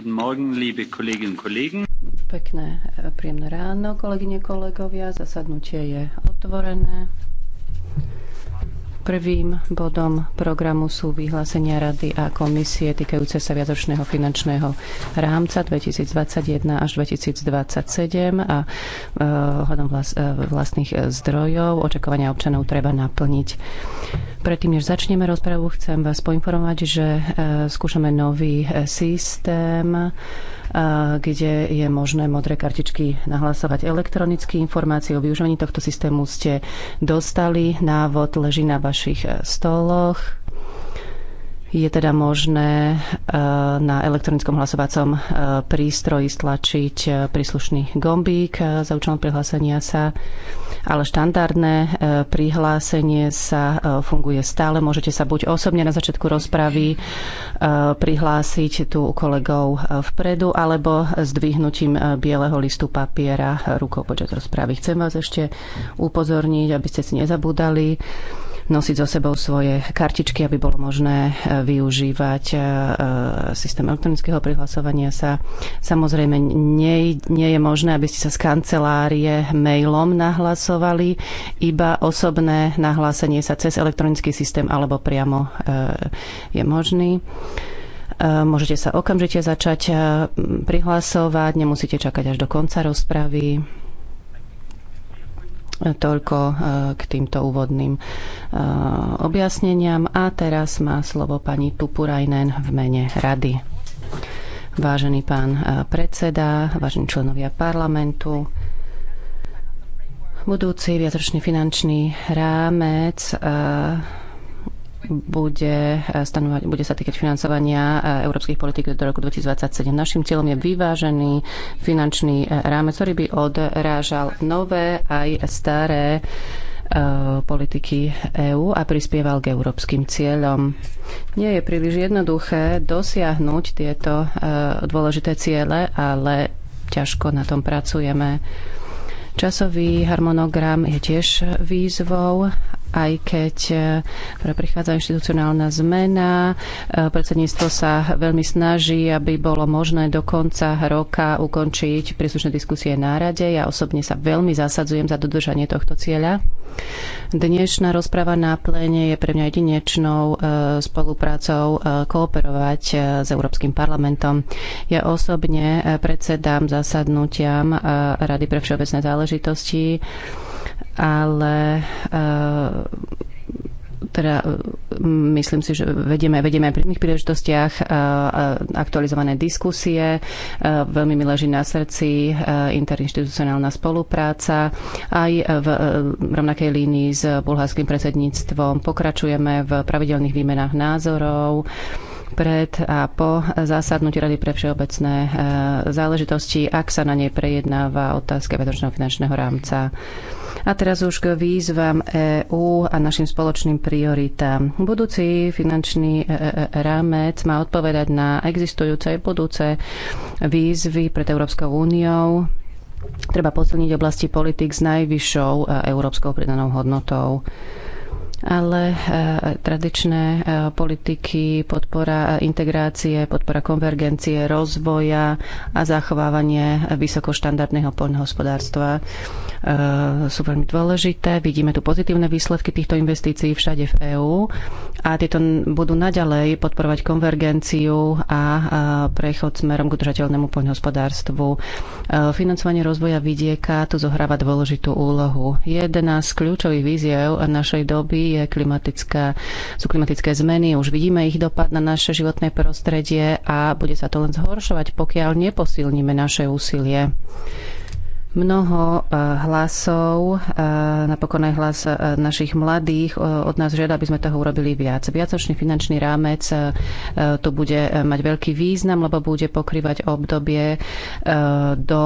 Pekné, e, príjemné ráno, kolegyne, kolegovia. Zasadnutie je otvorené. Prvým bodom programu sú vyhlásenia Rady a komisie týkajúce sa viacročného finančného rámca 2021 až 2027 a e, ohľadom e, vlastných zdrojov. očakovania občanov treba naplniť. Predtým, než začneme rozpravu, chcem vás poinformovať, že e, skúšame nový systém kde je možné modré kartičky nahlasovať elektronicky. Informácie o využívaní tohto systému ste dostali. Návod leží na vašich stoloch. Je teda možné eh, na elektronickom hlasovacom eh, prístroji stlačiť eh, príslušný gombík za účelom prihlásenia sa, ale štandardné prihlásenie sa funguje stále. Môžete sa buď osobne na začiatku rozpravy prihlásiť tu u kolegov vpredu, alebo zdvihnutím bieleho listu papiera rukou počas rozpravy. Chcem vás ešte upozorniť, aby ste si nezabúdali, nosiť so sebou svoje kartičky, aby bolo možné e, využívať e, e, systém elektronického prihlasovania sa. Samozrejme, nie, nie je možné, aby ste sa z kancelárie mailom nahlasovali, iba osobné nahlásenie sa cez elektronický systém alebo priamo je možný. Môžete sa okamžite začať prihlasovať, nemusíte čakať až do konca rozpravy. Toľko e, k týmto úvodným e, objasneniam. A teraz má slovo pani Tupurajnen v mene Rady. Vážený pán e, predseda, vážení členovia parlamentu, budúci viacročný finančný rámec bude, eh, stanovať, bude sa týkať financovania eh, európskych politik do roku 2027. Našim cieľom je vyvážený finančný eh, rámec, ktorý by odrážal nové aj staré politiky EÚ a prispieval k európskym cieľom. Nie je príliš jednoduché dosiahnuť tieto dôležité ciele, ale ťažko na tom pracujeme. Časový harmonogram je tiež výzvou aj keď e, prichádza inštitucionálna zmena. E, predsedníctvo sa veľmi snaží, aby bolo možné do konca roka ukončiť príslušné diskusie na rade. Ja osobne sa veľmi zasadzujem za dodržanie tohto cieľa. Dnešná rozpráva na pléne je pre mňa jedinečnou e, spoluprácou kooperovať s Európskym parlamentom. Ja osobne predsedám zasadnutiam Rady pre všeobecné záležitosti ale eh, teda mm, myslím si, že vedieme, vedieme aj pri iných príležitostiach eh, eh, aktualizované diskusie. Veľmi mi leží na srdci interinstitucionálna spolupráca. Aj v rovnakej línii s bulharským predsedníctvom pokračujeme v pravidelných výmenách názorov pred a po zásadnutí Rady pre všeobecné e, záležitosti, ak sa na nej prejednáva otázka vedočného finančného rámca. A teraz už k výzvam EÚ a našim spoločným prioritám. Budúci finančný e, e, rámec má odpovedať na existujúce budúce výzvy pred Európskou úniou, treba posilniť oblasti politik s najvyššou európskou pridanou hodnotou ale e, tradičné e, politiky, podpora e, integrácie, podpora konvergencie, rozvoja a zachovávanie vysokoštandardného poľnohospodárstva sú veľmi dôležité. Vidíme tu pozitívne výsledky týchto investícií všade v EÚ a tieto budú naďalej podporovať konvergenciu a prechod smerom k udržateľnému poľnohospodárstvu. Financovanie rozvoja vidieka tu zohráva dôležitú úlohu. Jedna z kľúčových víziev našej doby je klimatická, sú klimatické zmeny, už vidíme ich dopad na naše životné prostredie a bude sa to len zhoršovať, pokiaľ neposilníme naše úsilie mnoho eh, hlasov, eh, napokon aj hlas eh, našich mladých od nás žiada, aby sme toho urobili viac. Viacočný finančný rámec tu bude mať veľký význam, lebo bude pokrývať obdobie do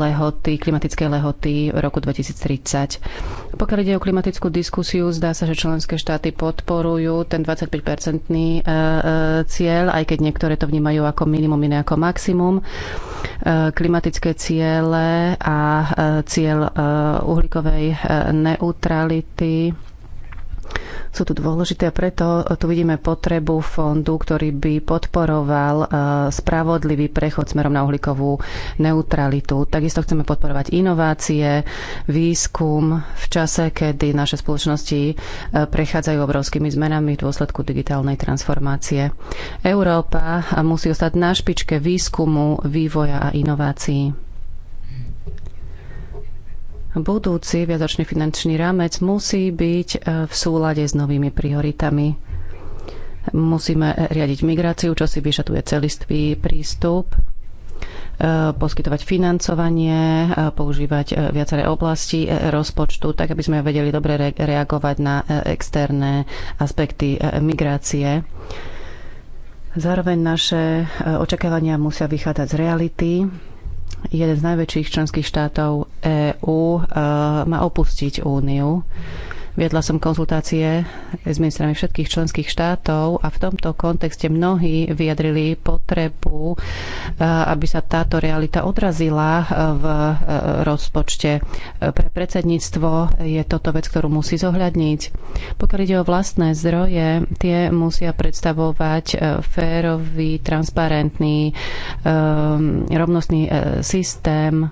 lehoty, klimatickej lehoty roku 2030. Pokiaľ ide o klimatickú diskusiu, zdá sa, že členské štáty podporujú ten 25-percentný cieľ, aj keď niektoré to vnímajú ako minimum, iné ako maximum. Klimatické ciele a a e, cieľ e, uhlíkovej e, neutrality sú tu dôležité a preto tu vidíme potrebu fondu, ktorý by podporoval spravodlivý prechod smerom na uhlíkovú neutralitu. Takisto chceme podporovať inovácie, výskum v čase, kedy naše spoločnosti prechádzajú obrovskými zmenami v dôsledku digitálnej transformácie. Európa musí ostať na špičke výskumu, vývoja a inovácií budúci viadočný finančný rámec musí byť e, v súlade s novými prioritami. Musíme riadiť migráciu, čo si vyžaduje celistvý prístup, e, poskytovať financovanie, e, používať viaceré oblasti rozpočtu, tak aby sme vedeli dobre reagovať na externé aspekty migrácie. Zároveň naše očakávania musia vychádzať z reality jeden z najväčších členských štátov EÚ, e, má opustiť úniu Viedla som konzultácie s ministrami všetkých členských štátov a v tomto kontexte mnohí vyjadrili potrebu, eh, aby sa táto realita odrazila eh, v eh, rozpočte. Pre predsedníctvo je toto vec, ktorú musí zohľadniť. Pokiaľ ide o vlastné zdroje, tie musia predstavovať férový, transparentný, rovnostný systém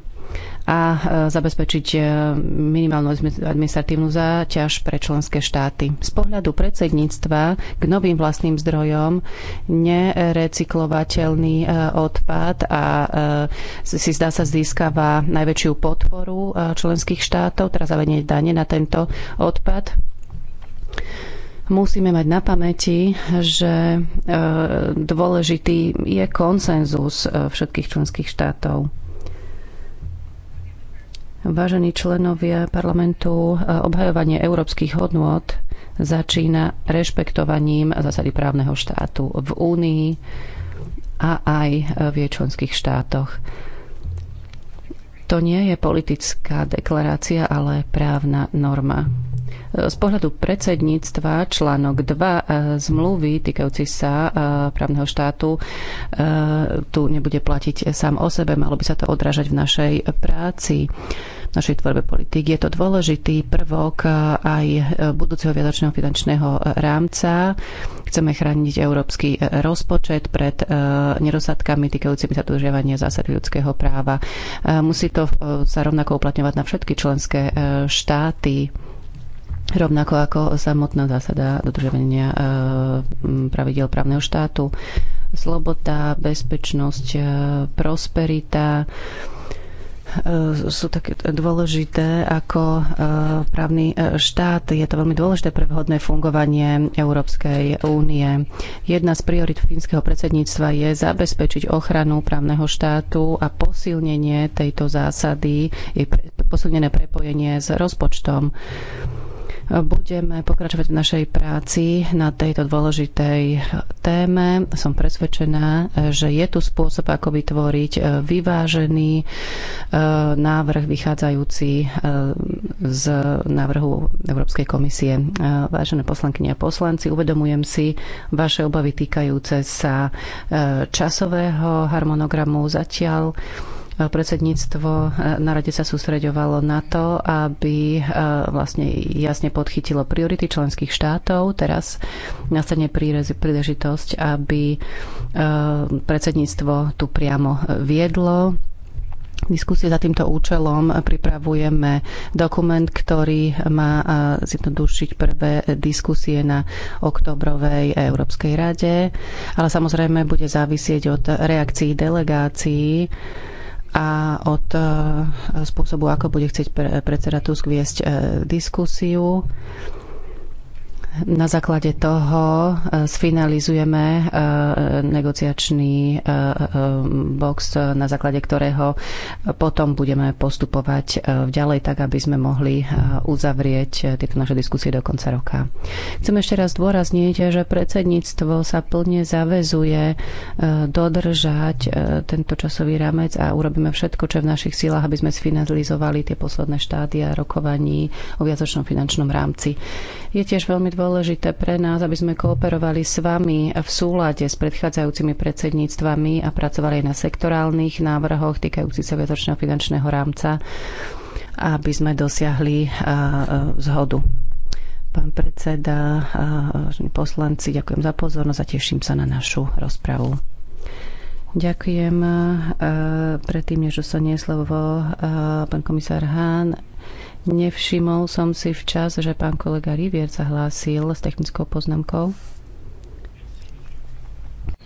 a e, zabezpečiť e, minimálnu administratívnu záťaž pre členské štáty. Z pohľadu predsedníctva k novým vlastným zdrojom nerecyklovateľný e, odpad a si zdá sa získava najväčšiu podporu členských štátov, teraz zavedenie dane na tento odpad musíme mať na pamäti, že dôležitý je konsenzus všetkých členských štátov. Vážení členovia parlamentu, obhajovanie európskych hodnôt začína rešpektovaním zásady právneho štátu v Únii a aj v jej členských štátoch. To nie je politická deklarácia, ale právna norma. Z pohľadu predsedníctva článok 2 e, zmluvy týkajúci sa e, právneho štátu e, tu nebude platiť sám o sebe, malo by sa to odrážať v našej práci našej tvorbe politik. Je to dôležitý prvok eh, aj eh, budúceho viadočného finančného eh, rámca. Chceme chrániť európsky rozpočet pred nedostatkami týkajúcimi sa dodržiavania zásady ľudského práva. Musí to sa rovnako uplatňovať na všetky členské štáty rovnako ako samotná zásada dodržovania pravidel právneho štátu. Sloboda, bezpečnosť, prosperita E, sú také dôležité ako e, právny e, štát. Je to veľmi dôležité pre vhodné fungovanie Európskej únie. Jedna z priorit fínskeho predsedníctva je zabezpečiť ochranu právneho štátu a posilnenie tejto zásady, jej posilnené prepojenie s rozpočtom. Budeme pokračovať v našej práci na tejto dôležitej téme. Som presvedčená, že je tu spôsob, ako vytvoriť e, vyvážený e, návrh vychádzajúci e, z návrhu Európskej komisie. Vážené poslankyne a poslanci, uvedomujem si vaše obavy týkajúce sa časového harmonogramu. Zatiaľ Predsedníctvo eh, na rade sa sústreďovalo na to, aby eh, vlastne jasne podchytilo priority členských štátov. Teraz nastane príležitosť, aby eh, predsedníctvo tu priamo viedlo diskusie za týmto účelom pripravujeme dokument, ktorý má zjednodušiť prvé diskusie na oktobrovej Európskej rade, ale samozrejme bude závisieť od reakcií delegácií a od e, spôsobu, ako bude chcieť predseda Tusk viesť e, diskusiu. Na základe toho e, sfinalizujeme e, negociačný e, box, na základe ktorého potom budeme postupovať ďalej tak, aby sme mohli uzavrieť tieto naše diskusie do konca roka. Chcem ešte raz dôrazniť, že predsedníctvo sa plne zavezuje dodržať tento časový ramec a urobíme všetko, čo je v našich sílach, aby sme sfinalizovali tie posledné štádia rokovaní o viacočnom finančnom rámci. Je tiež veľmi dôležité dôležité pre nás, aby sme kooperovali s vami v súlade s predchádzajúcimi predsedníctvami a pracovali na sektorálnych návrhoch týkajúcich sa viacročného finančného rámca, aby sme dosiahli zhodu. Pán predseda, poslanci, ďakujem za pozornosť a teším sa na našu rozpravu. Ďakujem. Predtým, než sa nie slovo, pán komisár Hán, Nevšimol som si včas, že pán kolega Rivier sa hlásil s technickou poznámkou.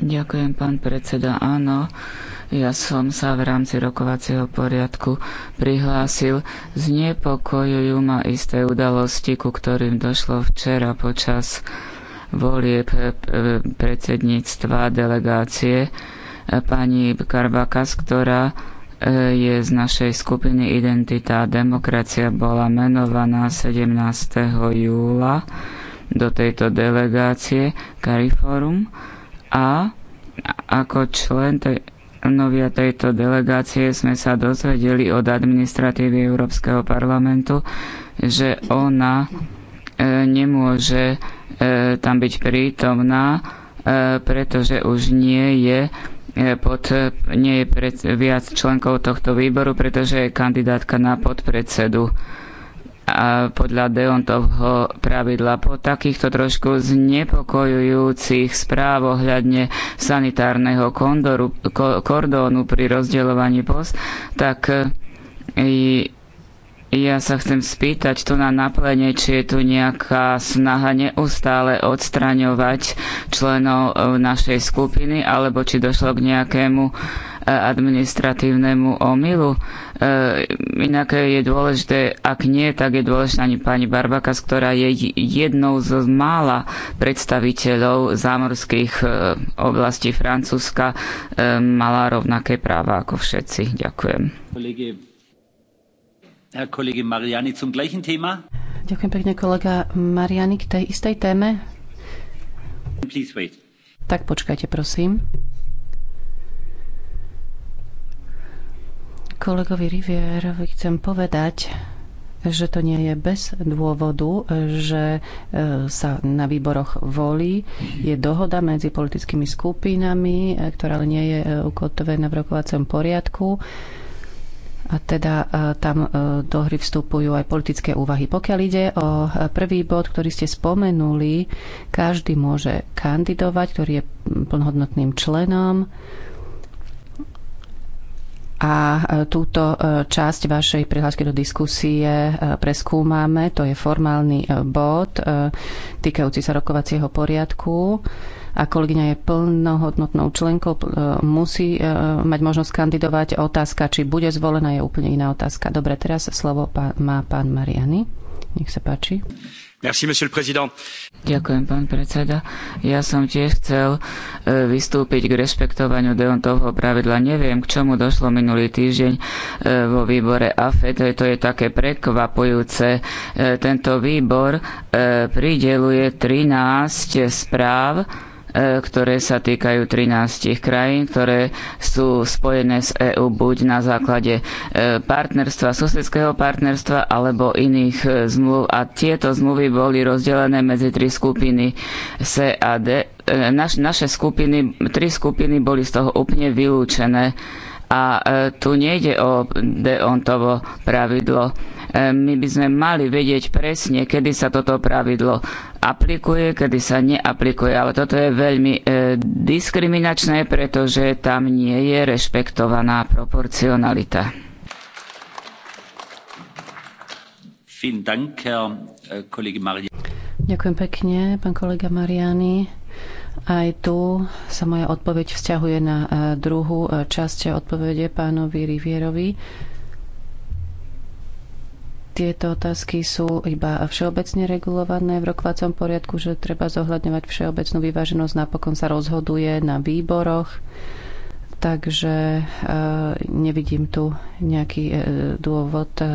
Ďakujem, pán predseda. Áno, ja som sa v rámci rokovacieho poriadku prihlásil. Znepokojujú ma isté udalosti, ku ktorým došlo včera počas volie eh, predsedníctva delegácie pani Karbakas, ktorá E, je z našej skupiny Identita a demokracia bola menovaná 17. júla do tejto delegácie Cariforum a ako člen tej, novia tejto delegácie sme sa dozvedeli od administratívy Európskeho parlamentu, že ona e, nemôže e, tam byť prítomná, e, pretože už nie je E, pod, e, nie je pred, viac členkov tohto výboru, pretože je kandidátka na podpredsedu. A podľa Deontovho pravidla po takýchto trošku znepokojujúcich správ ohľadne sanitárneho kondoru, ko, kordónu pri rozdeľovaní post, tak e, i, ja sa chcem spýtať tu na naplene, či je tu nejaká snaha neustále odstraňovať členov e, našej skupiny, alebo či došlo k nejakému e, administratívnemu omylu. E, inak je dôležité, ak nie, tak je dôležitá ani pani Barbakas, ktorá je jednou z mála predstaviteľov zámorských oblastí Francúzska, mala rovnaké práva ako všetci. Ďakujem. Mariani zum gleichen Thema. Ďakujem pekne, kolega Mariani, k tej istej téme. Please wait. Tak počkajte, prosím. Kolegovi Rivierovi chcem povedať, že to nie je bez dôvodu, že e, sa na výboroch volí. Je dohoda medzi politickými skupinami, e, ktorá nie je e, ukotvená v rokovacom poriadku. A teda e, tam e, do hry vstupujú aj politické úvahy. Pokiaľ ide o e, prvý bod, ktorý ste spomenuli, každý môže kandidovať, ktorý je plnohodnotným členom. A túto časť vašej prihlášky do diskusie preskúmame. To je formálny bod týkajúci sa rokovacieho poriadku a kolegyňa je plnohodnotnou členkou, e, musí e, mať možnosť kandidovať. Otázka, či bude zvolená, je úplne iná otázka. Dobre, teraz slovo má pán Mariany. Nech sa páči. Merci, Ďakujem, pán predseda. Ja som tiež chcel e, vystúpiť k rešpektovaniu Deontovho pravidla. Neviem, k čomu došlo minulý týždeň vo výbore AFED. To je také prekvapujúce. Tento výbor prideluje 13 správ E, ktoré sa týkajú 13 krajín, ktoré sú spojené s EÚ buď na základe e, partnerstva, susedského partnerstva alebo iných e, zmluv. A tieto zmluvy boli rozdelené medzi tri skupiny C a D. Naš, naše skupiny, tri skupiny boli z toho úplne vylúčené a e, tu nejde o deontovo pravidlo. E, my by sme mali vedieť presne, kedy sa toto pravidlo aplikuje, kedy sa neaplikuje. Ale toto je veľmi e, diskriminačné, pretože tam nie je rešpektovaná proporcionalita. Äh, Ďakujem pekne, pán kolega Mariani. Aj tu sa moja odpoveď vzťahuje na e, druhú e, časť odpovede pánovi Rivierovi. Tieto otázky sú iba všeobecne regulované v rokovacom poriadku, že treba zohľadňovať všeobecnú vyváženosť. Napokon sa rozhoduje na výboroch Takže eh, nevidím tu nejaký eh, dôvod eh,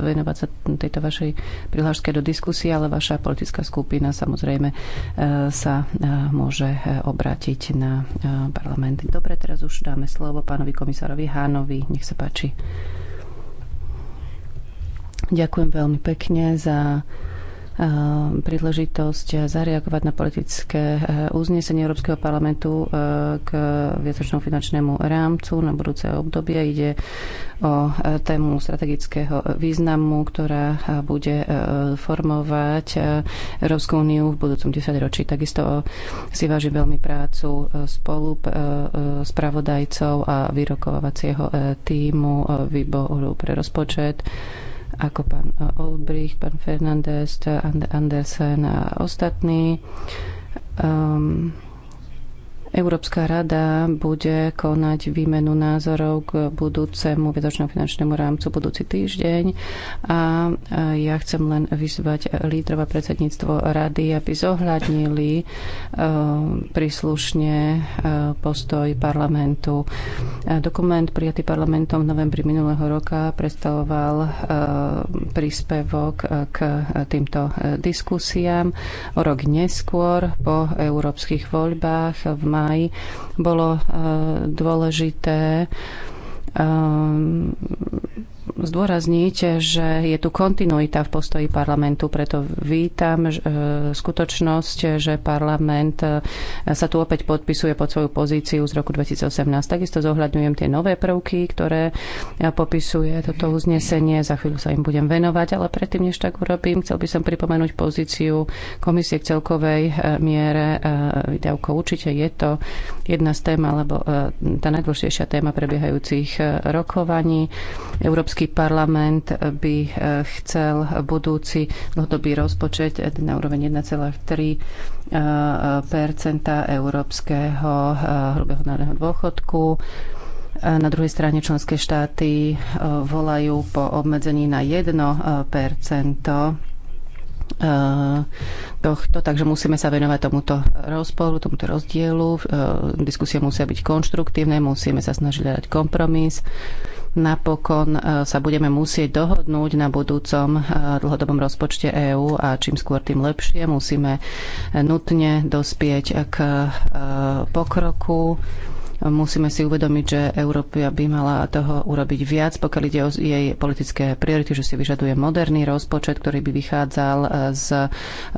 venovať sa tejto vašej prihláške do diskusie, ale vaša politická skupina samozrejme sa môže obrátiť na parlament. Dobre, teraz už dáme slovo pánovi komisárovi Hánovi. Nech sa páči. Ďakujem veľmi pekne za príležitosť zareagovať na politické e, uznesenie Európskeho parlamentu e, k viacročnému finančnému rámcu na budúce obdobie. Ide o e, tému strategického významu, ktorá bude formovať Európsku úniu v budúcom desaťročí. Takisto si váži veľmi prácu spolu spravodajcov a vyrokovacieho týmu výboru pre rozpočet ako pán eh, Olbricht, pán Fernández, Andersen a ostatní. Um, Európska rada bude konať výmenu názorov k budúcemu vedočnému finančnému rámcu budúci týždeň a ja chcem len vyzvať lídrov a predsedníctvo rady, aby zohľadnili e, príslušne e, postoj parlamentu. E, dokument prijatý parlamentom v novembri minulého roka predstavoval príspevok k týmto diskusiám o rok neskôr po európskych voľbách v má máji bolo eh, dôležité ehm, zdôrazniť, že je tu kontinuita v postoji parlamentu, preto vítam e, skutočnosť, že parlament e, sa tu opäť podpisuje pod svoju pozíciu z roku 2018. Takisto zohľadňujem tie nové prvky, ktoré e, popisuje toto uznesenie. Za chvíľu sa im budem venovať, ale predtým, než tak urobím, chcel by som pripomenúť pozíciu komisie k celkovej miere výdavkov. Určite je to jedna z tém, alebo tá najdôležitejšia téma prebiehajúcich rokovaní. Európsky parlament by eh, chcel budúci dlhodobý rozpočet eh, na úroveň 1,3 eh, európskeho hrubého národného dôchodku. Na druhej strane členské štáty volajú po obmedzení na 1 Eh, tohto, takže musíme sa venovať tomuto rozporu, tomuto rozdielu. Eh, diskusie musia byť konštruktívne, musíme sa snažiť hľadať kompromis. Napokon eh, sa budeme musieť dohodnúť na budúcom dlhodobom rozpočte EÚ a čím skôr tým lepšie. Musíme nutne dospieť k pokroku Musíme si uvedomiť, že Európa by mala toho urobiť viac, pokiaľ ide o jej politické priority, že si vyžaduje moderný rozpočet, ktorý by vychádzal e, z e,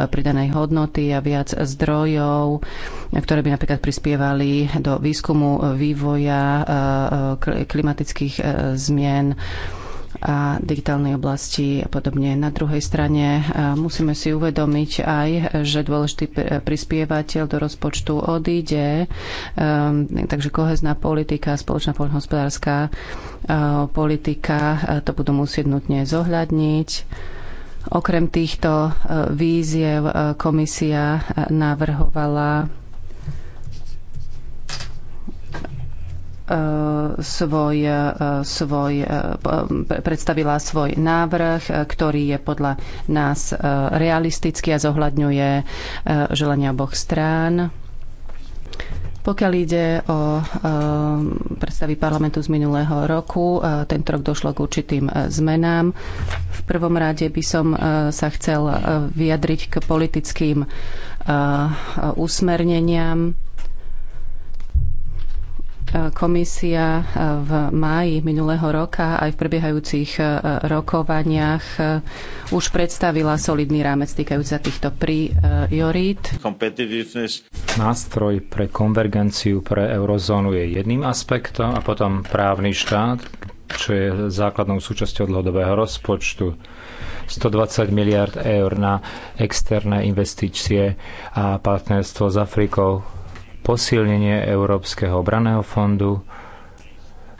pridanej hodnoty a viac zdrojov, ktoré by napríklad prispievali do výskumu, vývoja, e, klimatických zmien a digitálnej oblasti a podobne. Na druhej strane e, musíme si uvedomiť aj, že dôležitý e, prispievateľ do rozpočtu odíde, e, takže kohezná politika, spoločná poľnohospodárska politika to budú musieť nutne zohľadniť. Okrem týchto víziev komisia navrhovala E, svoj, e, svoj, e, predstavila svoj návrh, ktorý je podľa nás realistický a zohľadňuje želania oboch strán. Pokiaľ ide o predstavy parlamentu z minulého roku, tento rok došlo k určitým zmenám. V prvom rade by som sa chcel vyjadriť k politickým usmerneniam Komisia eh, v máji minulého roka aj v prebiehajúcich eh, rokovaniach eh, už predstavila solidný rámec týkajúci sa týchto priorít. Nástroj pre konvergenciu pre eurozónu je jedným aspektom a potom právny štát, čo je základnou súčasťou dlhodobého rozpočtu. 120 miliard eur na externé investície a partnerstvo s Afrikou posilnenie Európskeho obraného fondu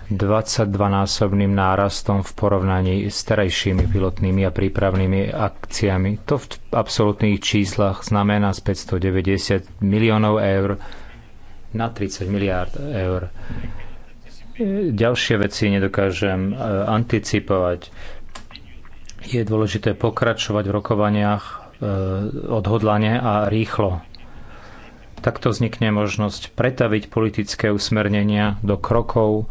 22-násobným nárastom v porovnaní s terajšími pilotnými a prípravnými akciami. To v absolútnych číslach znamená z 590 miliónov eur na 30 miliárd eur. Ďalšie veci nedokážem e, anticipovať. Je dôležité pokračovať v rokovaniach e, odhodlane a rýchlo Takto vznikne možnosť pretaviť politické usmernenia do krokov,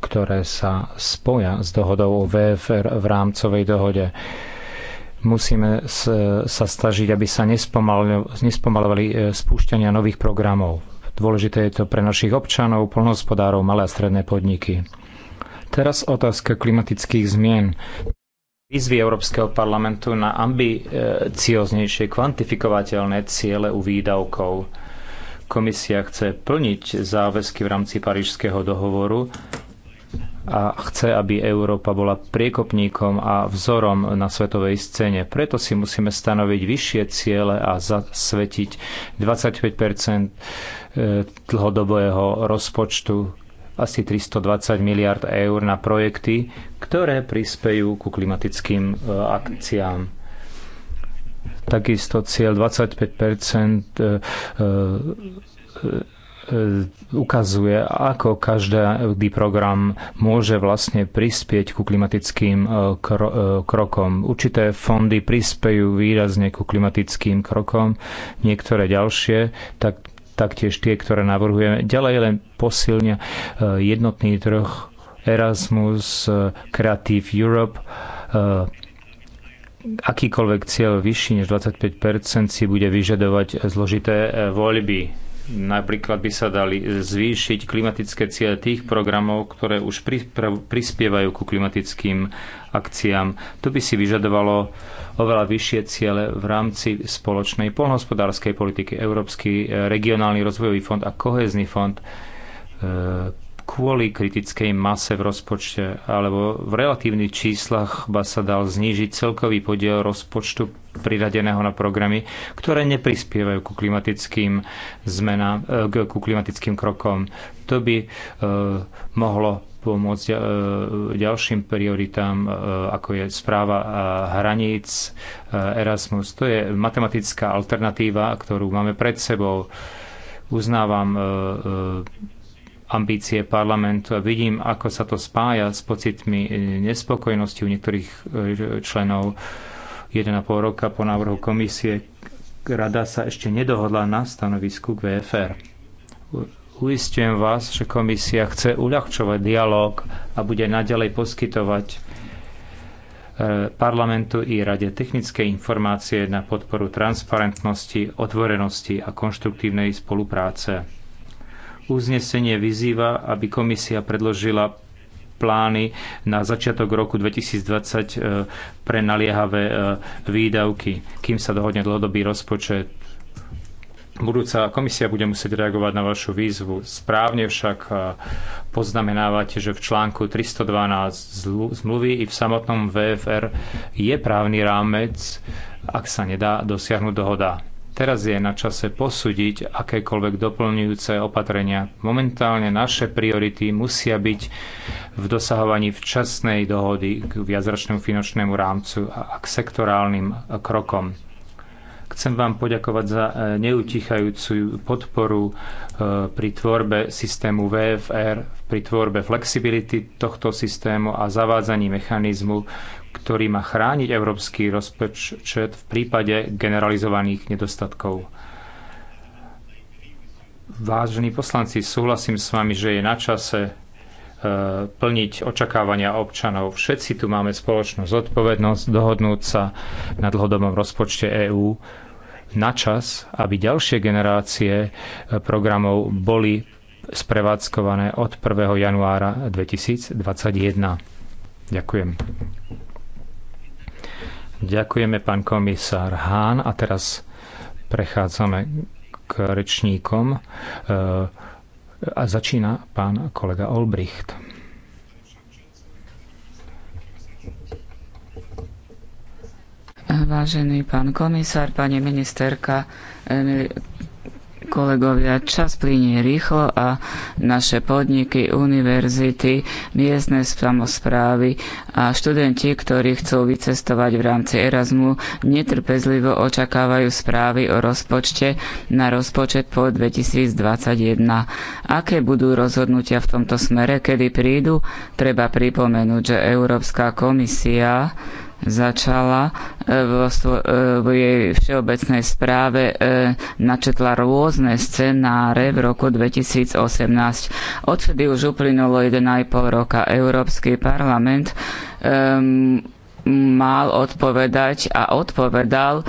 ktoré sa spoja s dohodou o VFR v rámcovej dohode. Musíme sa stažiť, aby sa nespomalovali e, spúšťania nových programov. Dôležité je to pre našich občanov, polnohospodárov, malé a stredné podniky. Teraz otázka klimatických zmien. Výzvy Európskeho parlamentu na ambicioznejšie kvantifikovateľné ciele u výdavkov. Komisia chce plniť záväzky v rámci Parížského dohovoru a chce, aby Európa bola priekopníkom a vzorom na svetovej scéne. Preto si musíme stanoviť vyššie ciele a zasvetiť 25 eh, dlhodobého rozpočtu asi 320 miliard eur na projekty, ktoré prispejú ku klimatickým e, akciám. Takisto cieľ 25 e, e, ukazuje, ako každý program môže vlastne prispieť ku klimatickým krokom. Určité fondy prispejú výrazne ku klimatickým krokom, niektoré ďalšie, tak taktiež tie, ktoré navrhujeme. Ďalej len posilňa e, jednotný trh Erasmus, e, Creative Europe, e, akýkoľvek cieľ vyšší než 25% si bude vyžadovať zložité voľby Napríklad by sa dali zvýšiť klimatické ciele tých programov, ktoré už prispievajú ku klimatickým akciám. To by si vyžadovalo oveľa vyššie ciele v rámci spoločnej polnohospodárskej politiky. Európsky eh, regionálny rozvojový fond a kohezný fond eh, kvôli kritickej mase v rozpočte, alebo v relatívnych číslach ba sa dal znížiť celkový podiel rozpočtu priradeného na programy, ktoré neprispievajú ku klimatickým zmenám, eh, ku klimatickým krokom. To by eh, mohlo pomôcť eh, ďalším prioritám, ako je správa hraníc, Erasmus. To je matematická alternatíva, ktorú máme pred sebou. Uznávam ambície parlamentu a vidím, ako sa to spája s pocitmi eh, nespokojnosti u niektorých eh, členov 1,5 roka po návrhu komisie. Rada sa ešte nedohodla na stanovisku k VFR. Uistujem vás, že komisia chce uľahčovať dialog a bude naďalej poskytovať eh, parlamentu i rade technické informácie na podporu transparentnosti, otvorenosti a konštruktívnej spolupráce Uznesenie vyzýva, aby komisia predložila plány na začiatok roku 2020 e, pre naliehavé e, výdavky, kým sa dohodne dlhodobý rozpočet. Budúca komisia bude musieť reagovať na vašu výzvu. Správne však e, poznamenávate, že v článku 312 zmluvy i v samotnom VFR je právny rámec, ak sa nedá dosiahnuť dohoda. Teraz je na čase posúdiť akékoľvek doplňujúce opatrenia. Momentálne naše priority musia byť v dosahovaní včasnej dohody k viacročnému finančnému rámcu a k sektorálnym krokom. Chcem vám poďakovať za e, neutichajúcu podporu e, pri tvorbe systému VFR, pri tvorbe flexibility tohto systému a zavádzaní mechanizmu ktorý má chrániť európsky rozpočet v prípade generalizovaných nedostatkov. Vážení poslanci, súhlasím s vami, že je na čase e, plniť očakávania občanov. Všetci tu máme spoločnú zodpovednosť dohodnúť sa na dlhodobom rozpočte EÚ na čas, aby ďalšie generácie e, programov boli sprevádzkované od 1. januára 2021. Ďakujem. Ďakujeme, pán komisár Hán. A teraz prechádzame k rečníkom. E, a začína pán kolega Olbricht. Vážený pán komisár, pani ministerka, Kolegovia, čas plinie rýchlo a naše podniky, univerzity, miestne samozprávy a študenti, ktorí chcú vycestovať v rámci Erasmu, netrpezlivo očakávajú správy o rozpočte na rozpočet po 2021. Aké budú rozhodnutia v tomto smere, kedy prídu? Treba pripomenúť, že Európska komisia začala e, vo e, jej všeobecnej správe e, načetla rôzne scenáre v roku 2018. Odvtedy už uplynulo 1,5 roka. Európsky parlament um, mal odpovedať a odpovedal e,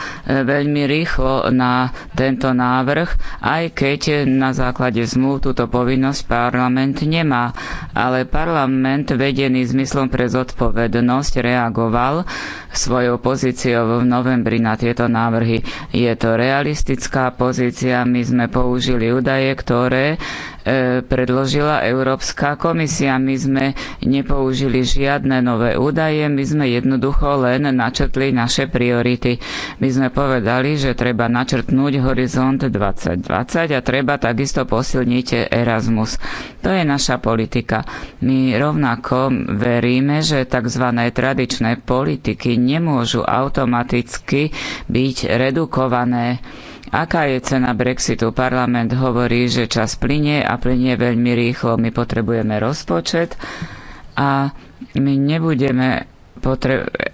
veľmi rýchlo na tento návrh, aj keď na základe zmluv túto povinnosť parlament nemá. Ale parlament vedený zmyslom pre zodpovednosť reagoval svojou pozíciou v novembri na tieto návrhy. Je to realistická pozícia, my sme použili údaje, ktoré E, predložila Európska komisia. My sme nepoužili žiadne nové údaje, my sme jednoducho len načrtli naše priority. My sme povedali, že treba načrtnúť horizont 2020 a treba takisto posilniť Erasmus. To je naša politika. My rovnako veríme, že tzv. tradičné politiky nemôžu automaticky byť redukované Aká je cena Brexitu? Parlament hovorí, že čas plinie a plinie veľmi rýchlo. My potrebujeme rozpočet a my nebudeme potrebovať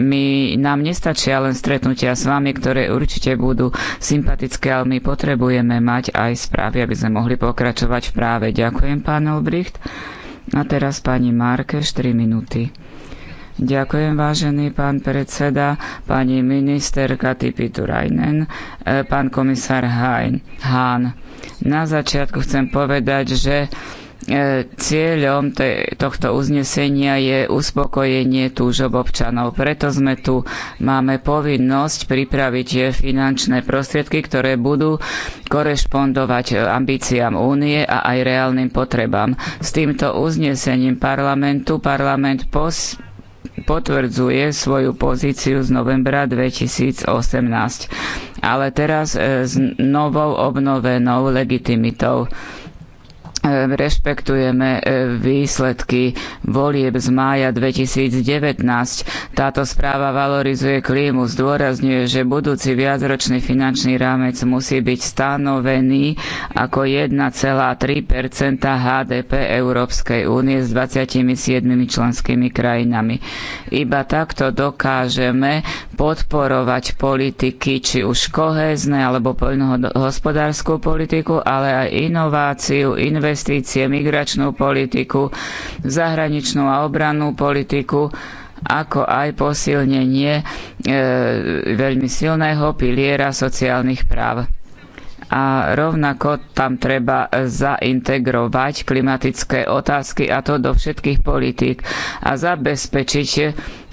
my, nám nestačia len stretnutia s vami, ktoré určite budú sympatické, ale my potrebujeme mať aj správy, aby sme mohli pokračovať v práve. Ďakujem, pán Obricht. A teraz pani Marke, 4 minúty. Ďakujem, vážený pán predseda, pani ministerka Tipiturainen, e, pán komisár Hahn. Na začiatku chcem povedať, že e, cieľom tohto uznesenia je uspokojenie túžob občanov. Preto sme tu, máme povinnosť pripraviť e, finančné prostriedky, ktoré budú korešpondovať ambíciám únie a aj reálnym potrebám. S týmto uznesením parlamentu parlament pos potvrdzuje svoju pozíciu z novembra 2018, ale teraz e, s novou obnovenou legitimitou. E, rešpektujeme e, výsledky volieb z mája 2019. Táto správa valorizuje klímu, zdôrazňuje, že budúci viacročný finančný rámec musí byť stanovený ako 1,3 HDP Európskej únie s 27 členskými krajinami. Iba takto dokážeme podporovať politiky, či už kohézne alebo poľnohospodárskú politiku, ale aj inováciu, investíciu investície, migračnú politiku, zahraničnú a obrannú politiku, ako aj posilnenie e, veľmi silného piliera sociálnych práv. A rovnako tam treba zaintegrovať klimatické otázky a to do všetkých politík a zabezpečiť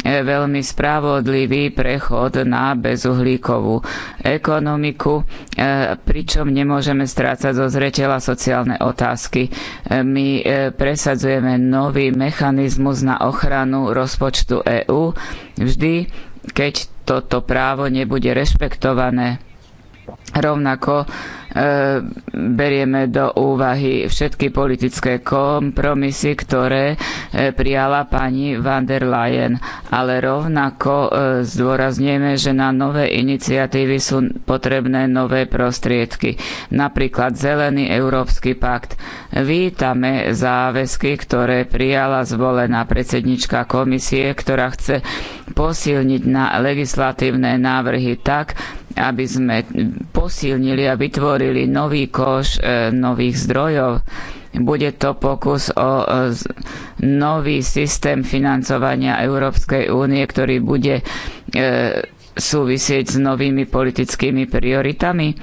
veľmi spravodlivý prechod na bezuhlíkovú ekonomiku, e, pričom nemôžeme strácať zo zreteľa sociálne otázky. E, my e, presadzujeme nový mechanizmus na ochranu rozpočtu EÚ vždy, keď toto právo nebude rešpektované. Rovnako e, berieme do úvahy všetky politické kompromisy, ktoré e, prijala pani van der Leyen. Ale rovnako e, zdôrazňujeme, že na nové iniciatívy sú potrebné nové prostriedky. Napríklad Zelený Európsky pakt. Vítame záväzky, ktoré prijala zvolená predsednička komisie, ktorá chce posilniť na legislatívne návrhy tak, aby sme po posilnili a vytvorili nový koš e, nových zdrojov. Bude to pokus o e, nový systém financovania Európskej únie, ktorý bude e, súvisieť s novými politickými prioritami?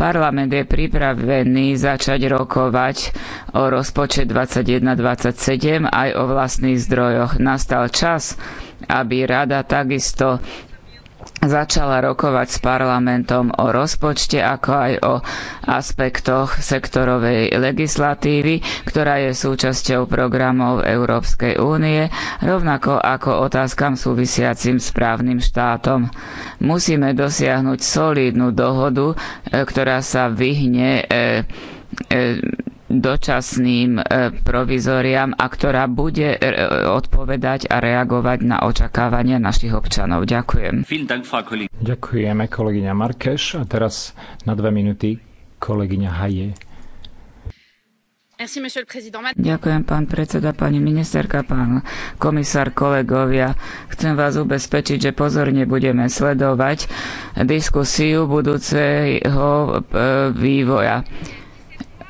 Parlament je pripravený začať rokovať o rozpočet 21-27 aj o vlastných zdrojoch. Nastal čas, aby rada takisto začala rokovať s parlamentom o rozpočte, ako aj o aspektoch sektorovej legislatívy, ktorá je súčasťou programov Európskej únie, rovnako ako otázkam súvisiacim s právnym štátom. Musíme dosiahnuť solídnu dohodu, e, ktorá sa vyhne e, e, dočasným e, provizoriam a ktorá bude e, odpovedať a reagovať na očakávania našich občanov. Ďakujem. Ďakujeme kolegyňa Markeš a teraz na dve minúty kolegyňa Haje. Ďakujem, pán predseda, pani ministerka, pán komisár, kolegovia. Chcem vás ubezpečiť, že pozorne budeme sledovať diskusiu budúceho e, vývoja.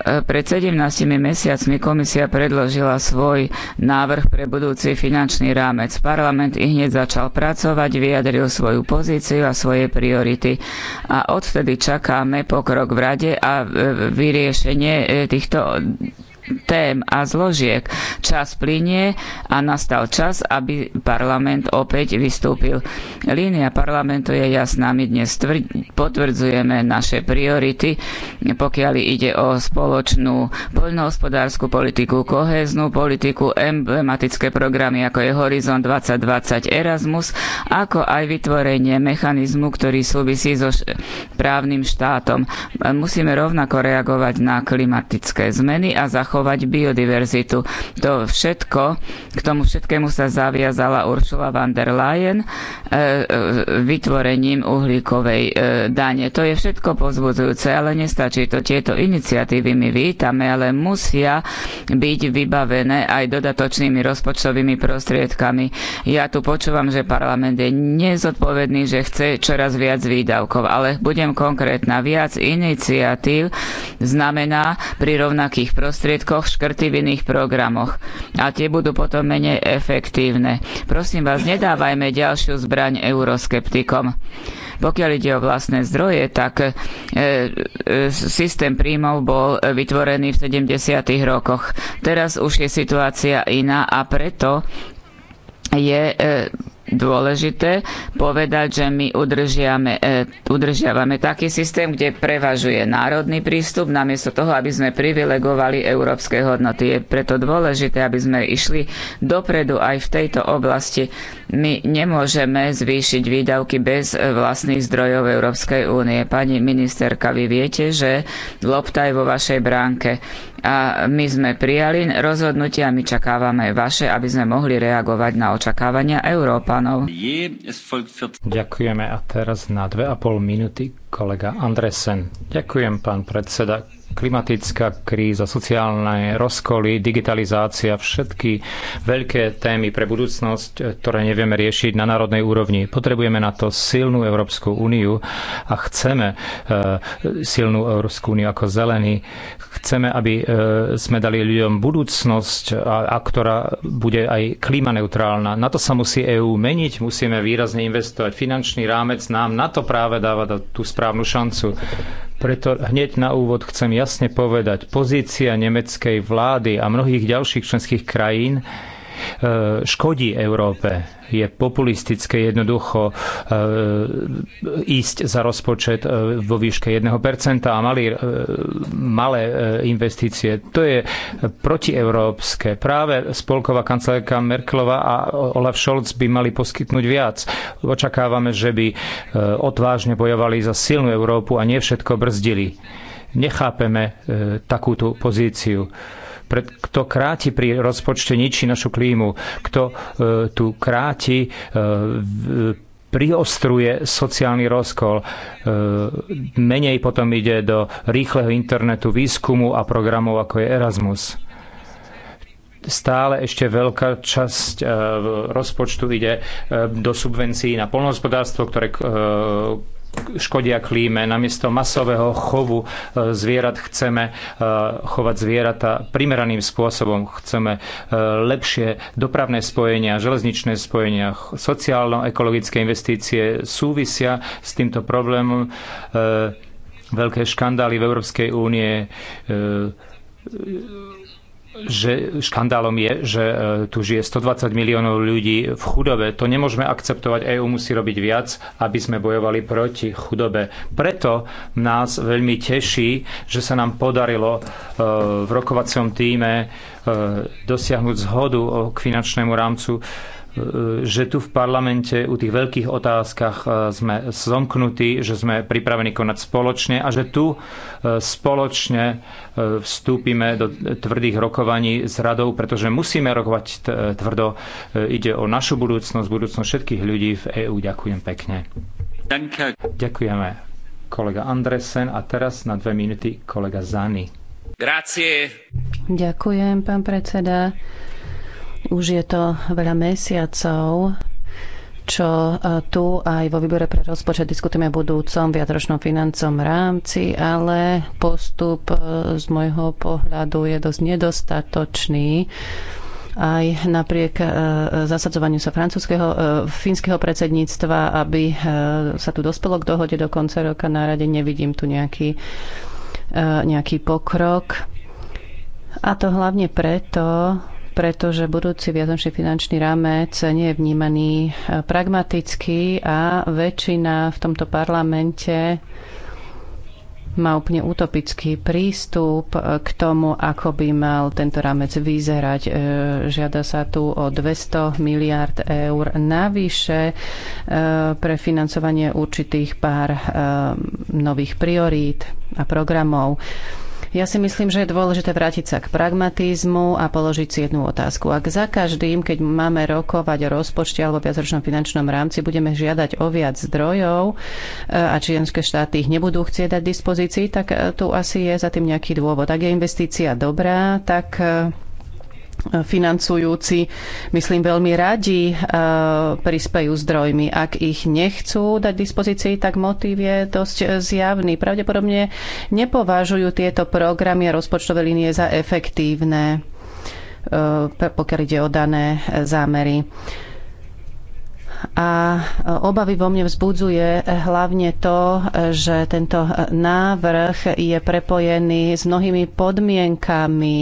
Pred 17 mesiacmi komisia predložila svoj návrh pre budúci finančný rámec. Parlament i hneď začal pracovať, vyjadril svoju pozíciu a svoje priority. A odvtedy čakáme pokrok v rade a e, vyriešenie e, týchto tém a zložiek. Čas plinie a nastal čas, aby parlament opäť vystúpil. Línia parlamentu je jasná. My dnes potvrdzujeme naše priority, pokiaľ ide o spoločnú poľnohospodárskú politiku, kohéznú politiku, emblematické programy ako je Horizon 2020 Erasmus, ako aj vytvorenie mechanizmu, ktorý súvisí so právnym štátom. Musíme rovnako reagovať na klimatické zmeny a zachovať zachovať biodiverzitu. To všetko, k tomu všetkému sa zaviazala Ursula von der Leyen e, e, vytvorením uhlíkovej e, dane. To je všetko pozbudzujúce, ale nestačí to. Tieto iniciatívy my vítame, ale musia byť vybavené aj dodatočnými rozpočtovými prostriedkami. Ja tu počúvam, že parlament je nezodpovedný, že chce čoraz viac výdavkov, ale budem konkrétna. Viac iniciatív znamená pri rovnakých prostriedkách prostriedkoch, škrty v iných programoch. A tie budú potom menej efektívne. Prosím vás, nedávajme ďalšiu zbraň euroskeptikom. Pokiaľ ide o vlastné zdroje, tak e, e, systém príjmov bol vytvorený v 70. rokoch. Teraz už je situácia iná a preto je e, dôležité povedať, že my udržiame, e, udržiavame taký systém, kde prevažuje národný prístup, namiesto toho, aby sme privilegovali európske hodnoty. Je preto dôležité, aby sme išli dopredu aj v tejto oblasti. My nemôžeme zvýšiť výdavky bez e, vlastných zdrojov Európskej únie. Pani ministerka, vy viete, že lopta je vo vašej bránke a my sme prijali rozhodnutia a my čakávame vaše, aby sme mohli reagovať na očakávania Európanov. Ďakujeme a teraz na dve a pol minúty kolega Andresen. Ďakujem, pán predseda klimatická kríza, sociálne rozkoly, digitalizácia, všetky veľké témy pre budúcnosť, ktoré nevieme riešiť na národnej úrovni. Potrebujeme na to silnú Európsku úniu a chceme e, silnú Európsku úniu ako zelený. Chceme, aby e, sme dali ľuďom budúcnosť, a, a ktorá bude aj klimaneutrálna. Na to sa musí EÚ meniť, musíme výrazne investovať. Finančný rámec nám na to práve dáva tú správnu šancu. Preto hneď na úvod chcem jasne povedať, pozícia nemeckej vlády a mnohých ďalších členských krajín E, škodí Európe. Je populistické jednoducho e, ísť za rozpočet e, vo výške 1% a malý, malé investície. To je protieurópske. Práve spolková kancelárka Merklova a Olaf Scholz by mali poskytnúť viac. Očakávame, že by odvážne bojovali za silnú Európu a nie všetko brzdili nechápeme e, takúto pozíciu. Pred kto kráti pri rozpočte, ničí našu klímu. Kto e, tu kráti, e, priostruje sociálny rozkol. E, menej potom ide do rýchleho internetu, výskumu a programov ako je Erasmus. Stále ešte veľká časť e, rozpočtu ide e, do subvencií na polnohospodárstvo, ktoré škodia klíme. Namiesto masového chovu e, zvierat chceme e, chovať zvieratá primeraným spôsobom. Chceme e, lepšie dopravné spojenia, železničné spojenia, sociálno-ekologické investície súvisia s týmto problémom. Veľké škandály v Európskej únie že škandálom je, že e, tu žije 120 miliónov ľudí v chudobe. To nemôžeme akceptovať. EÚ musí robiť viac, aby sme bojovali proti chudobe. Preto nás veľmi teší, že sa nám podarilo e, v rokovacom týme e, dosiahnuť zhodu k finančnému rámcu E, že tu v parlamente u tých veľkých otázkach e, sme zomknutí, že sme pripravení konať spoločne a že tu e, spoločne vstúpime do tvrdých rokovaní s radou, pretože musíme rokovať tvrdo. Ide o našu budúcnosť, budúcnosť všetkých ľudí v EÚ. Ďakujem pekne. Ďakujeme kolega Andresen a teraz na dve minúty kolega Zany. Grazie. Ďakujem, pán predseda. Už je to veľa mesiacov, čo e, tu aj vo výbore pre rozpočet diskutujeme o budúcom viacročnom financom rámci, ale postup e, z môjho pohľadu je dosť nedostatočný aj napriek e, zasadzovaniu sa francúzského, fínskeho predsedníctva, aby sa tu dospelo k dohode do konca roka na rade. Nevidím tu nejaký, nejaký pokrok. A to hlavne preto, pretože budúci viacročný finančný rámec nie je vnímaný e, pragmaticky a väčšina v tomto parlamente má úplne utopický prístup e, k tomu, ako by mal tento rámec vyzerať. E, žiada sa tu o 200 miliard eur navyše pre financovanie určitých pár nových priorít a programov. Ja si myslím, že je dôležité vrátiť sa k pragmatizmu a položiť si jednu otázku. Ak za každým, keď máme rokovať o rozpočte alebo viacročnom finančnom rámci, budeme žiadať o viac zdrojov e, a členské štáty ich nebudú chcieť dať dispozícii, tak e, tu asi je za tým nejaký dôvod. Ak je investícia dobrá, tak e, financujúci, myslím, veľmi radi eh, prispejú zdrojmi. Ak ich nechcú dať dispozícii, tak motív je dosť eh, zjavný. Pravdepodobne nepovažujú tieto programy a rozpočtové linie za efektívne, eh, pokiaľ ide o dané zámery a obavy vo mne vzbudzuje hlavne to, že tento návrh je prepojený s mnohými podmienkami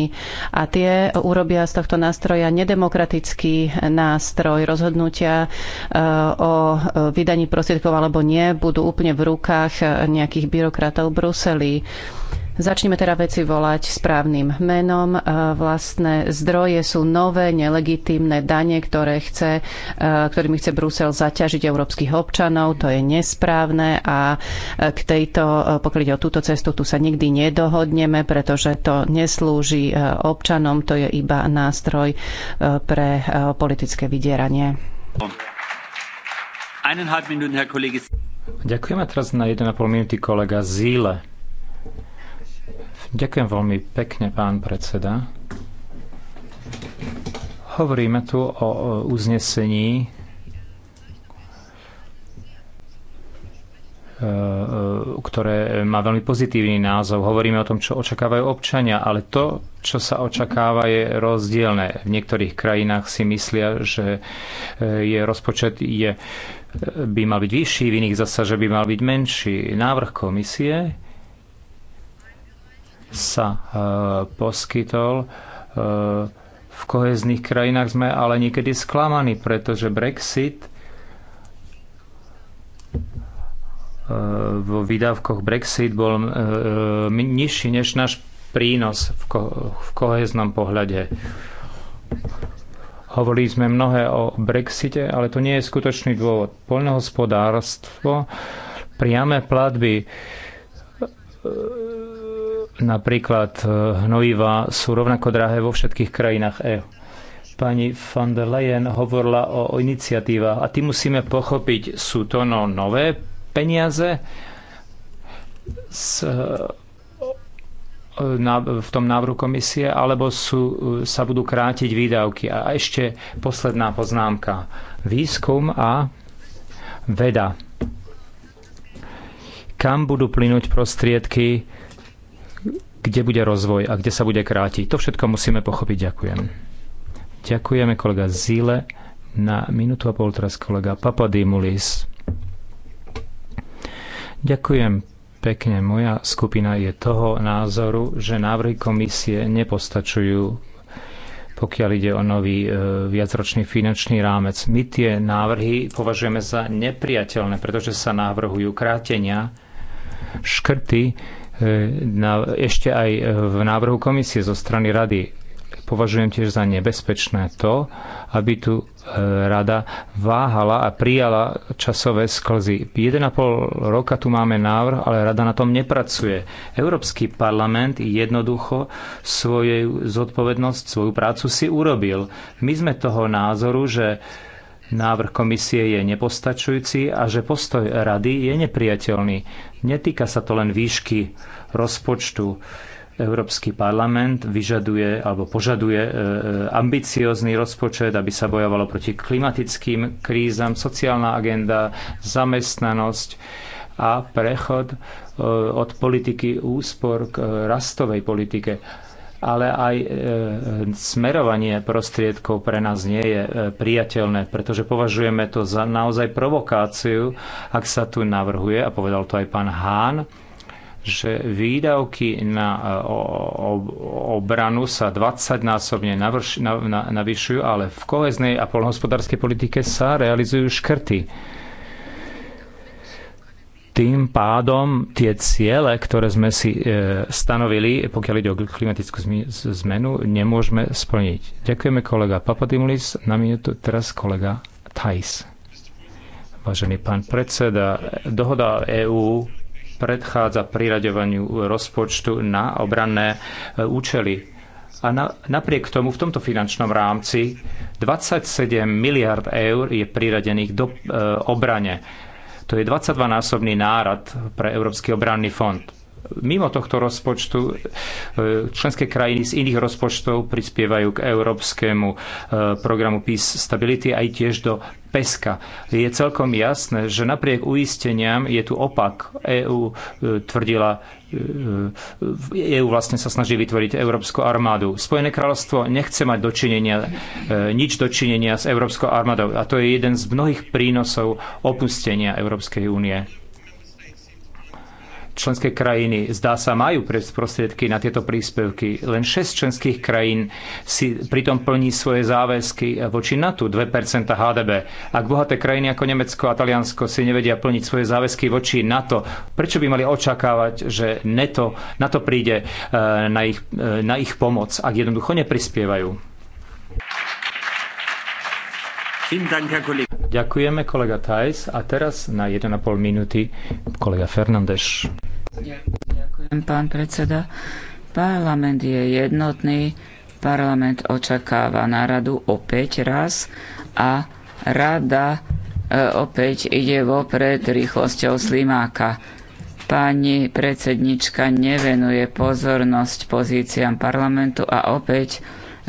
a tie urobia z tohto nástroja nedemokratický nástroj. Rozhodnutia e, o vydaní prostriedkov alebo nie budú úplne v rukách nejakých byrokratov v Bruseli. Začneme teda veci volať správnym menom. E, vlastné zdroje sú nové, nelegitímne dane, ktoré chce, e, ktorými chce Brusel zaťažiť európskych občanov. To je nesprávne a e, k tejto, pokiaľ ide o túto cestu, tu sa nikdy nedohodneme, pretože to neslúži občanom, to je iba nástroj pre politické vydieranie. Ďakujem a teraz na 1,5 minúty kolega Zíle. Ďakujem veľmi pekne, pán predseda. Hovoríme tu o uznesení e, e, ktoré má veľmi pozitívny názov. Hovoríme o tom, čo očakávajú občania, ale to, čo sa očakáva, je rozdielne. V niektorých krajinách si myslia, že e, je rozpočet je, by mal byť vyšší, v iných zasa, že by mal byť menší. Návrh komisie sa e, poskytol. E, v kohezných krajinách sme ale niekedy sklamaní, pretože Brexit e, vo výdavkoch Brexit bol nižší než náš prínos v, ko- v koheznom pohľade. Hovorili sme mnohé o Brexite, ale to nie je skutočný dôvod. Poľnohospodárstvo, priame platby, napríklad e, hnojiva sú rovnako drahé vo všetkých krajinách EÚ. Pani van der Leyen hovorila o, o iniciatívach a ty musíme pochopiť, sú to no nové peniaze z, e, na, v tom návru komisie, alebo sú, e, sa budú krátiť výdavky. A ešte posledná poznámka. Výskum a veda kam budú plynúť prostriedky kde bude rozvoj a kde sa bude krátiť. To všetko musíme pochopiť. Ďakujem. Ďakujeme kolega Zíle. Na minútu a pol teraz kolega Papadimulis. Ďakujem pekne. Moja skupina je toho názoru, že návrhy komisie nepostačujú pokiaľ ide o nový e, viacročný finančný rámec. My tie návrhy považujeme za nepriateľné, pretože sa návrhujú krátenia, škrty, E, na, ešte aj e, v návrhu komisie zo strany rady. Považujem tiež za nebezpečné to, aby tu e, rada váhala a prijala časové sklzy. 1,5 roka tu máme návrh, ale rada na tom nepracuje. Európsky parlament jednoducho svoju zodpovednosť, svoju prácu si urobil. My sme toho názoru, že návrh komisie je nepostačujúci a že postoj rady je nepriateľný. Netýka sa to len výšky rozpočtu. Európsky parlament vyžaduje alebo požaduje e, e, ambiciózny rozpočet, aby sa bojovalo proti klimatickým krízam, sociálna agenda, zamestnanosť a prechod e, od politiky úspor k rastovej politike ale aj e, smerovanie prostriedkov pre nás nie je e, priateľné, pretože považujeme to za naozaj provokáciu, ak sa tu navrhuje, a povedal to aj pán Hán, že výdavky na e, obranu sa 20-násobne navyšujú, ale v koheznej a polnohospodárskej politike sa realizujú škrty tým pádom tie ciele, ktoré sme si e, stanovili, pokiaľ ide o klimatickú zmenu, nemôžeme splniť. Ďakujeme kolega Papadimulis, na minútu teraz kolega Thais. Vážený pán predseda, dohoda EÚ predchádza priraďovaniu rozpočtu na obranné e, účely. A na, napriek tomu v tomto finančnom rámci 27 miliard eur je priradených do e, obrane to je 22-násobný nárad pre Európsky obranný fond mimo tohto rozpočtu e, členské krajiny z iných rozpočtov prispievajú k európskemu e, programu Peace Stability aj tiež do PESKA. Je celkom jasné, že napriek uisteniam je tu opak. EÚ e, tvrdila, EÚ vlastne sa snaží vytvoriť Európsku armádu. Spojené kráľovstvo nechce mať dočinenia, nič dočinenia s Európskou armádou. A to je jeden z mnohých prínosov opustenia Európskej únie členské krajiny, zdá sa, majú prostriedky na tieto príspevky. Len 6 členských krajín si pritom plní svoje záväzky voči NATO, 2% HDB. Ak bohaté krajiny ako Nemecko a Taliansko si nevedia plniť svoje záväzky voči NATO, prečo by mali očakávať, že NATO, NATO príde e, na ich, e, na ich pomoc, ak jednoducho neprispievajú? Ďakujeme, kolega Tajs. A teraz na 1,5 minúty kolega Fernández. Ďakujem, pán predseda. Parlament je jednotný, parlament očakáva na radu opäť raz a rada e, opäť ide vopred rýchlosťou slimáka. Pani predsednička nevenuje pozornosť pozíciám parlamentu a opäť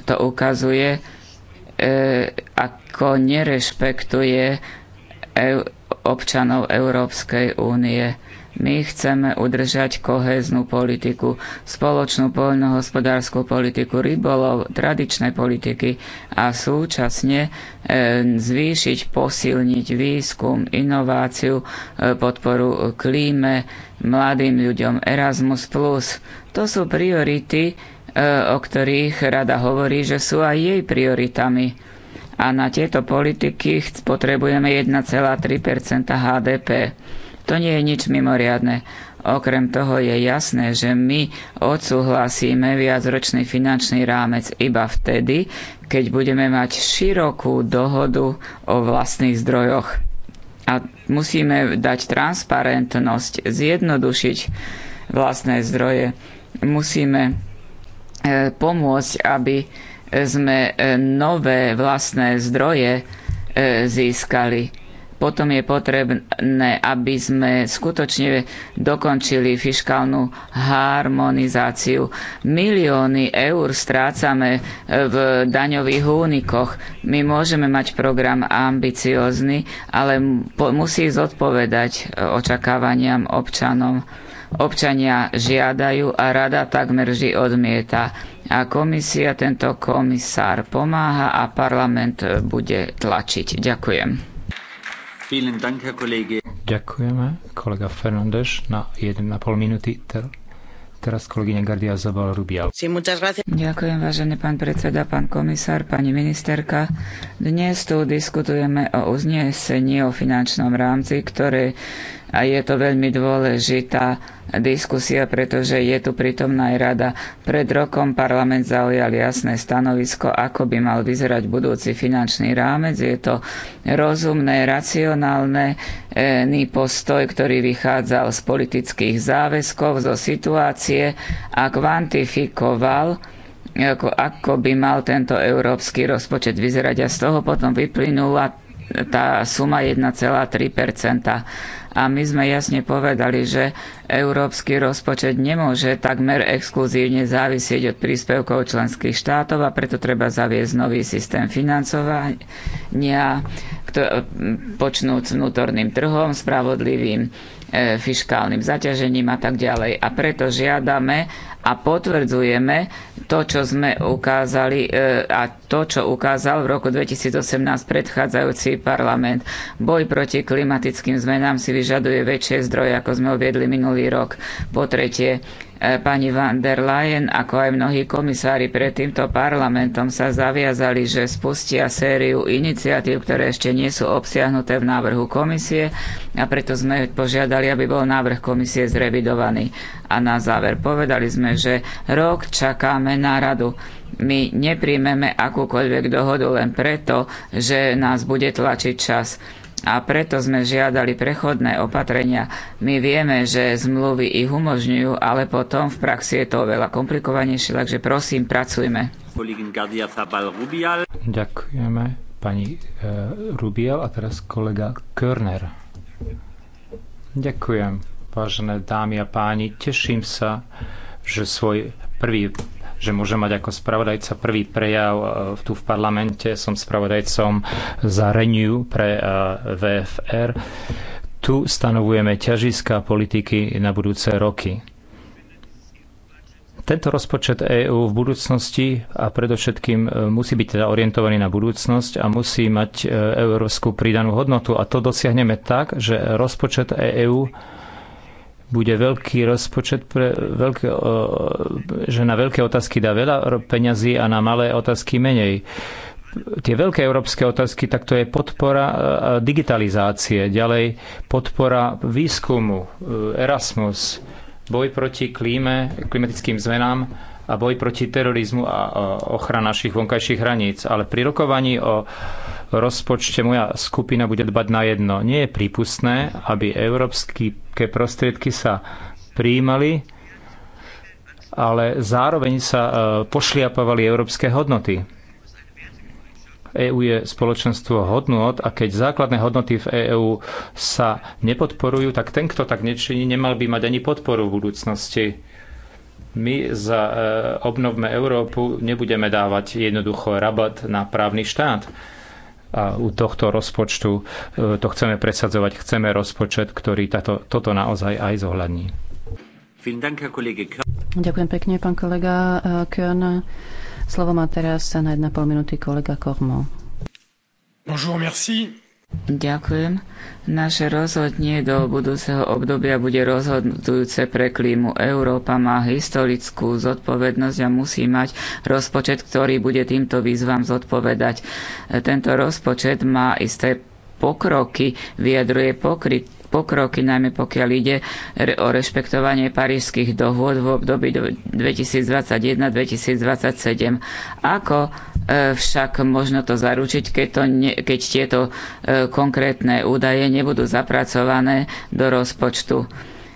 to ukazuje, e, ako nerešpektuje e, občanov Európskej únie my chceme udržať koheznú politiku, spoločnú poľnohospodárskú politiku, rybolov, tradičné politiky a súčasne e, zvýšiť, posilniť výskum, inováciu, e, podporu klíme, mladým ľuďom Erasmus+. To sú priority, e, o ktorých rada hovorí, že sú aj jej prioritami a na tieto politiky potrebujeme 1,3 HDP. To nie je nič mimoriadne. Okrem toho je jasné, že my odsúhlasíme viacročný finančný rámec iba vtedy, keď budeme mať širokú dohodu o vlastných zdrojoch. A musíme dať transparentnosť, zjednodušiť vlastné zdroje. Musíme e, pomôcť, aby e, sme e, nové vlastné zdroje získali. Potom je potrebné, aby sme skutočne dokončili fiskálnu harmonizáciu. Milióny eur strácame e, v daňových únikoch. My môžeme mať program ambiciózny, ale musí zodpovedať e, očakávaniam občanom. Občania žiadajú a rada takmer vždy odmieta. A komisia, tento komisár pomáha a parlament e, bude tlačiť. Ďakujem. Ďakujeme, kolega Fernández, na 1,5 minúty. Teraz kolegyňa Gardia Zabal Rubial. Ďakujem, vážený pán predseda, pán komisár, pani ministerka. Dnes tu diskutujeme o uznesení o finančnom rámci, ktoré a je to veľmi dôležitá diskusia, pretože je tu pritomná aj rada. Pred rokom parlament zaujal jasné stanovisko, ako by mal vyzerať budúci finančný rámec. Je to rozumné, racionálne e, postoj, ktorý vychádzal z politických záväzkov, zo situácie a kvantifikoval eh, ako, ako by mal tento európsky rozpočet vyzerať a z toho potom vyplynula tá suma 1,3 a my sme jasne povedali, že európsky rozpočet nemôže takmer exkluzívne závisieť od príspevkov členských štátov a preto treba zaviesť nový systém financovania, s vnútorným trhom, spravodlivým E, fiskálnym zaťažením a tak ďalej. A preto žiadame a potvrdzujeme to, čo sme ukázali e, a to, čo ukázal v roku 2018 predchádzajúci parlament. Boj proti klimatickým zmenám si vyžaduje väčšie zdroje, ako sme uviedli minulý rok. Po tretie, E, pani van der Leyen, ako aj mnohí komisári pred týmto parlamentom sa zaviazali, že spustia sériu iniciatív, ktoré ešte nie sú obsiahnuté v návrhu komisie a preto sme požiadali, aby bol návrh komisie zrevidovaný. A na záver povedali sme, že rok čakáme na radu. My nepríjmeme akúkoľvek dohodu len preto, že nás bude tlačiť čas a preto sme žiadali prechodné opatrenia. My vieme, že zmluvy ich umožňujú, ale potom v praxi je to oveľa komplikovanejšie, takže prosím, pracujme. Ďakujeme pani e, Rubiel a teraz kolega Körner. Ďakujem, vážené dámy a páni. Teším sa, že svoj prvý že môžem mať ako spravodajca prvý prejav e, tu v parlamente. Som spravodajcom za Renew pre e, VFR. Tu stanovujeme ťažiska politiky na budúce roky. Tento rozpočet EÚ v budúcnosti a predovšetkým e, musí byť teda orientovaný na budúcnosť a musí mať európsku pridanú hodnotu. A to dosiahneme tak, že rozpočet EÚ bude veľký rozpočet, pre veľké, že na veľké otázky dá veľa peňazí a na malé otázky menej. Tie veľké európske otázky, tak to je podpora e, e, digitalizácie, ďalej podpora výskumu, e, Erasmus, boj proti klíme, klimatickým zmenám a boj proti terorizmu a ochrana našich vonkajších hraníc. Ale pri rokovaní o rozpočte moja skupina bude dbať na jedno. Nie je prípustné, aby európske prostriedky sa prijímali, ale zároveň sa e, pošliapovali európske hodnoty. EÚ je spoločenstvo hodnot a keď základné hodnoty v EÚ sa nepodporujú, tak ten, kto tak nečiní, nemal by mať ani podporu v budúcnosti. My za e, obnovme Európu nebudeme dávať jednoducho rabat na právny štát. A u tohto rozpočtu e, to chceme presadzovať. Chceme rozpočet, ktorý tato, toto naozaj aj zohľadní. Ďakujem pekne, pán kolega e, Kön. Slovo má teraz na 1,5 minúty kolega Kormo. Bonjour, merci. Ďakujem. Naše rozhodnie do budúceho obdobia bude rozhodujúce pre klímu. Európa má historickú zodpovednosť a musí mať rozpočet, ktorý bude týmto výzvam zodpovedať. Tento rozpočet má isté pokroky, vyjadruje pokryt pokroky, najmä pokiaľ ide o rešpektovanie parížských dohôd v období 2021-2027. Ako e, však možno to zaručiť, keď, to ne, keď tieto e, konkrétne údaje nebudú zapracované do rozpočtu?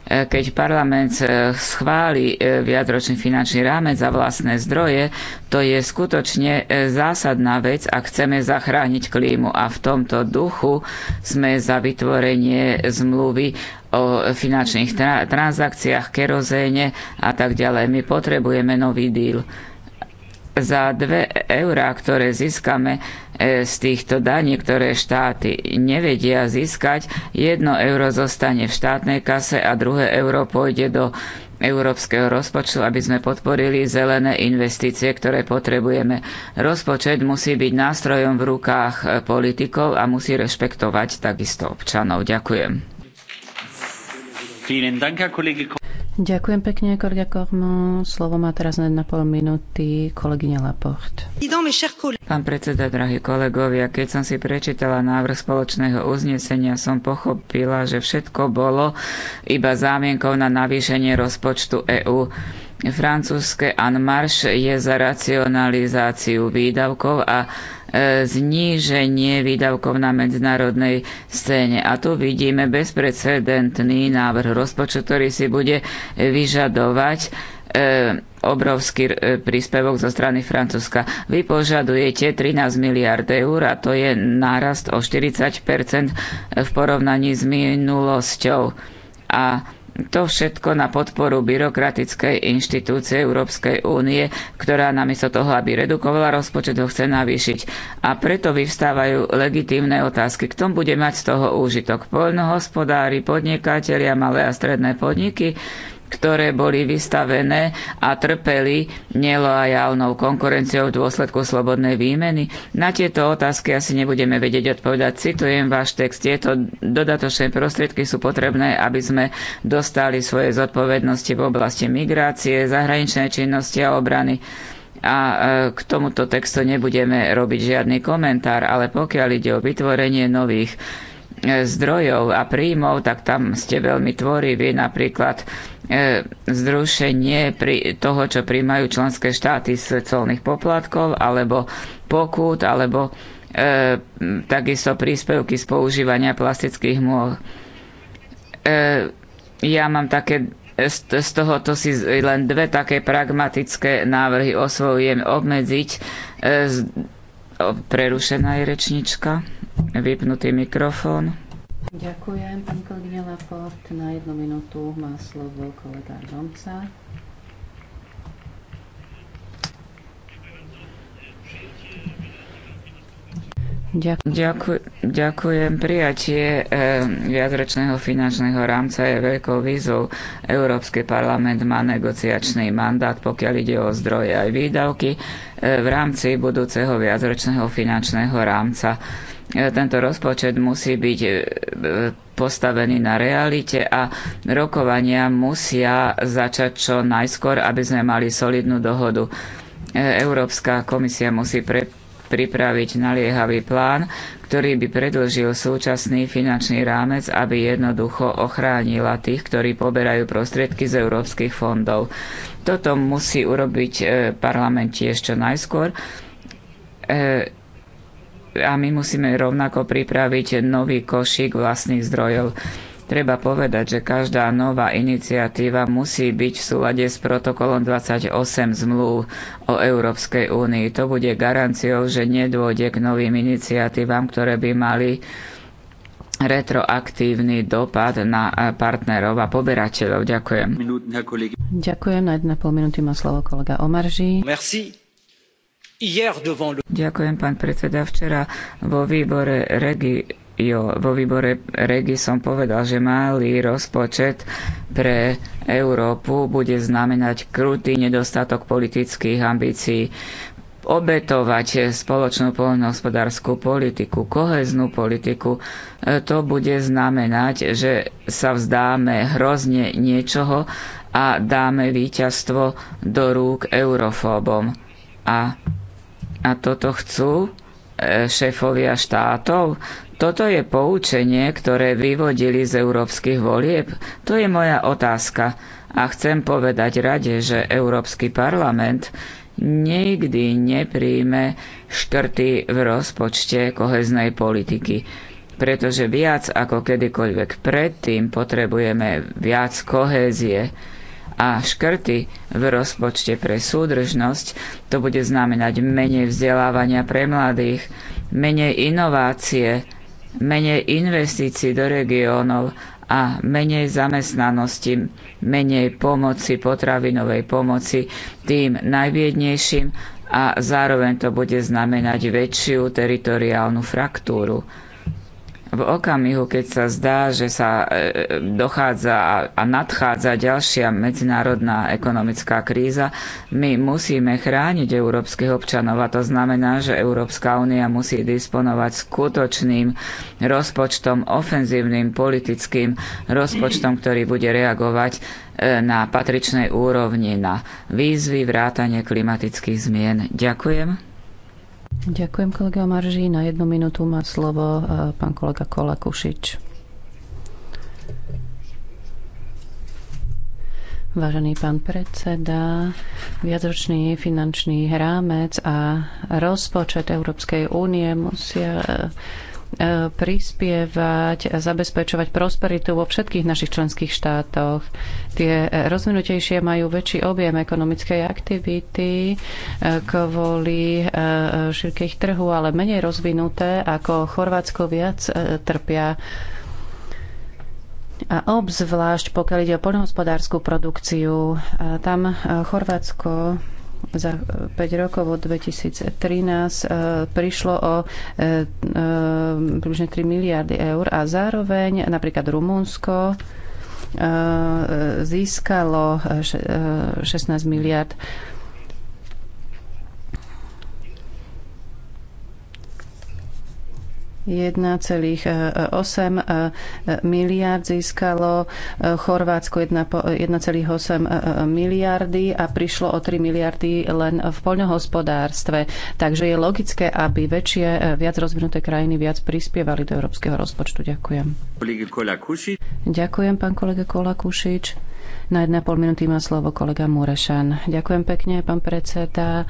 E, keď parlament e, schváli e, viacročný finančný rámec za vlastné zdroje, to je skutočne zásadná vec, ak chceme zachrániť klímu. A v tomto duchu sme za vytvorenie zmluvy o finančných tra- transakciách, kerozéne a tak ďalej. My potrebujeme nový díl za 2 eurá, ktoré získame e, z týchto daní, ktoré štáty nevedia získať, 1 euro zostane v štátnej kase a 2 euro pôjde do európskeho rozpočtu, aby sme podporili zelené investície, ktoré potrebujeme. Rozpočet musí byť nástrojom v rukách e, politikov a musí rešpektovať takisto občanov. Ďakujem. Ďakujem pekne, Korga Kormo. Slovo má teraz na pol minúty kolegyňa Laport. Pán predseda, drahí kolegovia, keď som si prečítala návrh spoločného uznesenia, som pochopila, že všetko bolo iba zámienkou na navýšenie rozpočtu EÚ. Francúzske Anmarš je za racionalizáciu výdavkov a zníženie výdavkov na medzinárodnej scéne. A tu vidíme bezprecedentný návrh rozpočtu, ktorý si bude vyžadovať e, obrovský e, príspevok zo strany Francúzska. Vy požadujete 13 miliard eur a to je nárast o 40 v porovnaní s minulosťou. A to všetko na podporu byrokratickej inštitúcie Európskej únie, ktorá namiesto toho, aby redukovala rozpočet, ho chce navýšiť. A preto vyvstávajú legitímne otázky. Kto bude mať z toho úžitok? Poľnohospodári, podnikatelia, malé a stredné podniky? ktoré boli vystavené a trpeli nelojálnou konkurenciou v dôsledku slobodnej výmeny? Na tieto otázky asi nebudeme vedieť odpovedať. Citujem váš text. Tieto dodatočné prostriedky sú potrebné, aby sme dostali svoje zodpovednosti v oblasti migrácie, zahraničnej činnosti a obrany a e, k tomuto textu nebudeme robiť žiadny komentár, ale pokiaľ ide o vytvorenie nových E, zdrojov a príjmov, tak tam ste veľmi tvoriví, napríklad e, zrušenie pri toho, čo príjmajú členské štáty z colných poplatkov, alebo pokút, alebo e, takisto príspevky z používania plastických môh. E, ja mám také z, z tohoto si len dve také pragmatické návrhy osvojujem obmedziť. E, z, o, prerušená je rečnička vypnutý mikrofón. Ďakujem, pani kolegyňa Laport. Na jednu minútu má slovo kolega Romca. Ďakujem. Ďakujem. Prijatie eh, viacročného finančného rámca je veľkou výzvou. Európsky parlament má negociačný mandát, pokiaľ ide o zdroje aj výdavky eh, v rámci budúceho viacročného finančného rámca. E, tento rozpočet musí byť e, postavený na realite a rokovania musia začať čo najskôr, aby sme mali solidnú dohodu. E, Európska komisia musí pre, pripraviť naliehavý plán, ktorý by predlžil súčasný finančný rámec, aby jednoducho ochránila tých, ktorí poberajú prostriedky z európskych fondov. Toto musí urobiť parlament ešte najskôr a my musíme rovnako pripraviť nový košík vlastných zdrojov. Treba povedať, že každá nová iniciatíva musí byť v súlade s protokolom 28 zmluv o Európskej únii. To bude garanciou, že nedôjde k novým iniciatívam, ktoré by mali retroaktívny dopad na partnerov a poberateľov. Ďakujem. Ďakujem. Na 1,5 minúty má slovo kolega Omarží. Merci. Ďakujem, pán predseda. Včera vo výbore regi, jo, vo výbore regi som povedal, že malý rozpočet pre Európu bude znamenať krutý nedostatok politických ambícií obetovať spoločnú poľnohospodárskú politiku, koheznú politiku, e, to bude znamenať, že sa vzdáme hrozne niečoho a dáme víťazstvo do rúk eurofóbom. A a toto chcú e, šéfovia štátov. Toto je poučenie, ktoré vyvodili z európskych volieb. To je moja otázka. A chcem povedať rade, že Európsky parlament nikdy nepríjme škrty v rozpočte koheznej politiky. Pretože viac ako kedykoľvek predtým potrebujeme viac kohézie a škrty v rozpočte pre súdržnosť, to bude znamenať menej vzdelávania pre mladých, menej inovácie, menej investícií do regiónov a menej zamestnanosti, menej pomoci, potravinovej pomoci tým najbiednejším a zároveň to bude znamenať väčšiu teritoriálnu fraktúru v okamihu, keď sa zdá, že sa e, dochádza a nadchádza ďalšia medzinárodná ekonomická kríza, my musíme chrániť európskych občanov a to znamená, že Európska únia musí disponovať skutočným rozpočtom, ofenzívnym politickým rozpočtom, ktorý bude reagovať e, na patričnej úrovni na výzvy vrátanie klimatických zmien. Ďakujem. Ďakujem kolega Marží. Na jednu minútu má slovo e, pán kolega Kola Kušič. Vážený pán predseda, viacročný finančný rámec a rozpočet Európskej únie musia e, E, prispievať a zabezpečovať prosperitu vo všetkých našich členských štátoch. Tie rozvinutejšie majú väčší objem ekonomickej aktivity e, kvôli e, širkých trhu, ale menej rozvinuté ako Chorvátsko viac trpia a obzvlášť pokiaľ ide o poľnohospodárskú produkciu, tam Chorvátsko za 5 e, rokov od 2013 e, prišlo o e, približne 3 miliardy eur a zároveň napríklad Rumunsko získalo 16 miliard 1,8 miliard získalo eh, Chorvátsko 1,8 eh, eh, miliardy a prišlo o 3 miliardy len v poľnohospodárstve. Takže je logické, aby väčšie, viac rozvinuté krajiny viac prispievali do európskeho rozpočtu. Ďakujem. Ďakujem, pán kolega Kolakušič. Na 1,5 minúty má slovo kolega Murešan. Ďakujem pekne, pán predseda.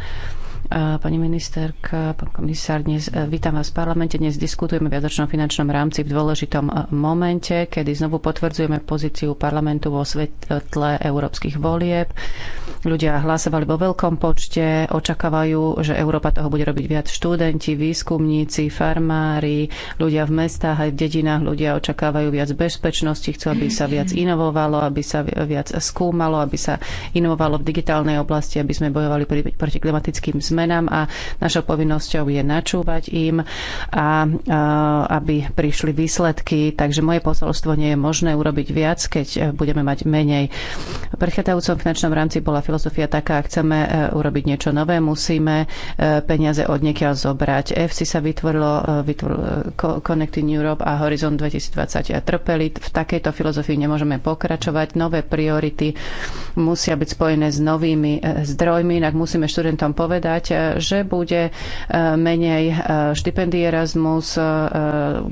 Pani ministerka, pán komisár, dnes e, vítam vás v parlamente. Dnes diskutujeme v jadročnom finančnom rámci v dôležitom e, momente, kedy znovu potvrdzujeme pozíciu parlamentu vo svetle európskych volieb. Ľudia hlasovali vo veľkom počte, očakávajú, že Európa toho bude robiť viac študenti, výskumníci, farmári, ľudia v mestách aj v dedinách, ľudia očakávajú viac bezpečnosti, chcú, aby sa viac inovovalo, aby sa viac skúmalo, aby sa inovovalo v digitálnej oblasti, aby sme bojovali proti klimatickým zmenám zmenám a našou povinnosťou je načúvať im a aby prišli výsledky. Takže moje posolstvo nie je možné urobiť viac, keď e, budeme mať menej. V prechádzajúcom finančnom rámci bola filozofia taká, ak chceme e, urobiť niečo nové, musíme e, peniaze od niekiaľ zobrať. FC sa vytvorilo, vytvorilo Connecting Europe a Horizon 2020 a trpeli. V takejto filozofii nemôžeme pokračovať. Nové priority musia byť spojené s novými zdrojmi, inak musíme študentom povedať, očakávať, že bude e, menej e, štipendie Erasmus, e,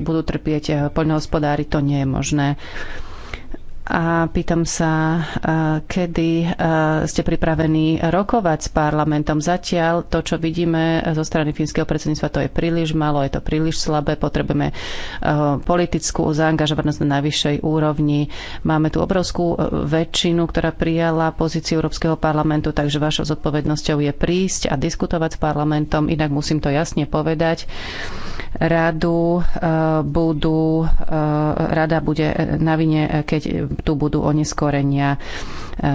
budú trpieť poľnohospodári, to nie je možné a pýtam sa, kedy ste pripravení rokovať s parlamentom. Zatiaľ to, čo vidíme zo strany fínskeho predsedníctva, to je príliš malo, je to príliš slabé, potrebujeme politickú zaangažovanosť na najvyššej úrovni. Máme tu obrovskú e, väčšinu, ktorá prijala pozíciu Európskeho parlamentu, takže vašou zodpovednosťou je prísť a diskutovať s parlamentom, inak musím to jasne povedať. Radu e, budú, e, rada bude na vine, keď tu budú oneskorenia e,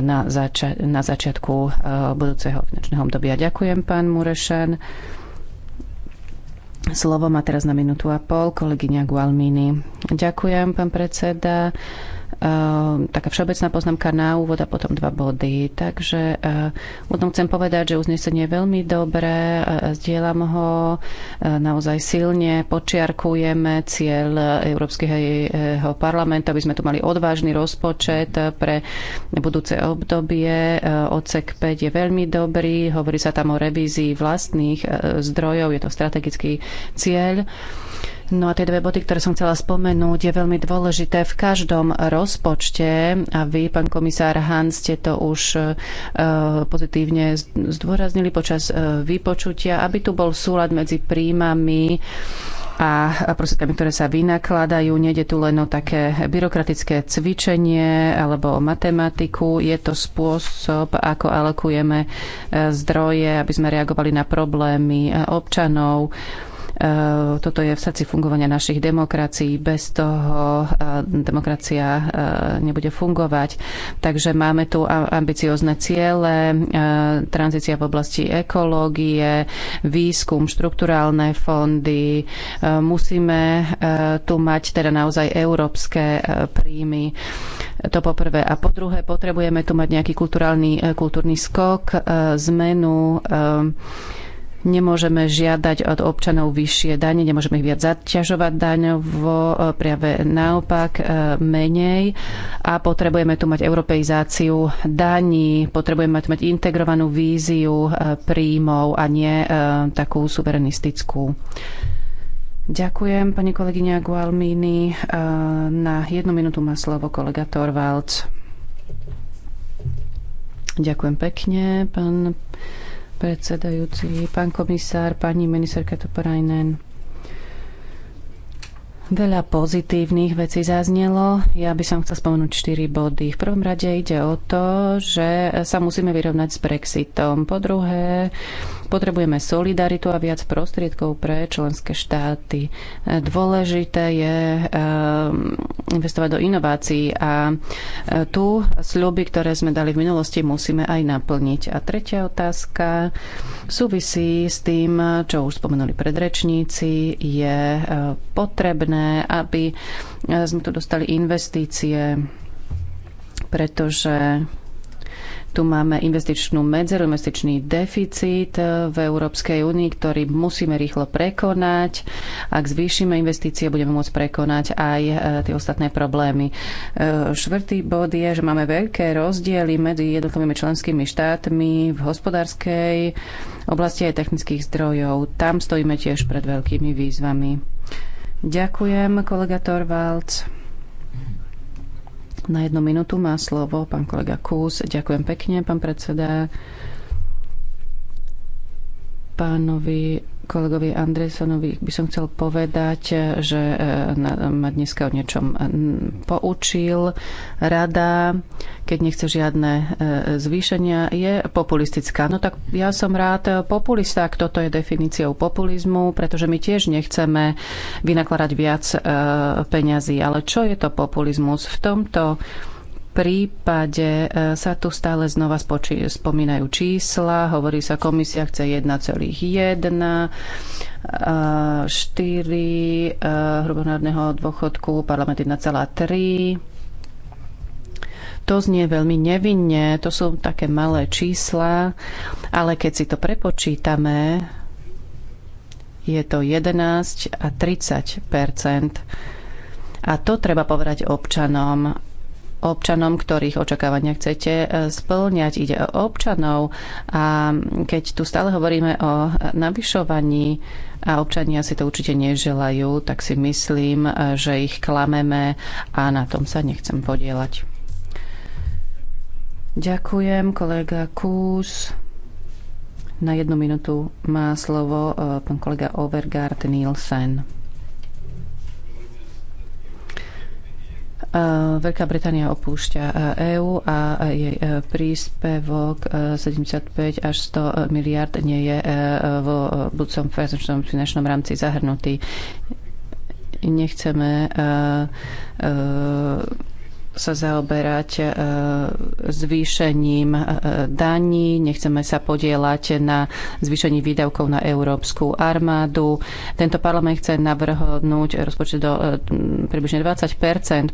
na, zača- na začiatku e, budúceho finančného obdobia. Ďakujem, pán Murešan. Slovo má teraz na minútu a pol kolegyňa Gualmini. Ďakujem, pán predseda. Ehm, taká všeobecná poznámka na úvod a potom dva body. Takže potom ehm, chcem povedať, že uznesenie je veľmi dobré, e, e, zdieľam ho, e, naozaj silne počiarkujeme cieľ Európskeho parlamentu, aby sme tu mali odvážny rozpočet pre budúce obdobie. Odsek 5 je veľmi dobrý, hovorí sa tam o revízii vlastných zdrojov, je to strategický cieľ. No a tie dve body, ktoré som chcela spomenúť, je veľmi dôležité v každom rozpočte a vy, pán komisár Han, ste to už e, pozitívne zdôraznili počas e, vypočutia, aby tu bol súlad medzi príjmami a prostriedkami, ktoré sa vynakladajú. Nede tu len o také byrokratické cvičenie alebo o matematiku. Je to spôsob, ako alokujeme e, zdroje, aby sme reagovali na problémy občanov Eh, toto je v srdci fungovania našich demokracií. Bez toho eh, demokracia eh, nebude fungovať. Takže máme tu ambiciozne ciele, tranzícia v oblasti ekológie, výskum, štrukturálne fondy. Musíme tu mať teda naozaj európske príjmy. To poprvé. A po druhé, potrebujeme tu mať nejaký kulturálny, kultúrny skok, zmenu Nemôžeme žiadať od občanov vyššie dane, nemôžeme ich viac zaťažovať daňovo, e, práve naopak e, menej. A potrebujeme tu mať europeizáciu daní, potrebujeme tu mať integrovanú víziu e, príjmov a nie takú suverenistickú. Ďakujem, pani kolegyňa Gualmini. Na jednu minútu má slovo kolega Torvalds. Ďakujem pekne, pán predsedajúci, pán komisár, pani ministerka Toporajnen. Veľa pozitívnych vecí zaznelo. Ja by som chcel spomenúť 4 body. V prvom rade ide o to, že sa musíme vyrovnať s Brexitom. Po druhé, Potrebujeme solidaritu a viac prostriedkov pre členské štáty. Dôležité je ehm, investovať do inovácií a e, tu sľuby, ktoré sme dali v minulosti, musíme aj naplniť. A tretia otázka súvisí s tým, čo už spomenuli predrečníci, je e, potrebné, aby e, sme tu dostali investície, pretože tu máme investičnú medzeru, investičný deficit eh, v Európskej únii, ktorý musíme rýchlo prekonať. Ak zvýšime investície, budeme môcť prekonať aj eh, tie ostatné problémy. Eh, štvrtý bod je, že máme veľké rozdiely medzi jednotlivými členskými štátmi v hospodárskej oblasti aj technických zdrojov. Tam stojíme tiež pred veľkými výzvami. Ďakujem, kolega Torvalds. Na jednu minútu má slovo pán kolega Kús. Ďakujem pekne, pán predseda. Pánovi kolegovi Andresonovi by som chcel povedať, že e, ma dneska o niečom e, poučil. Rada, keď nechce žiadne e, zvýšenia, je populistická. No tak ja som rád populista, ak toto je definíciou populizmu, pretože my tiež nechceme vynakladať viac peňazí. Ale čo je to populizmus? V tomto prípade e, sa tu stále znova spoči- spomínajú čísla, hovorí sa, komisia chce 1,1, 4 hrubonárneho dôchodku, parlament 1,3. To znie veľmi nevinne, to sú také malé čísla, ale keď si to prepočítame, je to 11 a 30 a to treba povedať občanom občanom, ktorých očakávania chcete e, splňať. Ide o občanov a keď tu stále hovoríme o navyšovaní a občania si to určite neželajú, tak si myslím, e, že ich klameme a na tom sa nechcem podielať. Ďakujem, kolega Kús. Na jednu minútu má slovo e, pán kolega Overgard Nielsen. Veľká Británia opúšťa EÚ a jej e, príspevok 75 e, až 100 miliard nie je e, vo budúcom finančnom rámci zahrnutý. Nechceme sa zaoberať e, zvýšením e, daní, nechceme sa podielať na zvýšení výdavkov na európsku armádu. Tento parlament chce navrhnúť rozpočet do e, približne 20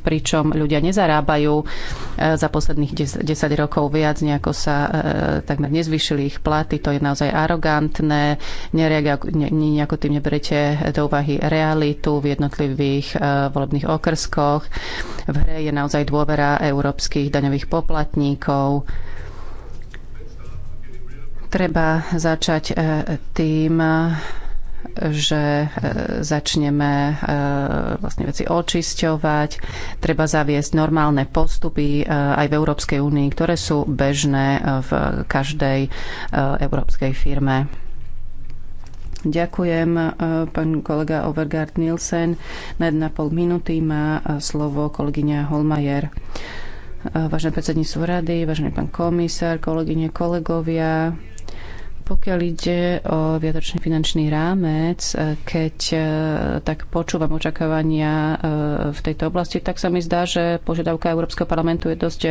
pričom ľudia nezarábajú za posledných 10 rokov viac, nejako sa takmer nezvýšili ich platy. To je naozaj arogantné, nejako tým neberete do úvahy realitu v jednotlivých volebných okrskoch. V hre je naozaj dôležité dôvera európskych daňových poplatníkov. Treba začať e, tým, e, že e, začneme vlastne veci očisťovať. Treba zaviesť normálne postupy aj v Európskej únii, ktoré sú bežné v každej európskej firme. Ďakujem, e, pán kolega Overgaard Nielsen. Na pol minúty má e, slovo kolegyňa Holmajer. E, vážené predsedníctvo rady, vážený pán komisár, kolegyne, kolegovia, pokiaľ ide o viatočný finančný rámec, e, keď e, tak počúvam očakávania e, v tejto oblasti, tak sa mi zdá, že požiadavka Európskeho parlamentu je dosť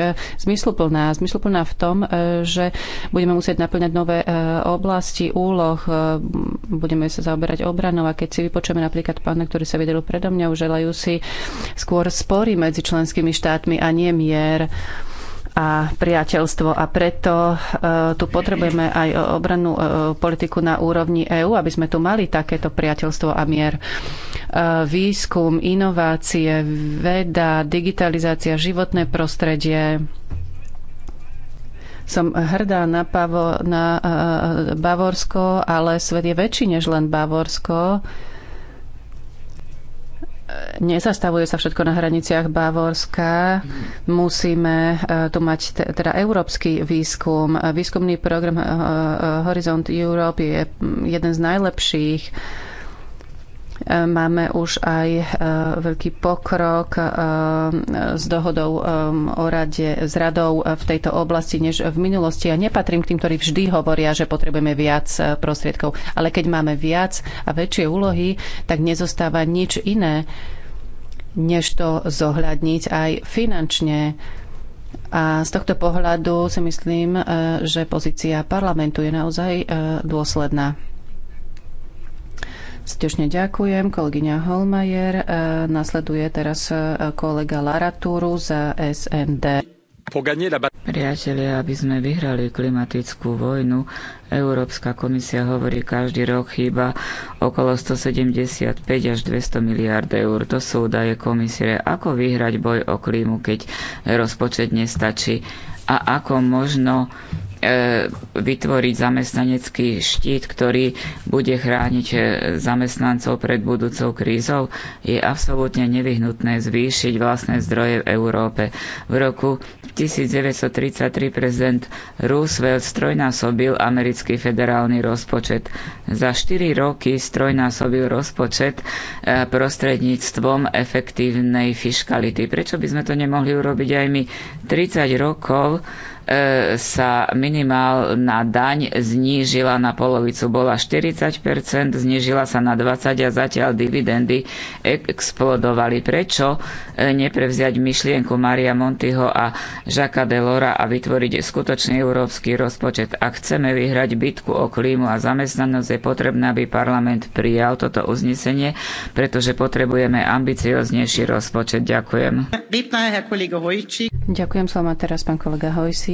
zmysluplná. Zmysluplná v tom, že budeme musieť naplňať nové oblasti, úloh, budeme sa zaoberať obranou a keď si vypočujeme napríklad pána, ktorý sa vydelil predo mňa, želajú si skôr spory medzi členskými štátmi a nie mier a priateľstvo. A preto eh, tu potrebujeme aj obrannú eh, politiku na úrovni EÚ, aby sme tu mali takéto priateľstvo a mier. Eh, výskum, inovácie, veda, digitalizácia, životné prostredie, som hrdá na, Pavo, na Bavorsko, ale svet je väčší než len Bavorsko nezastavuje sa všetko na hraniciach Bavorska. Musíme e, tu mať teda európsky výskum. Výskumný program e, e, Horizont Europe je jeden z najlepších Máme už aj e, veľký pokrok e, s dohodou e, o rade, s radou v tejto oblasti než v minulosti. Ja nepatrím k tým, ktorí vždy hovoria, že potrebujeme viac prostriedkov. Ale keď máme viac a väčšie úlohy, tak nezostáva nič iné, než to zohľadniť aj finančne. A z tohto pohľadu si myslím, že pozícia parlamentu je naozaj dôsledná. Srdečne ďakujem, kolegyňa Holmajer. E, nasleduje teraz e, kolega Laratúru za SND. Priatelia, aby sme vyhrali klimatickú vojnu, Európska komisia hovorí každý rok chýba okolo 175 až 200 miliard eur. To sú údaje komisie. Ako vyhrať boj o klímu, keď rozpočet nestačí? A ako možno E, vytvoriť zamestnanecký štít, ktorý bude chrániť e, zamestnancov pred budúcou krízou, je absolútne nevyhnutné zvýšiť vlastné zdroje v Európe. V roku 1933 prezident Roosevelt strojnásobil americký federálny rozpočet. Za 4 roky strojnásobil rozpočet e, prostredníctvom efektívnej fiskality. Prečo by sme to nemohli urobiť aj my? 30 rokov E, sa minimálna daň znížila na polovicu, bola 40%, znížila sa na 20% a zatiaľ dividendy explodovali. Prečo e, neprevziať myšlienku Maria Montyho a Žaka Delora a vytvoriť skutočný európsky rozpočet? Ak chceme vyhrať bitku o klímu a zamestnanosť, je potrebné, aby parlament prijal toto uznesenie, pretože potrebujeme ambicioznejší rozpočet. Ďakujem. Ďakujem, sa vám teraz pán kolega Hojsi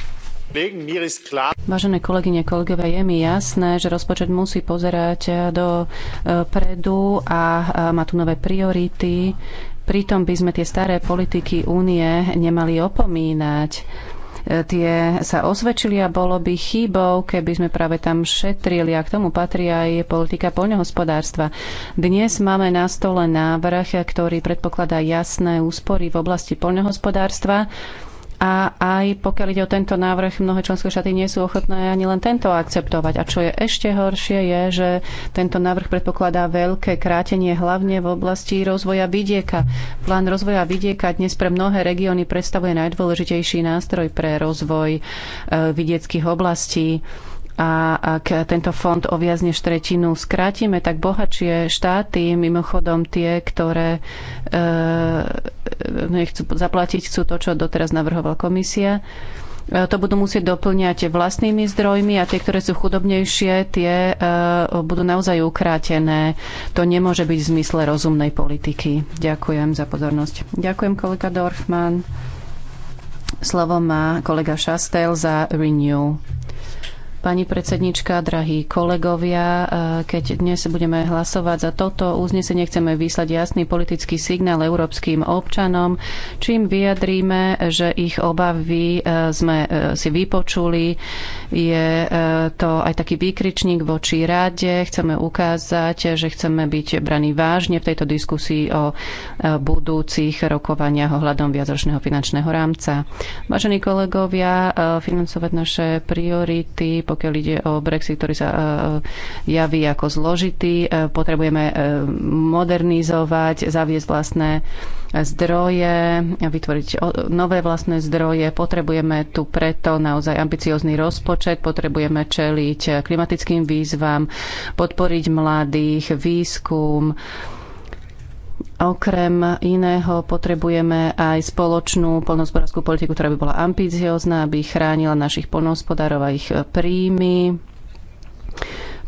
Vážené kolegyne, kolegové, je mi jasné, že rozpočet musí pozerať eh, do eh, predu a eh, má tu nové priority. Pritom by sme tie staré politiky únie nemali opomínať tie sa osvedčili a bolo by chybou, keby sme práve tam šetrili a k tomu patrí aj politika poľnohospodárstva. Dnes máme na stole návrh, ktorý predpokladá jasné úspory v oblasti poľnohospodárstva a aj pokiaľ ide o tento návrh, mnohé členské štáty nie sú ochotné ani len tento akceptovať. A čo je ešte horšie, je, že tento návrh predpokladá veľké krátenie hlavne v oblasti rozvoja vidieka. Plán rozvoja vidieka dnes pre mnohé regióny predstavuje najdôležitejší nástroj pre rozvoj eh, vidieckých oblastí. A ak tento fond o viac než tretinu skrátime, tak bohatšie štáty, mimochodom tie, ktoré e, no nechcú zaplatiť, chcú to, čo doteraz navrhovala komisia, e, to budú musieť doplňať vlastnými zdrojmi a tie, ktoré sú chudobnejšie, tie e, budú naozaj ukrátené. To nemôže byť v zmysle rozumnej politiky. Ďakujem za pozornosť. Ďakujem kolega Dorfman. Slovo má kolega Šastel za Renew. Pani predsednička, drahí kolegovia, e, keď dnes budeme hlasovať za toto uznesenie, chceme vyslať jasný politický signál európskym občanom, čím vyjadríme, že ich obavy e, sme e, si vypočuli, je e, to aj taký výkričník voči rade. Chceme ukázať, že chceme byť braní vážne v tejto diskusii o e, budúcich rokovaniach ohľadom viacročného finančného rámca. Vážení kolegovia, e, financovať naše priority, pokiaľ ide o Brexit, ktorý sa javí ako zložitý, potrebujeme modernizovať, zaviesť vlastné zdroje, vytvoriť nové vlastné zdroje. Potrebujeme tu preto naozaj ambiciózny rozpočet, potrebujeme čeliť klimatickým výzvam, podporiť mladých, výskum, Okrem iného potrebujeme aj spoločnú polnohospodárskú politiku, ktorá by bola ambiciozná, aby chránila našich polnohospodárov a ich príjmy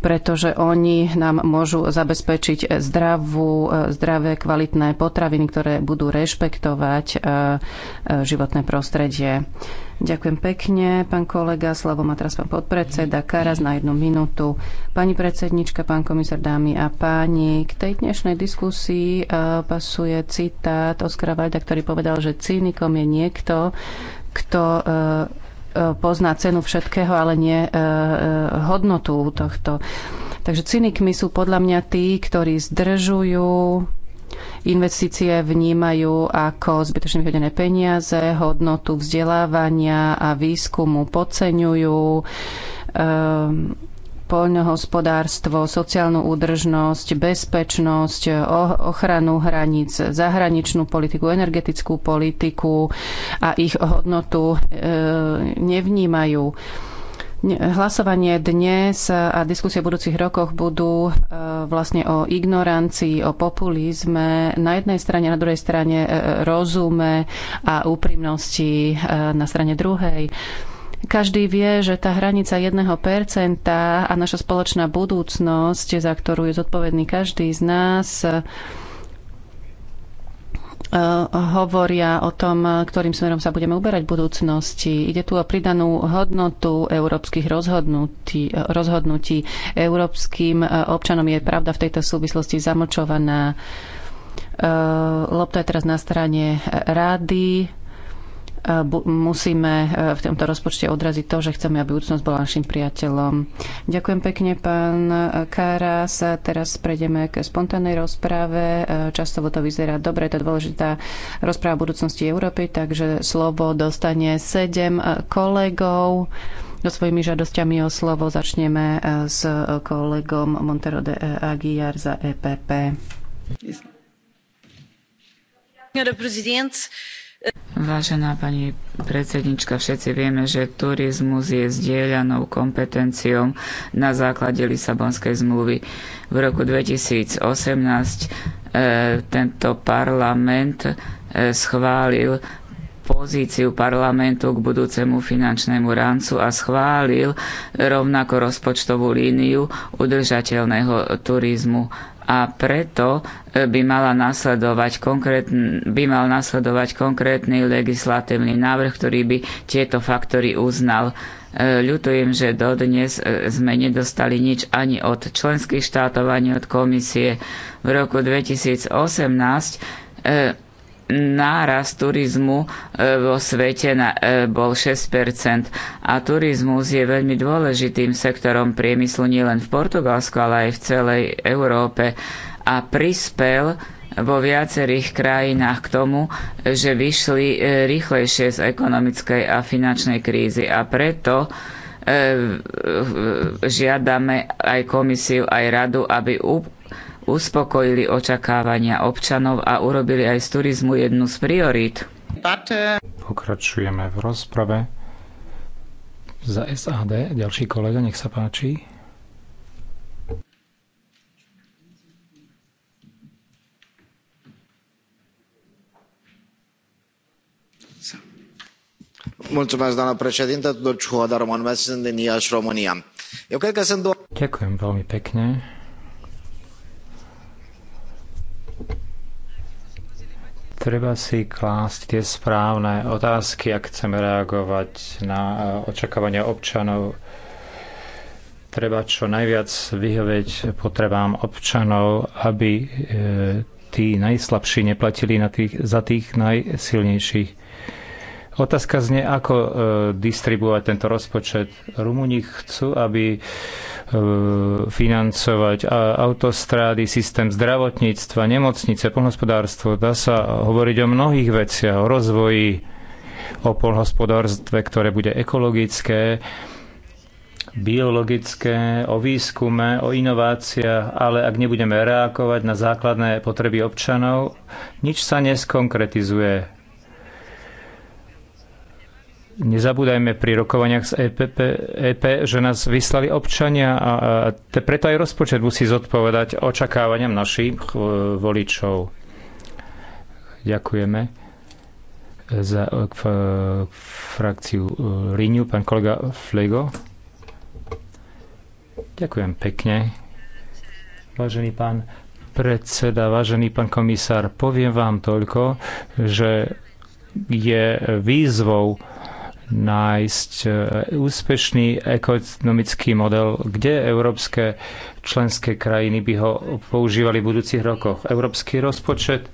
pretože oni nám môžu zabezpečiť zdravú, zdravé, kvalitné potraviny, ktoré budú rešpektovať e, e, životné prostredie. Ďakujem pekne, pán kolega. Slovo má teraz pán podpredseda Karas na jednu minútu. Pani predsednička, pán komisár, dámy a páni, k tej dnešnej diskusii e, pasuje citát Oskara Valda, ktorý povedal, že cynikom je niekto, kto Eh, pozná cenu všetkého, ale nie eh, eh, hodnotu tohto. Takže cynikmi sú podľa mňa tí, ktorí zdržujú Investície vnímajú ako zbytočne vyhodené peniaze, hodnotu vzdelávania a výskumu podceňujú. Ehm poľnohospodárstvo, sociálnu údržnosť, bezpečnosť, ochranu hraníc, zahraničnú politiku, energetickú politiku a ich hodnotu e, nevnímajú. Hlasovanie dnes a diskusie v budúcich rokoch budú e, vlastne o ignorancii, o populizme na jednej strane, na druhej strane e, rozume a úprimnosti na strane druhej. Každý vie, že tá hranica 1% a naša spoločná budúcnosť, za ktorú je zodpovedný každý z nás, e, hovoria o tom, ktorým smerom sa budeme uberať v budúcnosti. Ide tu o pridanú hodnotu európskych rozhodnutí. rozhodnutí. Európskym e, občanom je pravda v tejto súvislosti zamlčovaná. E, lopta je teraz na strane rady E, musíme e, v tomto rozpočte odraziť to, že chceme, aby budúcnosť bola našim priateľom. Ďakujem pekne, pán Karas. Teraz prejdeme k spontánnej rozprave. E, Často to vyzerá dobre, to je dôležitá rozpráva budúcnosti Európy, takže slovo dostane sedem kolegov. So svojimi žiadosťami o slovo začneme s kolegom Montero de Aguiar za EPP. Senhora Presidente, Vážená pani predsednička, všetci vieme, že turizmus je zdieľanou kompetenciou na základe Lisabonskej zmluvy. V roku 2018 e, eh, tento parlament e, schválil pozíciu parlamentu k budúcemu finančnému rámcu a schválil rovnako rozpočtovú líniu udržateľného turizmu a preto e, by, mala nasledovať by mal nasledovať konkrétny legislatívny návrh, ktorý by tieto faktory uznal. E, ľutujem, že dodnes e, sme nedostali nič ani od členských štátov, ani od komisie. V roku 2018 náraz turizmu e, vo svete e, bol 6 a turizmus je veľmi dôležitým sektorom priemyslu nielen v Portugalsku, ale aj v celej Európe a prispel vo viacerých krajinách k tomu, že vyšli e, rýchlejšie z ekonomickej a finančnej krízy a preto žiadame aj komisiu, aj radu, aby uspokojili očakávania občanov a urobili aj z turizmu jednu z priorít. Pokračujeme v rozprave. Za SAD ďalší kolega, nech sa páči. doamnă tudor sunt din iași românia. eu cred că sunt două. ďakujem veľmi pekne Treba si klásť tie správne otázky, ak chceme reagovať na eh, očakávania občanov. Treba čo najviac vyhovieť potrebám občanov, aby eh, tí najslabší neplatili na tých, za tých najsilnejších Otázka znie, ako e, distribuovať tento rozpočet. Rumúni chcú, aby e, financovať a autostrády, systém zdravotníctva, nemocnice, polnospodárstvo. Dá sa hovoriť o mnohých veciach, o rozvoji, o polhospodárstve, ktoré bude ekologické, biologické, o výskume, o inováciách, ale ak nebudeme reagovať na základné potreby občanov, nič sa neskonkretizuje Nezabúdajme pri rokovaniach z EPP, EP, že nás vyslali občania a, a preto aj rozpočet musí zodpovedať očakávaniam našich e, voličov. Ďakujeme e, za e, k, frakciu Riniu, pán kolega Flego. Ďakujem pekne. Vážený pán predseda, vážený pán komisár, poviem vám toľko, že je výzvou nájsť e, úspešný ekonomický model, kde európske členské krajiny by ho používali v budúcich rokoch. Európsky rozpočet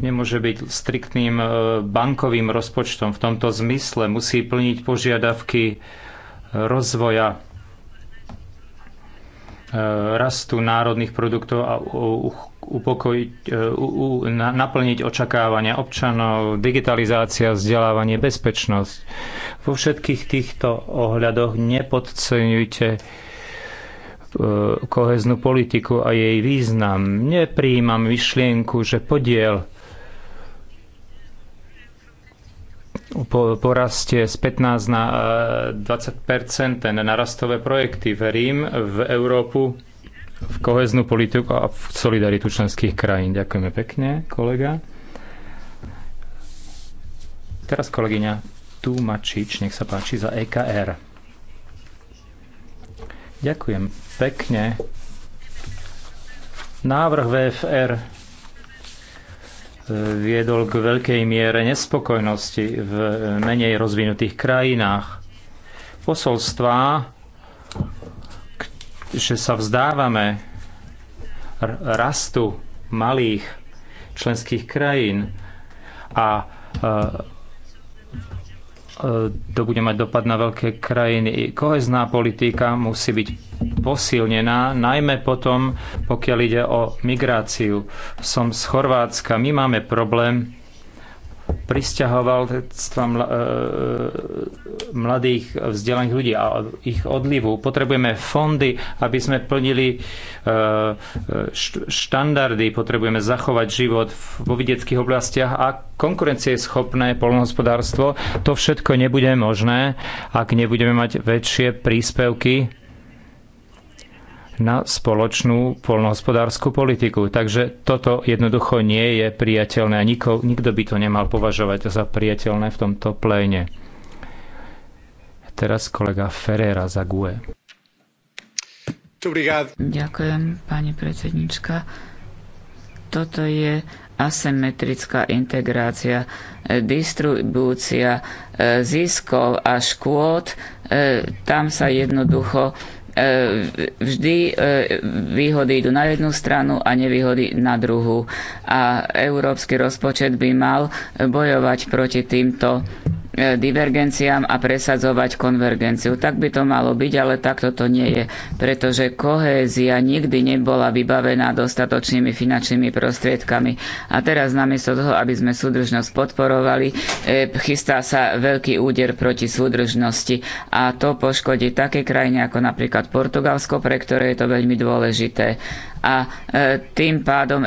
nemôže byť striktným e, bankovým rozpočtom. V tomto zmysle musí plniť požiadavky rozvoja E, rastu národných produktov a upokojiť, e, naplniť očakávania občanov, digitalizácia, vzdelávanie, bezpečnosť. Vo všetkých týchto ohľadoch nepodceňujte e, koheznú politiku a jej význam. Nepríjmam myšlienku, že podiel porastie z 15 na 20 eh, ten narastové projekty. Verím v Európu, v koheznú politiku a v solidaritu členských krajín. Ďakujeme pekne, kolega. Teraz kolegyňa Tumačič, nech sa páči, za EKR. Ďakujem pekne. Návrh VFR viedol k veľkej miere nespokojnosti v menej rozvinutých krajinách. Posolstvá, že sa vzdávame rastu malých členských krajín a e, E, to bude mať dopad na veľké krajiny. Kohezná politika musí byť posilnená, najmä potom, pokiaľ ide o migráciu. Som z Chorvátska, my máme problém pristahovalectva e, mladých vzdelaných ľudí a ich odlivu. Potrebujeme fondy, aby sme plnili e, štandardy, potrebujeme zachovať život vo vidieckých oblastiach a schopné polnohospodárstvo. To všetko nebude možné, ak nebudeme mať väčšie príspevky na spoločnú polnohospodárskú politiku. Takže toto jednoducho nie je priateľné a nikto, nikto by to nemal považovať za priateľné v tomto pléne. Teraz kolega Ferreira za GUE. Ďakujem, pani predsednička. Toto je asymetrická integrácia, distribúcia eh, ziskov a škôd. Eh, tam sa jednoducho E, vždy e, výhody idú na jednu stranu a nevýhody na druhú. A európsky rozpočet by mal bojovať proti týmto E, divergenciám a presadzovať konvergenciu. Tak by to malo byť, ale takto to nie je, pretože kohézia nikdy nebola vybavená dostatočnými finančnými prostriedkami. A teraz namiesto toho, aby sme súdržnosť podporovali, e, chystá sa veľký úder proti súdržnosti a to poškodí také krajiny ako napríklad Portugalsko, pre ktoré je to veľmi dôležité a e, tým pádom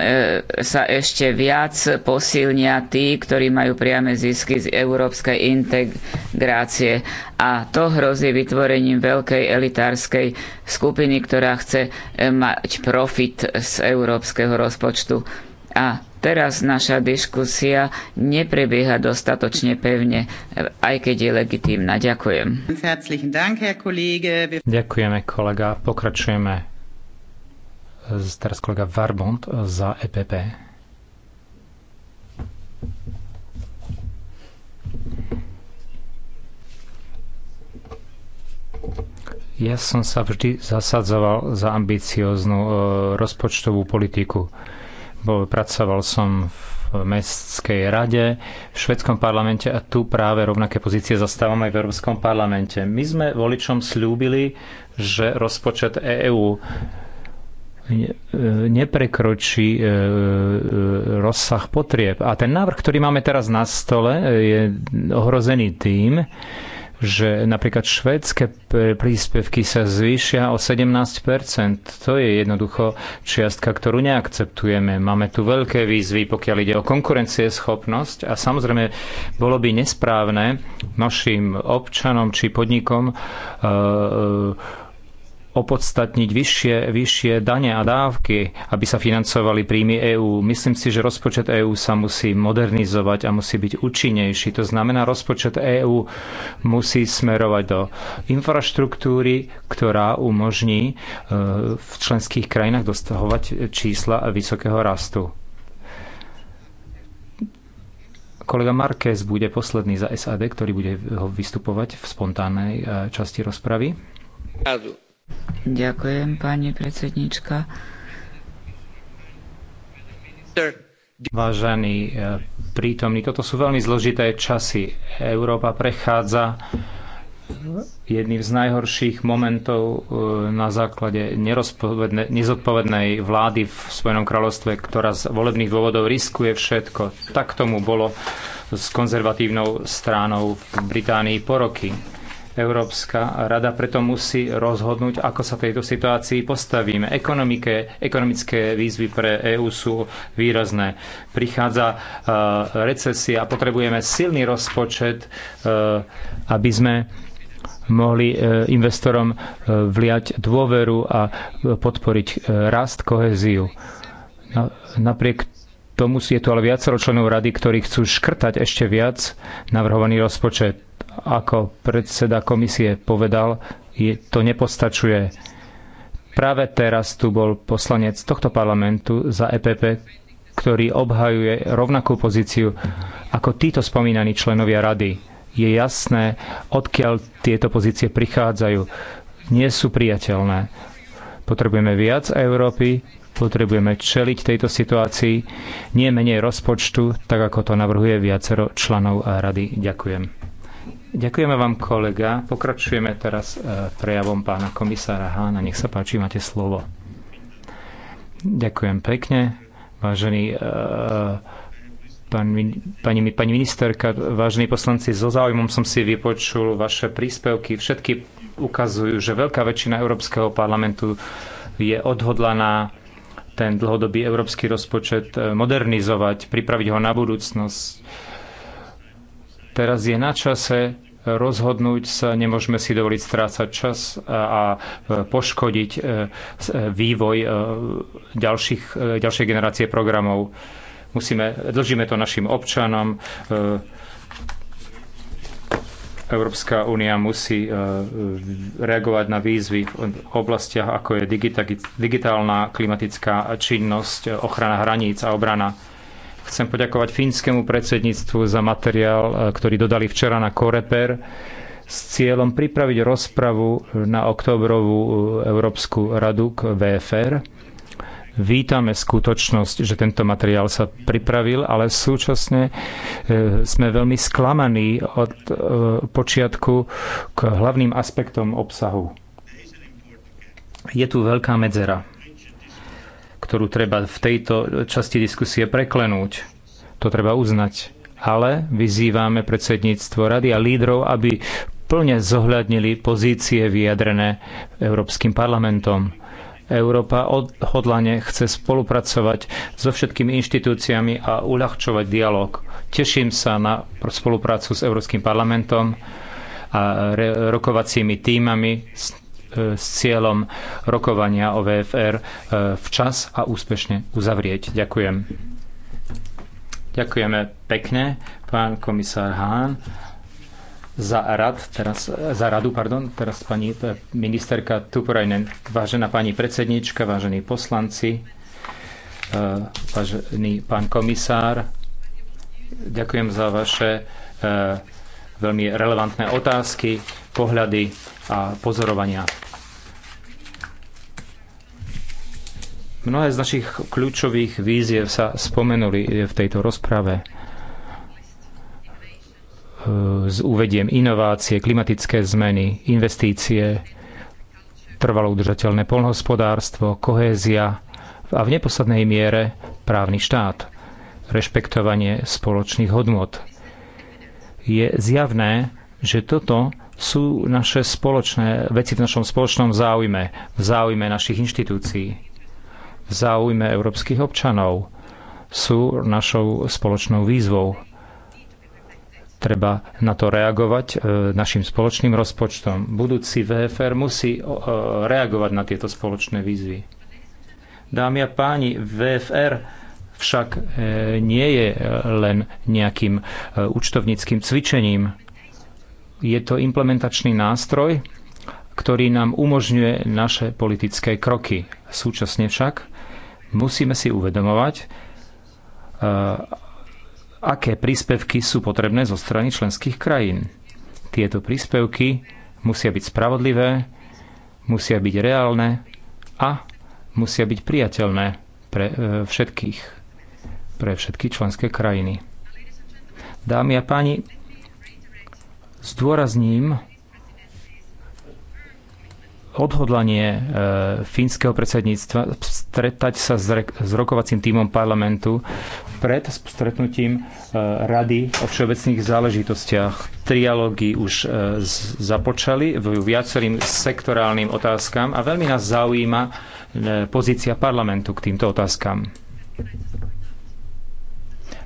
sa ešte viac posilnia tí, ktorí majú priame zisky z európskej integrácie. A to hrozí vytvorením veľkej elitárskej skupiny, ktorá chce eh, mať profit z európskeho rozpočtu. A teraz naša diskusia neprebieha dostatočne pevne, eh, aj keď je legitímna. Ďakujem. Ďakujeme, kolega. Pokračujeme eh, teraz kolega Varbond za EPP. Ja som sa vždy zasadzoval za ambicióznu e, rozpočtovú politiku. Bo pracoval som v mestskej rade, v švedskom parlamente a tu práve rovnaké pozície zastávam aj v Európskom parlamente. My sme voličom slúbili, že rozpočet EÚ e e, neprekročí rozsah potrieb. A ten návrh, ktorý máme teraz na stole, je ohrozený tým, že napríklad švédske príspevky sa zvýšia o 17 To je jednoducho čiastka, ktorú neakceptujeme. Máme tu veľké výzvy, pokiaľ ide o konkurencieschopnosť a samozrejme bolo by nesprávne našim občanom či podnikom uh, opodstatniť vyššie, vyššie dane a dávky, aby sa financovali príjmy EÚ. Myslím si, že rozpočet EÚ sa musí modernizovať a musí byť účinnejší. To znamená, rozpočet EÚ musí smerovať do infraštruktúry, ktorá umožní e, v členských krajinách dostahovať čísla vysokého rastu. Kolega Marquez bude posledný za SAD, ktorý bude vystupovať v spontánnej e, časti rozpravy. Ďakujem, pani predsednička. Vážení e, prítomní, toto sú veľmi zložité časy. Európa prechádza jedným z najhorších momentov e, na základe nezodpovednej vlády v Spojenom kráľovstve, ktorá z volebných dôvodov riskuje všetko. Tak tomu bolo s konzervatívnou stránou v Británii po roky Európska rada preto musí rozhodnúť, ako sa tejto situácii postavíme. Ekonomike, ekonomické výzvy pre EÚ sú výrazné. Prichádza e, recesia, a potrebujeme silný rozpočet, e, aby sme mohli e, investorom vliať dôveru a podporiť rast koheziu. Napriek tomu je tu ale viacero členov rady, ktorí chcú škrtať ešte viac navrhovaný rozpočet. Ako predseda komisie povedal, je, to nepostačuje. Práve teraz tu bol poslanec tohto parlamentu za EPP, ktorý obhajuje rovnakú pozíciu ako títo spomínaní členovia rady. Je jasné, odkiaľ tieto pozície prichádzajú. Nie sú priateľné. Potrebujeme viac Európy, potrebujeme čeliť tejto situácii, nie menej rozpočtu, tak ako to navrhuje viacero členov rady. Ďakujem. Ďakujeme vám, kolega. Pokračujeme teraz e, prejavom pána komisára Hána. Nech sa páči, máte slovo. Ďakujem pekne, vážený e, pán, pani, pani ministerka, vážení poslanci, so záujmom som si vypočul vaše príspevky. Všetky ukazujú, že veľká väčšina Európskeho parlamentu je odhodlaná ten dlhodobý európsky rozpočet e, modernizovať, pripraviť ho na budúcnosť Teraz je na čase rozhodnúť sa, nemôžeme si dovoliť strácať čas a e, poškodiť e, e, vývoj ďalších, ďalšej generácie programov. Musíme, dlžíme to našim občanom. Európska únia musí reagovať na výzvy v oblastiach, ako je digitálna klimatická činnosť, ochrana hraníc a obrana Chcem poďakovať fínskemu predsedníctvu za materiál, e, ktorý dodali včera na Koreper s cieľom pripraviť rozpravu na oktobrovú e, Európsku radu k VFR. Vítame skutočnosť, že tento materiál sa pripravil, ale súčasne e, sme veľmi sklamaní od počiatku k hlavným aspektom obsahu. Je tu veľká medzera ktorú treba v tejto časti diskusie preklenúť. To treba uznať. Ale vyzývame predsedníctvo rady a lídrov, aby plne zohľadnili pozície vyjadrené Európskym parlamentom. Európa odhodlane chce spolupracovať so všetkými inštitúciami a uľahčovať dialog. Teším sa na spoluprácu s Európskym parlamentom a rokovacími týmami E, s cieľom rokovania o VFR e, včas a úspešne uzavrieť. Ďakujem. Ďakujeme pekne, pán komisár Hán. Za, rad, teraz, za radu, pardon, teraz pani e, ministerka Tuporajnen, vážená pani predsednička, vážení poslanci, vážený pán komisár, ďakujem za vaše veľmi relevantné otázky, pohľady a pozorovania. Mnohé z našich kľúčových víziev sa spomenuli v tejto rozprave. Uvediem inovácie, klimatické zmeny, investície, trvalo udržateľné polnohospodárstvo, kohézia a v neposlednej miere právny štát, rešpektovanie spoločných hodnot je zjavné, že toto sú naše spoločné veci v našom spoločnom záujme, v záujme našich inštitúcií, v záujme európskych občanov, sú našou spoločnou výzvou. Treba na to reagovať e, našim spoločným rozpočtom. Budúci VFR musí e, reagovať na tieto spoločné výzvy. Dámy a páni, VFR však e, nie je e, len nejakým e, účtovníckým cvičením. Je to implementačný nástroj, ktorý nám umožňuje naše politické kroky. Súčasne však musíme si uvedomovať, aké príspevky sú potrebné zo strany členských krajín. Tieto príspevky musia byť spravodlivé, musia byť reálne a musia byť priateľné pre všetkých pre všetky členské krajiny. Dámy a páni, zdôrazním odhodlanie e, fínskeho predsedníctva stretať sa s rokovacím týmom parlamentu pred stretnutím e, Rady o všeobecných záležitostiach. Trialógy už e, započali v viacerým sektorálnym otázkam a veľmi nás zaujíma pozícia parlamentu k týmto otázkam.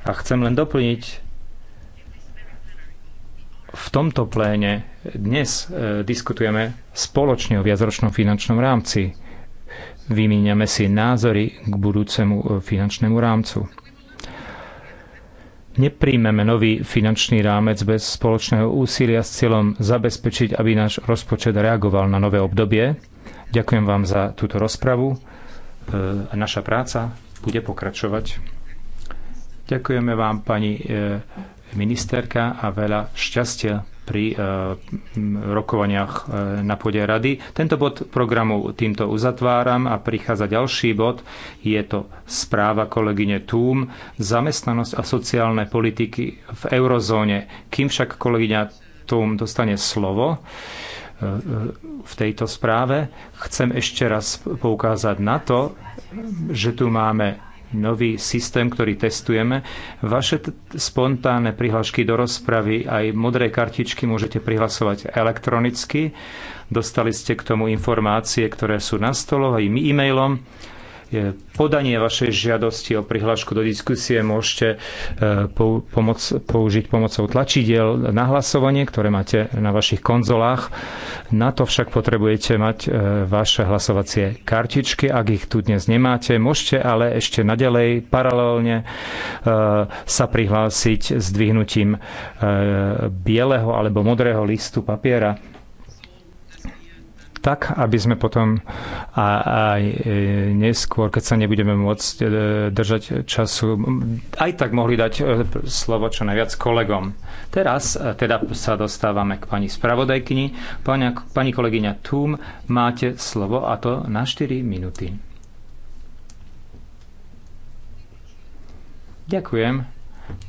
A chcem len doplniť, v tomto pléne dnes e, diskutujeme spoločne o viacročnom finančnom rámci. Vymíňame si názory k budúcemu e, finančnému rámcu. Nepríjmeme nový finančný rámec bez spoločného úsilia s cieľom zabezpečiť, aby náš rozpočet reagoval na nové obdobie. Ďakujem vám za túto rozpravu. E, naša práca bude pokračovať. Ďakujeme vám, pani e, ministerka, a veľa šťastia pri e, rokovaniach e, na pôde rady. Tento bod programu týmto uzatváram a prichádza ďalší bod. Je to správa kolegyne Túm, zamestnanosť a sociálne politiky v eurozóne. Kým však kolegyňa Túm dostane slovo, v tejto správe. Chcem ešte raz poukázať na to, že tu máme nový systém, ktorý testujeme. Vaše spontánne prihlášky do rozpravy aj modré kartičky môžete prihlasovať elektronicky. Dostali ste k tomu informácie, ktoré sú na stolo aj e-mailom podanie vašej žiadosti o prihlášku do diskusie môžete e, pomoc, použiť pomocou tlačidiel na hlasovanie, ktoré máte na vašich konzolách. Na to však potrebujete mať e, vaše hlasovacie kartičky. Ak ich tu dnes nemáte, môžete ale ešte naďalej paralelne e, sa prihlásiť s dvihnutím bieleho alebo modrého listu papiera tak, aby sme potom aj e, neskôr, keď sa nebudeme môcť e, držať času, aj tak mohli dať e, slovo čo najviac kolegom. Teraz teda sa dostávame k pani spravodajkyni. Pani, pani kolegyňa Tum, máte slovo a to na 4 minúty. Ďakujem,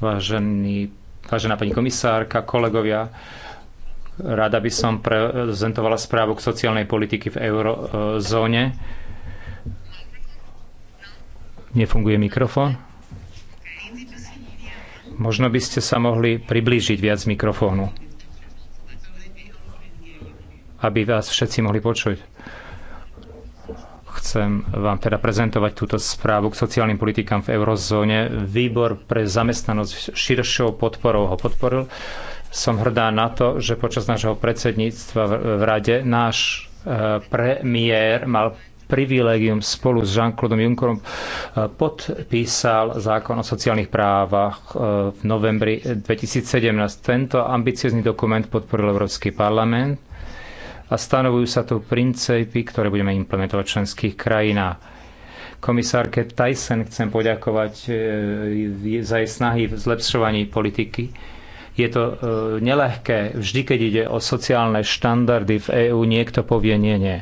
vážený, vážená pani komisárka, kolegovia. Rada by som prezentovala správu k sociálnej politiky v eurozóne. Nefunguje mikrofón. Možno by ste sa mohli priblížiť viac mikrofónu, aby vás všetci mohli počuť. Chcem vám teda prezentovať túto správu k sociálnym politikám v eurozóne. Výbor pre zamestnanosť širšou podporou ho podporil. Uh, som hrdá na to, že počas nášho predsedníctva v rade náš e, premiér mal privilégium spolu s Jean-Claude Junckerom e, podpísal zákon o sociálnych právach e, v novembri 2017. Tento ambiciozný dokument podporil Európsky parlament a stanovujú sa tu princípy, ktoré budeme implementovať v členských krajinách. Komisárke Tyson chcem poďakovať za jej snahy v zlepšovaní politiky je to e, nelehké. Vždy, keď ide o sociálne štandardy v EÚ, niekto povie nie, nie.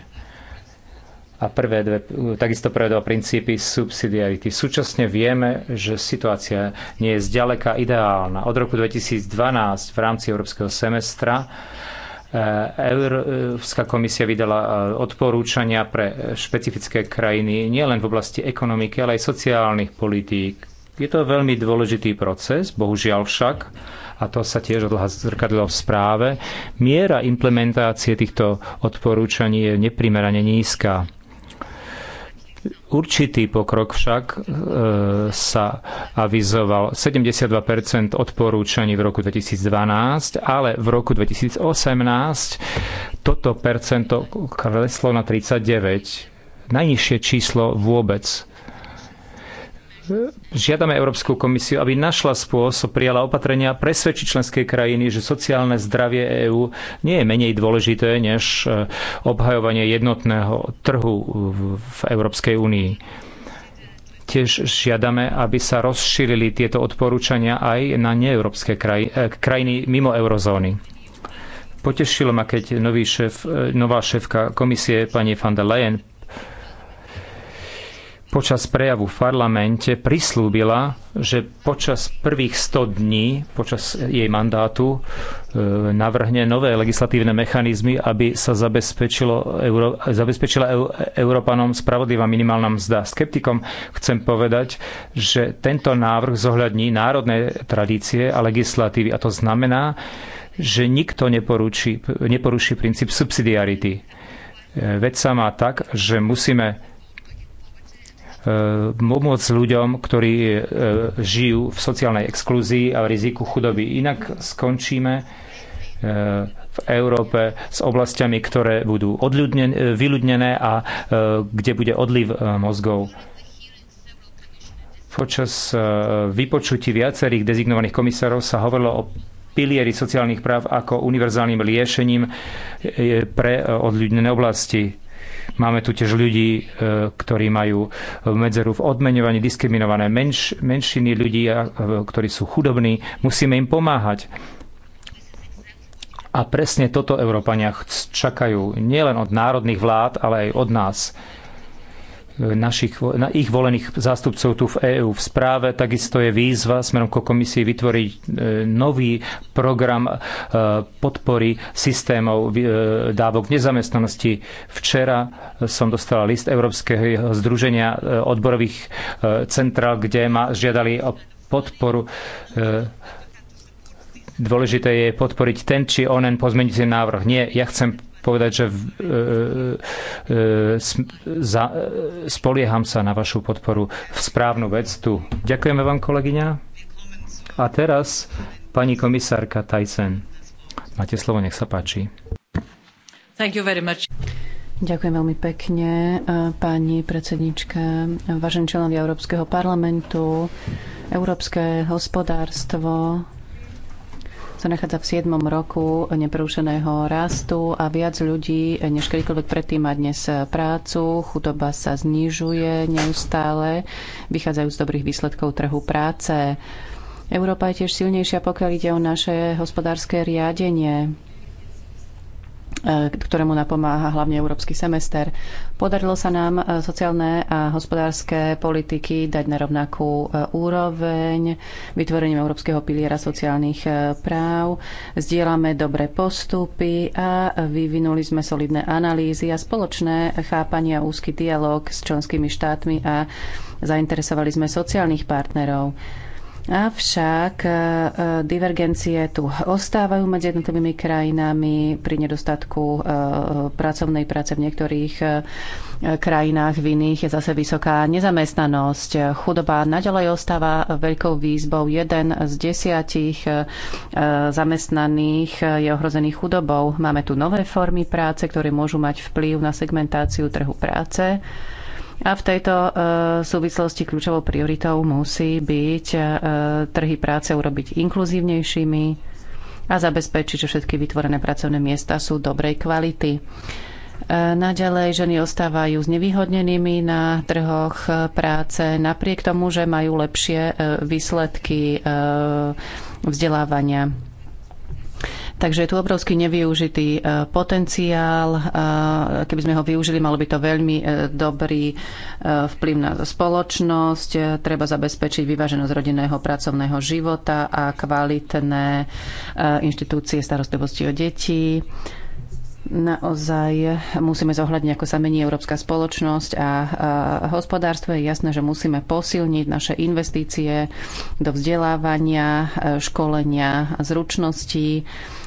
A prvé dve, takisto prvé dva princípy subsidiarity. Súčasne vieme, že situácia nie je zďaleka ideálna. Od roku 2012 v rámci Európskeho semestra e, Európska komisia vydala e, odporúčania pre špecifické krajiny nielen v oblasti ekonomiky, ale aj sociálnych politík. Je to veľmi dôležitý proces, bohužiaľ však a to sa tiež zrkadlo v správe, miera implementácie týchto odporúčaní je neprimerane nízka. Určitý pokrok však e, sa avizoval 72 odporúčaní v roku 2012, ale v roku 2018 toto percento kreslo na 39. Najnižšie číslo vôbec žiadame Európsku komisiu, aby našla spôsob, prijala opatrenia presvedčiť členské krajiny, že sociálne zdravie EÚ nie je menej dôležité než e, obhajovanie jednotného trhu v Európskej únii. Tiež žiadame, aby sa rozšírili tieto odporúčania aj na neeurópske kraj, e, krajiny mimo eurozóny potešilo ma, keď nový šéf, e, nová šéfka komisie, pani van der Leyen, počas prejavu v parlamente prislúbila, že počas prvých 100 dní, počas jej mandátu, e, navrhne nové legislatívne mechanizmy, aby sa zabezpečilo, zabezpečila Európanom spravodlivá minimálna mzda. Skeptikom chcem povedať, že tento návrh zohľadní národné tradície a legislatívy. A to znamená, že nikto neporučí, neporuší princíp subsidiarity. E, Vec sa má tak, že musíme E, pomôcť ľuďom, ktorí e, žijú v sociálnej exklúzii a v riziku chudoby. Inak skončíme e, v Európe s oblastiami, ktoré budú vyľudnené a kde bude odliv mozgov. Počas vypočutí viacerých dezignovaných komisárov sa hovorilo o pilieri sociálnych práv ako univerzálnym riešením pre odľudnené oblasti Máme tu tiež ľudí, e, ktorí majú medzeru v odmenovaní, diskriminované menš, menšiny ľudí, e, ktorí sú chudobní. Musíme im pomáhať. A presne toto Európania čakajú nielen od národných vlád, ale aj od nás našich, na ich volených zástupcov tu v EÚ. V správe takisto je výzva smerom ko komisii vytvoriť e, nový program e, podpory systémov e, dávok nezamestnanosti. Včera som dostala list Európskeho združenia odborových centrál, kde ma žiadali o podporu dôležité je podporiť ten či onen pozmeniteľný návrh. Nie, ja chcem povedať, že e, e, e za, e, spolieham sa na vašu podporu v správnu vec tu. Ďakujeme vám, kolegyňa. A teraz pani komisárka Tyson. Máte slovo, nech sa páči. Thank you very much. Ďakujem veľmi pekne, e, pani predsednička, vážení členovia Európskeho parlamentu, európske hospodárstvo sa nachádza v 7. roku neprerušeného rastu a viac ľudí než kedykoľvek predtým má dnes prácu, chudoba sa znižuje neustále, vychádzajú z dobrých výsledkov trhu práce. Európa je tiež silnejšia, pokiaľ ide o naše hospodárske riadenie E, ktorému napomáha hlavne európsky semester. Podarilo sa nám e, sociálne a hospodárske politiky dať na rovnakú e, úroveň vytvorením Európskeho piliera sociálnych práv. Zdieľame dobré postupy a vyvinuli sme solidné analýzy a spoločné chápanie a úzky dialog s členskými štátmi a zainteresovali sme sociálnych partnerov. Avšak e, e, divergencie tu ostávajú medzi jednotlivými krajinami pri nedostatku e, pracovnej práce v niektorých krajinách, v iných je zase vysoká nezamestnanosť. Chudoba naďalej ostáva veľkou výzbou. Jeden z desiatich zamestnaných je ohrozený chudobou. Máme tu nové formy práce, ktoré môžu mať vplyv na segmentáciu trhu práce a v tejto eh, súvislosti kľúčovou prioritou musí byť eh, trhy práce urobiť inkluzívnejšími a zabezpečiť, že všetky vytvorené pracovné miesta sú dobrej kvality. Eh, naďalej ženy ostávajú znevýhodnenými na trhoch práce, napriek tomu, že majú lepšie výsledky vzdelávania Takže je tu obrovský nevyužitý e, potenciál. E, keby sme ho využili, malo by to veľmi e, dobrý vplyv na spoločnosť. Treba zabezpečiť vyváženosť rodinného pracovného života a kvalitné inštitúcie starostlivosti o deti naozaj musíme zohľadniť, ako sa mení európska spoločnosť a hospodárstvo. Je jasné, že musíme posilniť naše investície do vzdelávania, školenia a zručností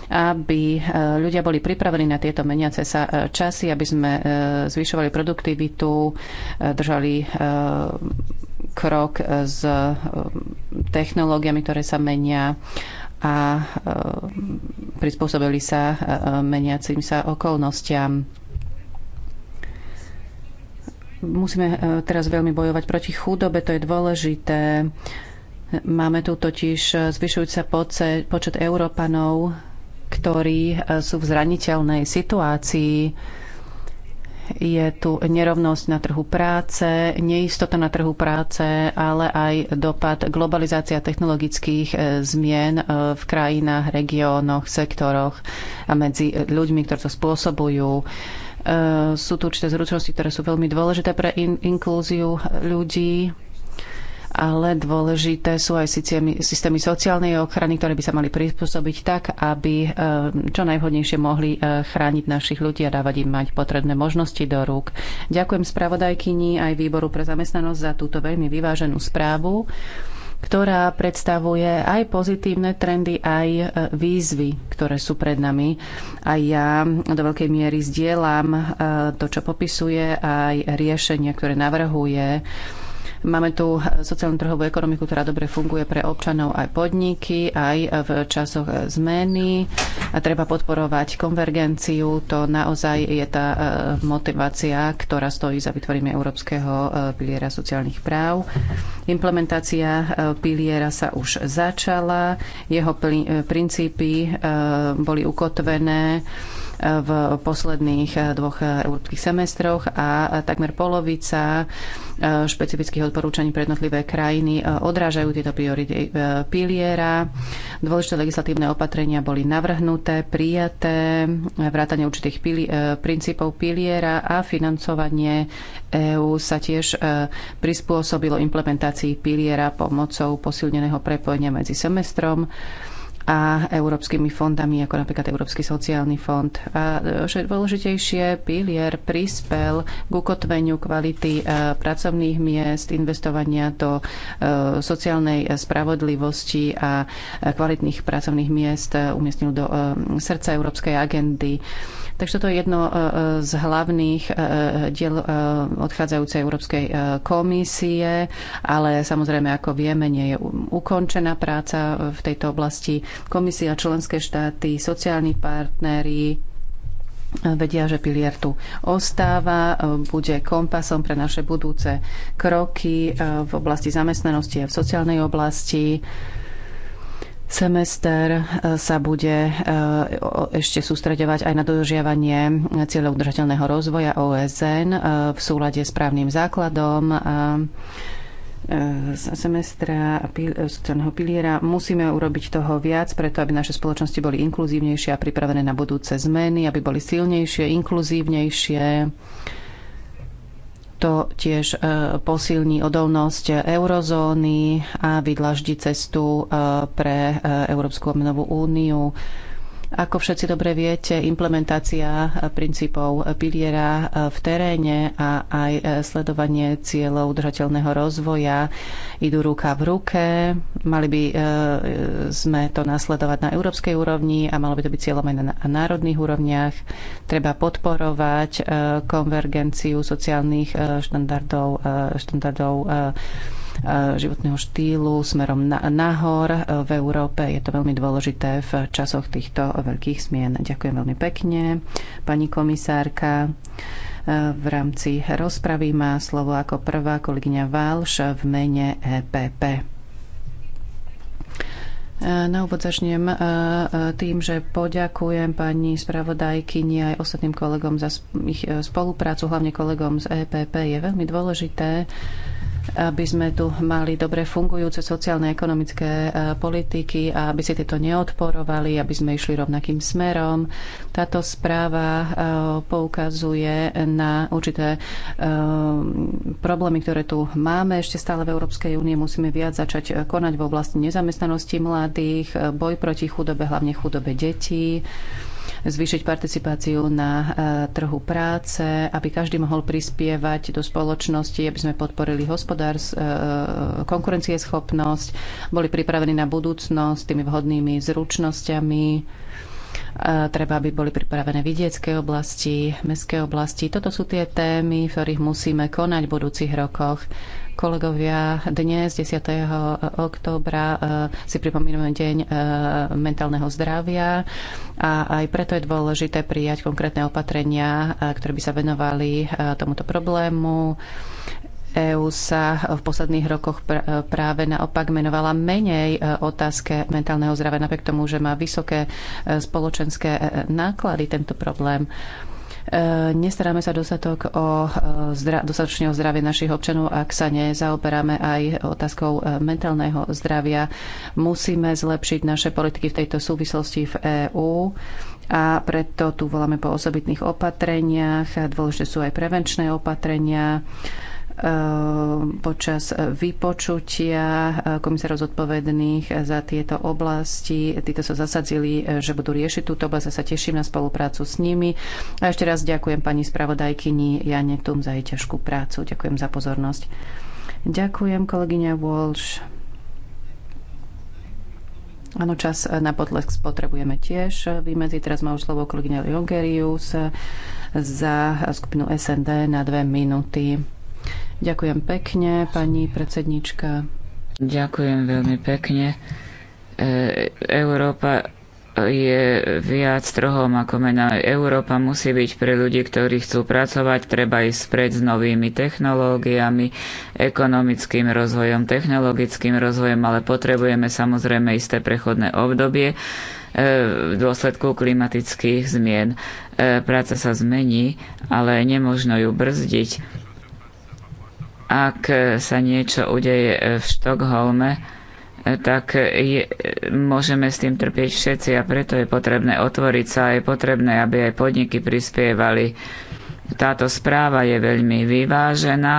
aby e, ľudia boli pripravení na tieto meniace sa e, časy, aby sme e, zvyšovali produktivitu, držali krok s technológiami, ktoré sa menia a prispôsobili sa meniacim sa okolnostiam. Musíme teraz veľmi bojovať proti chudobe, to je dôležité. Máme tu totiž zvyšujúca počet Európanov, ktorí e, sú v zraniteľnej situácii. Je tu nerovnosť na trhu práce, neistota na trhu práce, ale aj dopad globalizácia technologických e, zmien e, v krajinách, regiónoch, sektoroch a medzi ľuďmi, ktorí to spôsobujú sú tu určité zručnosti, ktoré sú veľmi dôležité pre in- inklúziu ľudí ale dôležité sú aj systémy sociálnej ochrany, ktoré by sa mali prispôsobiť tak, aby e, čo najvhodnejšie mohli e, chrániť našich ľudí a dávať im mať potrebné možnosti do rúk. Ďakujem spravodajkyni aj výboru pre zamestnanosť za túto veľmi vyváženú správu ktorá predstavuje aj pozitívne trendy, aj e, výzvy, ktoré sú pred nami. A ja do veľkej miery zdieľam to, čo popisuje, aj riešenia, ktoré navrhuje Máme tu sociálnu trhovú ekonomiku, ktorá dobre funguje pre občanov aj podniky, aj v časoch zmeny. A treba podporovať konvergenciu. To naozaj je tá e, motivácia, ktorá stojí za vytvorenie Európskeho e, piliera sociálnych práv. Implementácia e, piliera sa už začala. Jeho princípy boli ukotvené v posledných eh, dvoch eh, európskych semestroch a eh, takmer polovica špecifických odporúčaní pre jednotlivé krajiny odrážajú tieto priority piliera. Dôležité legislatívne opatrenia boli navrhnuté, prijaté, vrátanie určitých pili- princípov piliera a financovanie EÚ sa tiež prispôsobilo implementácii piliera pomocou posilneného prepojenia medzi semestrom a európskymi fondami, ako napríklad Európsky sociálny fond. A že dôležitejšie, pilier prispel k ukotveniu kvality e, pracovných miest, investovania do e, sociálnej spravodlivosti a e, kvalitných pracovných miest umiestnil do srdca európskej agendy Takže toto je jedno e, e, z hlavných e, diel odchádzajúcej Európskej komisie, ale samozrejme, ako vieme, nie je ukončená práca v tejto oblasti. Komisia, členské štáty, sociálni partneri, vedia, že pilier tu ostáva, bude kompasom pre naše budúce kroky v oblasti zamestnanosti a v sociálnej oblasti. Semester e, sa bude e, ešte sústredovať aj na dodržiavanie cieľov udržateľného rozvoja OSN e, v súlade s právnym základom semestra a sociálneho piliera. Musíme urobiť toho viac, preto aby naše spoločnosti boli inkluzívnejšie a pripravené na budúce zmeny, aby boli silnejšie, inkluzívnejšie to tiež e, posilní odolnosť eurozóny a vydlaždí cestu e, pre e, Európsku obnovu úniu. Ako všetci dobre viete, implementácia princípov piliera v teréne a aj sledovanie cieľov udržateľného rozvoja idú ruka v ruke. Mali by e, sme to nasledovať na európskej úrovni a malo by to byť cieľom aj na národných úrovniach. Treba podporovať e, konvergenciu sociálnych e, štandardov, štandardov Eh, životného štýlu smerom na, nahor eh, v Európe. Je to veľmi dôležité v časoch týchto veľkých zmien. Ďakujem veľmi pekne. Pani komisárka, eh, v rámci rozpravy má slovo ako prvá kolegyňa Válš v mene EPP. Na úvod začnem tým, že poďakujem pani spravodajkyni aj ostatným kolegom za ich spoluprácu, hlavne kolegom z EPP. Je veľmi dôležité, aby sme tu mali dobre fungujúce sociálne a ekonomické e, politiky a aby si tieto neodporovali, aby sme išli rovnakým smerom. Táto správa e, poukazuje na určité e, problémy, ktoré tu máme ešte stále v Európskej únie. Musíme viac začať konať v oblasti nezamestnanosti mladých, boj proti chudobe, hlavne chudobe detí zvýšiť participáciu na e, trhu práce, aby každý mohol prispievať do spoločnosti, aby sme podporili hospodárs, e, e, konkurencieschopnosť, boli pripravení na budúcnosť tými vhodnými zručnosťami, treba, aby boli pripravené vidiecké oblasti, mestské oblasti. Toto sú tie témy, v ktorých musíme konať v budúcich rokoch. Kolegovia, dnes 10. októbra e, si pripomíname Deň e, mentálneho zdravia a aj preto je dôležité prijať konkrétne opatrenia, e, ktoré by sa venovali tomuto problému. EÚ sa v posledných rokoch pr- práve naopak menovala menej otázke mentálneho zdravia, napriek tomu, že má vysoké spoločenské náklady tento problém. E, nestaráme sa dostatok o e, zdra- dostatočne o zdravie našich občanov, ak sa nezaoberáme aj otázkou e, mentálneho zdravia. Musíme zlepšiť naše politiky v tejto súvislosti v EÚ a preto tu voláme po osobitných opatreniach. Dôležité sú aj prevenčné opatrenia Eh, počas vypočutia eh, komisárov zodpovedných eh, za tieto oblasti. Títo sa zasadzili, že budú riešiť túto oblasť a sa teším na spoluprácu s nimi. A ešte raz ďakujem pani spravodajkyni Jane Tum za jej ťažkú prácu. Ďakujem za pozornosť. Ďakujem kolegyňa Walsh. Áno, čas na potlesk potrebujeme tiež vymedziť. Teraz má už slovo kolegyňa Jongerius za skupinu SND na dve minúty. Ďakujem pekne, pani predsednička. Ďakujem veľmi pekne. E, Európa je viac trhom ako mená. Európa musí byť pre ľudí, ktorí chcú pracovať, treba ísť spred s novými technológiami, ekonomickým rozvojom, technologickým rozvojom, ale potrebujeme samozrejme isté prechodné obdobie e, v dôsledku klimatických zmien. E, práca sa zmení, ale nemožno ju brzdiť ak sa niečo udeje v Štokholme, tak je, môžeme s tým trpieť všetci a preto je potrebné otvoriť sa a je potrebné, aby aj podniky prispievali. Táto správa je veľmi vyvážená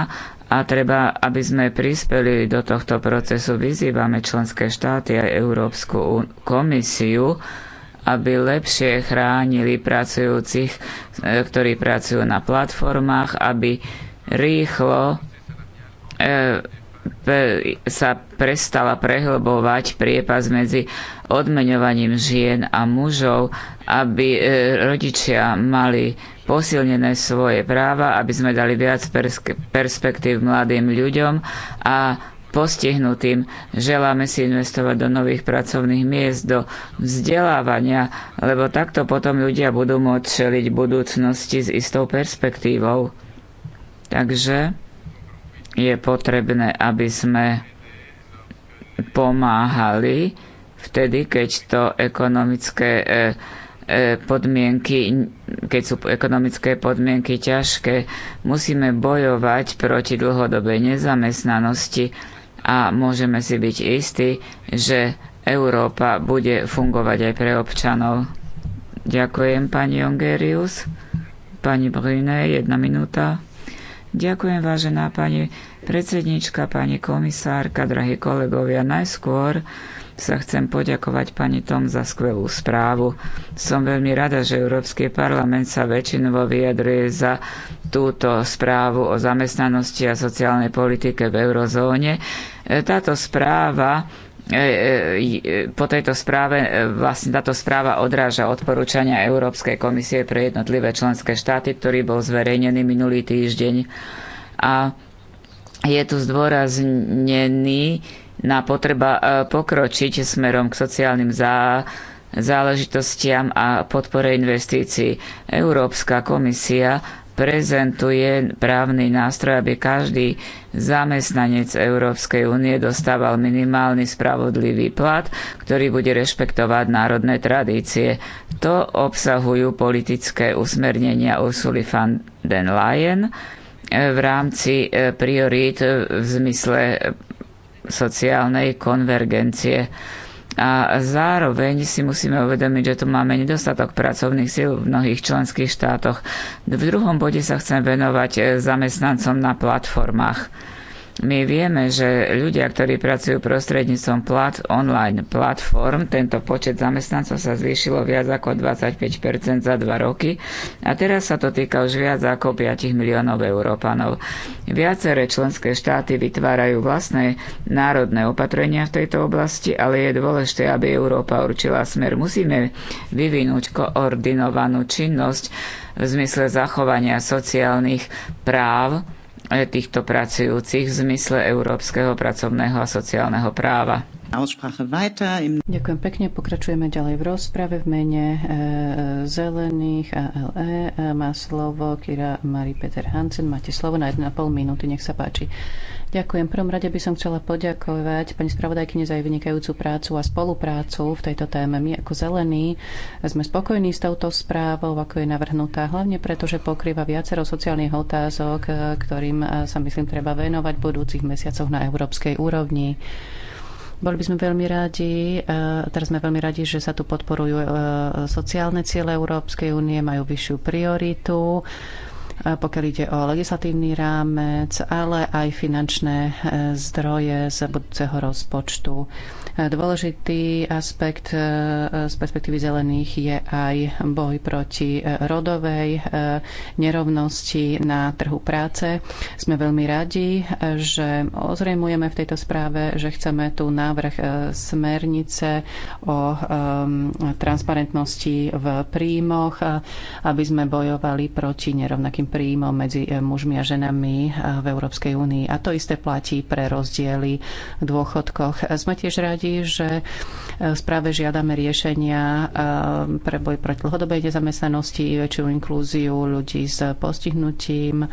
a treba, aby sme prispeli do tohto procesu. Vyzývame členské štáty a Európsku komisiu, aby lepšie chránili pracujúcich, e, ktorí pracujú na platformách, aby rýchlo E, sa prestala prehlbovať priepas medzi odmeňovaním žien a mužov, aby e, rodičia mali posilnené svoje práva, aby sme dali viac perspektív mladým ľuďom a postihnutým. Želáme si investovať do nových pracovných miest, do vzdelávania, lebo takto potom ľudia budú môcť čeliť budúcnosti s istou perspektívou. Takže je potrebné, aby sme pomáhali vtedy, keď to ekonomické e, e, podmienky, keď sú ekonomické podmienky ťažké, musíme bojovať proti dlhodobej nezamestnanosti a môžeme si byť istí, že Európa bude fungovať aj pre občanov. Ďakujem, pani Ongerius. Pani Brune, jedna minúta. Ďakujem, vážená pani predsednička, pani komisárka, drahí kolegovia. Najskôr sa chcem poďakovať pani Tom za skvelú správu. Som veľmi rada, že Európsky parlament sa väčšinovo vyjadruje za túto správu o zamestnanosti a sociálnej politike v eurozóne. E, táto správa E, e, e, po tejto správe vlastne táto správa odráža odporúčania Európskej komisie pre jednotlivé členské štáty, ktorý bol zverejnený minulý týždeň. A je tu zdôraznený na potreba pokročiť smerom k sociálnym zá, záležitostiam a podpore investícií. Európska komisia prezentuje právny nástroj, aby každý zamestnanec Európskej únie dostával minimálny spravodlivý plat, ktorý bude rešpektovať národné tradície. To obsahujú politické usmernenia Ursuly van den Leyen eh, v rámci eh, priorít eh, v zmysle sociálnej konvergencie. A zároveň si musíme uvedomiť, že tu máme nedostatok pracovných síl v mnohých členských štátoch. V druhom bode sa chcem venovať zamestnancom na platformách. My vieme, že ľudia, ktorí pracujú prostredníctvom plat, online platform, tento počet zamestnancov sa zvýšilo viac ako 25% za dva roky a teraz sa to týka už viac ako 5 miliónov Európanov. Viaceré členské štáty vytvárajú vlastné národné opatrenia v tejto oblasti, ale je dôležité, aby Európa určila smer. Musíme vyvinúť koordinovanú činnosť v zmysle zachovania sociálnych práv, týchto pracujúcich v zmysle európskeho pracovného a sociálneho práva. Ďakujem pekne. Pokračujeme ďalej v rozprave v mene e, Zelených a LE. E, má slovo Kira Marie Peter Hansen. Máte slovo na 1,5 minúty. Nech sa páči. Ďakujem. prvom rade by som chcela poďakovať pani spravodajkyni za jej vynikajúcu prácu a spoluprácu v tejto téme. My ako zelení sme spokojní s touto správou, ako je navrhnutá, hlavne preto, že pokrýva viacero sociálnych otázok, ktorým eh, sa myslím treba venovať v budúcich mesiacoch na európskej úrovni. Boli by sme veľmi radi, eh, teraz sme veľmi radi, že sa tu podporujú eh, sociálne ciele Európskej únie, majú vyššiu prioritu Eh, pokiaľ ide o legislatívny rámec, ale aj finančné eh, zdroje z budúceho rozpočtu. Dôležitý aspekt e, z perspektívy zelených je aj boj proti e, rodovej e, nerovnosti na trhu práce. Sme veľmi radi, že ozrejmujeme v tejto správe, že chceme tu návrh smernice o transparentnosti v príjmoch, aby sme bojovali proti nerovnakým príjmom medzi mužmi a ženami v Európskej únii. A to isté platí pre rozdiely v dôchodkoch. Sme tiež radi, radi, že e, správe žiadame riešenia e, pre boj proti dlhodobej nezamestnanosti, väčšiu inklúziu ľudí s postihnutím,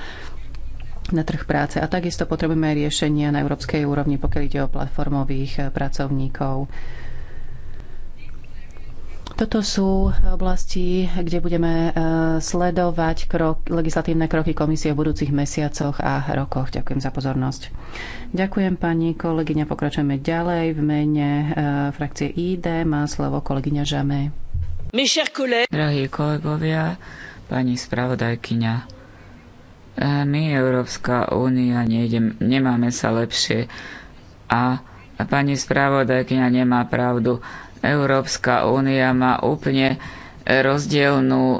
na trh práce. A takisto potrebujeme aj riešenia na európskej úrovni, pokiaľ ide o platformových e, pracovníkov. Toto sú oblasti, kde budeme e, sledovať krok, legislatívne kroky komisie v budúcich mesiacoch a rokoch. Ďakujem za pozornosť. Ďakujem pani kolegyňa. Pokračujeme ďalej. V mene e, frakcie ID má slovo kolegyňa Žame. Drahí kolegovia, pani spravodajkyňa, e, my, Európska únia, nejdem, nemáme sa lepšie a pani spravodajkyňa nemá pravdu Európska únia má úplne rozdielnú e,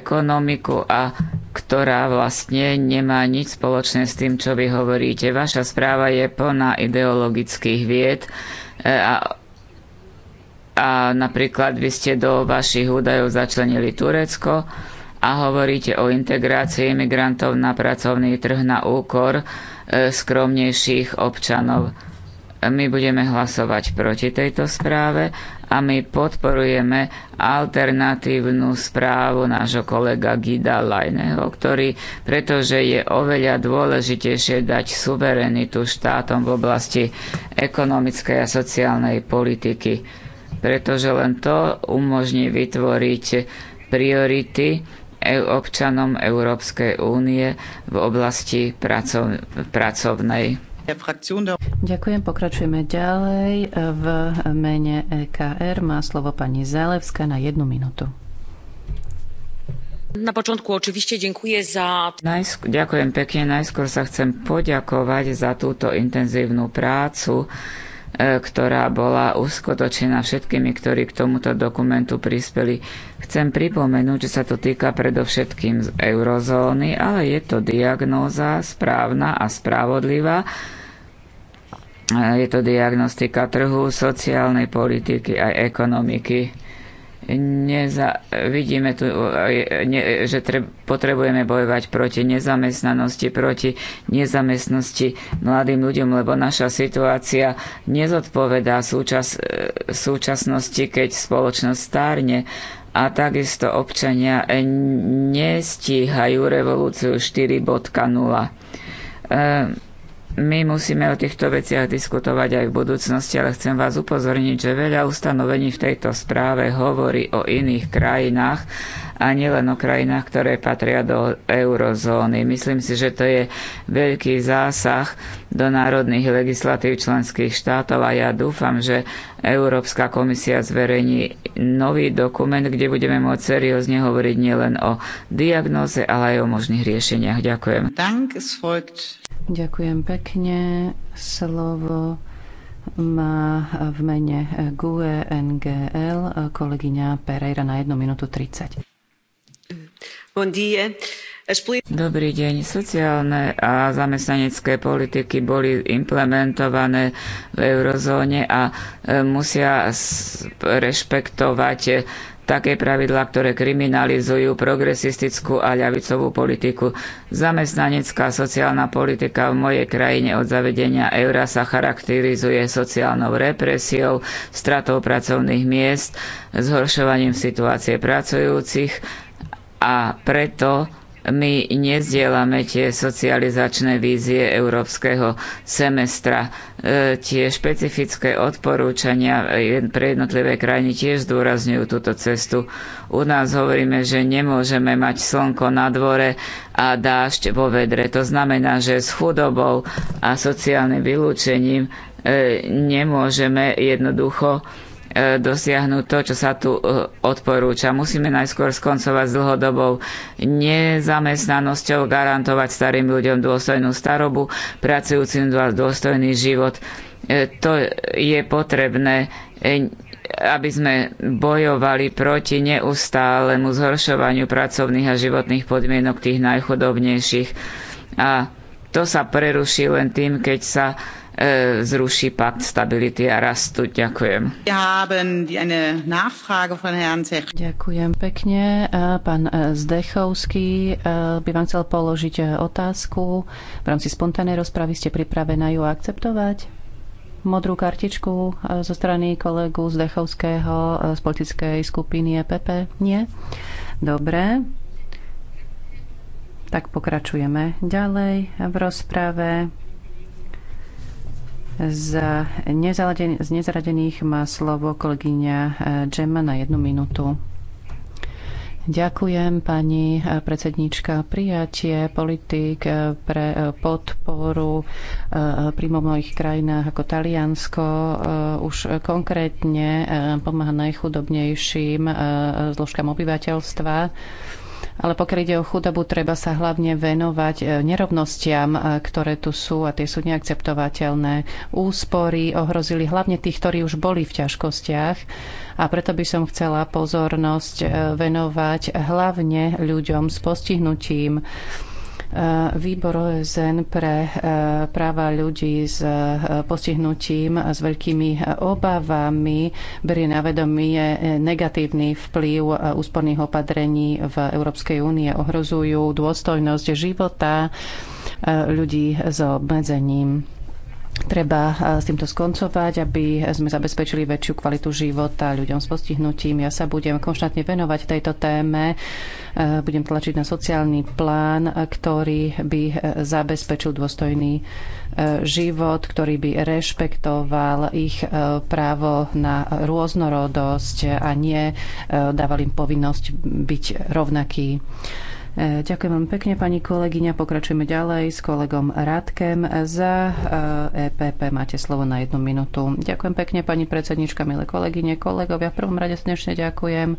ekonomiku a ktorá vlastne nemá nič spoločné s tým, čo vy hovoríte. Vaša správa je plná ideologických vied e, a, a napríklad vy ste do vašich údajov začlenili Turecko a hovoríte o integrácii imigrantov na pracovný trh na úkor e, skromnejších občanov my budeme hlasovať proti tejto správe a my podporujeme alternatívnu správu nášho kolega Gida Lajneho, ktorý, pretože je oveľa dôležitejšie dať suverenitu štátom v oblasti ekonomickej a sociálnej politiky, pretože len to umožní vytvoriť priority e, občanom Európskej únie v oblasti pracov, pracovnej. Ďakujem, pokračujeme ďalej. V mene EKR má slovo pani Zálevská na jednu minútu. Na počiatku očivište ďakujem za... ďakujem pekne, najskôr sa chcem poďakovať za túto intenzívnu prácu, e, ktorá bola uskutočená všetkými, ktorí k tomuto dokumentu prispeli. Chcem pripomenúť, že sa to týka predovšetkým z eurozóny, ale je to diagnóza správna a spravodlivá, Eh, je to diagnostika trhu, sociálnej politiky aj ekonomiky. Neza, vidíme tu, eh, ne, že treb, potrebujeme bojovať proti nezamestnanosti, proti nezamestnosti mladým ľuďom, lebo naša situácia nezodpovedá súčas, eh, súčasnosti, keď spoločnosť stárne a takisto občania nestíhajú revolúciu 4.0. Ehm, my musíme o týchto veciach diskutovať aj v budúcnosti, ale chcem vás upozorniť, že veľa ustanovení v tejto správe hovorí o iných krajinách a nielen o krajinách, ktoré patria do eurozóny. Myslím si, že to je veľký zásah do národných legislatív členských štátov a ja dúfam, že Európska komisia zverejní nový dokument, kde budeme môcť seriózne hovoriť nielen o diagnóze, ale aj o možných riešeniach. Ďakujem. Ďakujem pekne. Slovo má v mene GUE NGL kolegyňa Pereira na 1 minútu 30. Dobrý deň. Sociálne a zamestnanecké politiky boli implementované v eurozóne a e, musia rešpektovať e, také pravidlá, ktoré kriminalizujú progresistickú a ľavicovú politiku. Zamestnanecká sociálna politika v mojej krajine od zavedenia eura sa charakterizuje sociálnou represiou, stratou pracovných miest, zhoršovaním situácie pracujúcich, a preto my nezdielame tie socializačné vízie európskeho semestra. E, tie špecifické odporúčania e, pre jednotlivé krajiny tiež zdôrazňujú túto cestu. U nás hovoríme, že nemôžeme mať slnko na dvore a dážď vo vedre. To znamená, že s chudobou a sociálnym vylúčením e, nemôžeme jednoducho e, E, dosiahnuť to, čo sa tu e, odporúča. Musíme najskôr skoncovať s dlhodobou nezamestnanosťou, garantovať starým ľuďom dôstojnú starobu, pracujúcim dôstojný život. E, to je potrebné aby sme bojovali proti neustálemu zhoršovaniu pracovných a životných podmienok tých najchudobnejších. A to sa preruší len tým, keď sa E, zruší pakt stability a rastu. Ďakujem. Ďakujem pekne. E, pán e, Zdechovský by vám chcel položiť otázku. V rámci spontánnej rozpravy ste pripravená ju akceptovať? Modrú kartičku zo strany kolegu Zdechovského z politickej skupiny EPP? Nie? Dobre. Tak pokračujeme ďalej v rozprave. Z, nezaradených, z nezaradených má slovo kolegyňa Džema na jednu minútu. Ďakujem pani e, predsednička. Prijatie politik e, pre e, podporu príjmov v krajinách ako Taliansko už konkrétne pomáha najchudobnejším zložkám obyvateľstva ale pokiaľ ide o chudobu, treba sa hlavne venovať e, nerovnostiam, e, ktoré tu sú a tie sú neakceptovateľné. Úspory ohrozili hlavne tých, ktorí už boli v ťažkostiach a preto by som chcela pozornosť e, venovať hlavne ľuďom s postihnutím, Eh, výbor OSN pre eh, práva ľudí s eh, postihnutím a s veľkými obavami berie na vedomie negatívny vplyv úsporných opatrení v Európskej únie. Ohrozujú dôstojnosť života ľudí s obmedzením. Treba eh, s týmto skoncovať, aby sme zabezpečili väčšiu kvalitu života ľuďom s postihnutím. Ja sa budem konštantne venovať tejto téme. Eh, budem tlačiť na sociálny plán, ktorý by eh, zabezpečil dôstojný život, ktorý by rešpektoval ich právo na rôznorodosť a nie dával im povinnosť byť rovnaký. E, ďakujem vám pekne, pani kolegyňa. Pokračujeme ďalej s kolegom Radkem za EPP. E Máte slovo na jednu minútu. Ďakujem pekne, pani predsednička, milé kolegyne, kolegovia. V prvom rade dnešne ďakujem e,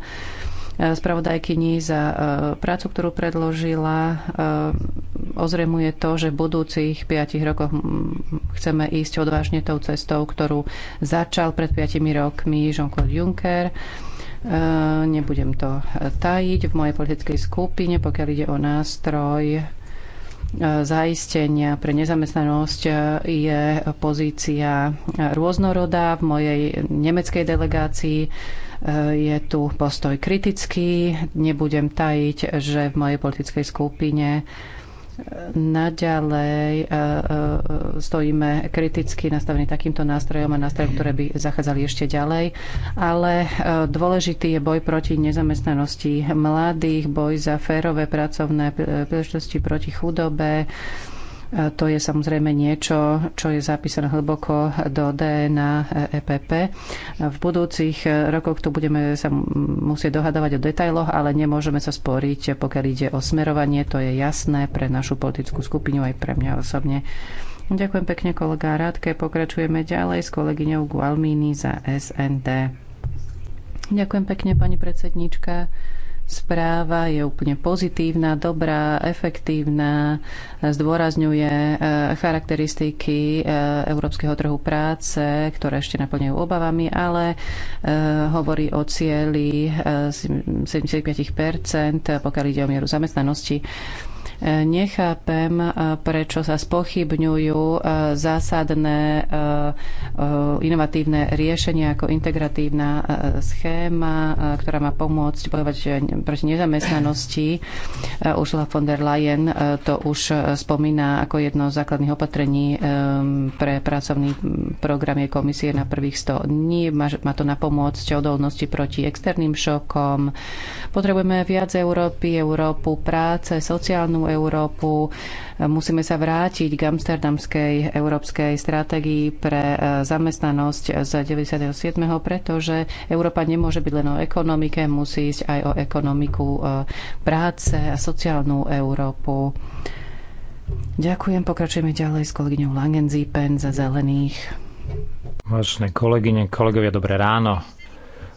spravodajkyni za prácu, ktorú predložila. Ozremuje to, že v budúcich piatich rokoch chceme ísť odvážne tou cestou, ktorú začal pred piatimi rokmi Jean-Claude Juncker Eh, nebudem to eh, tajiť. V mojej politickej skupine, pokiaľ ide o nástroj eh, zaistenia pre nezamestnanosť je pozícia rôznorodá. V mojej nemeckej delegácii je tu postoj kritický. Nebudem tajiť, že v mojej politickej skupine Naďalej e, e, stojíme kriticky nastavení takýmto nástrojom a nástrojom, ktoré by zachádzali ešte ďalej. Ale e, dôležitý je boj proti nezamestnanosti mladých, boj za férové pracovné príležitosti proti chudobe, to je samozrejme niečo, čo je zapísané hlboko do DNA EPP. V budúcich rokoch tu budeme sa musieť dohadovať o detailoch, ale nemôžeme sa sporiť, pokiaľ ide o smerovanie. To je jasné pre našu politickú skupinu aj pre mňa osobne. Ďakujem pekne kolega Rádke. Pokračujeme ďalej s kolegyňou Gualmini za SND. Ďakujem pekne, pani predsedníčka správa je úplne pozitívna, dobrá, efektívna, zdôrazňuje e, charakteristiky e, európskeho trhu práce, ktoré ešte naplňajú obavami, ale e, hovorí o cieli 75 pokiaľ ide o mieru zamestnanosti. Nechápem, eh, prečo sa spochybňujú eh, zásadné eh, inovatívne riešenia ako integratívna schéma, ktorá má pomôcť bojovať proti nezamestnanosti. Ursula von der Leyen to už spomína ako jedno z základných opatrení pre pracovný mm, program je komisie na prvých 100 dní. Má to na pomôcť odolnosti proti externým šokom. Potrebujeme viac Európy, Európu práce, sociálnu Európu. Musíme sa vrátiť k amsterdamskej európskej stratégii pre e, zamestnanosť z 97. pretože Európa nemôže byť len o ekonomike, musí ísť aj o ekonomiku e, práce a sociálnu Európu. Ďakujem, pokračujeme ďalej s kolegyňou Langenzípen za zelených. Vážne kolegyne, kolegovia, dobré ráno.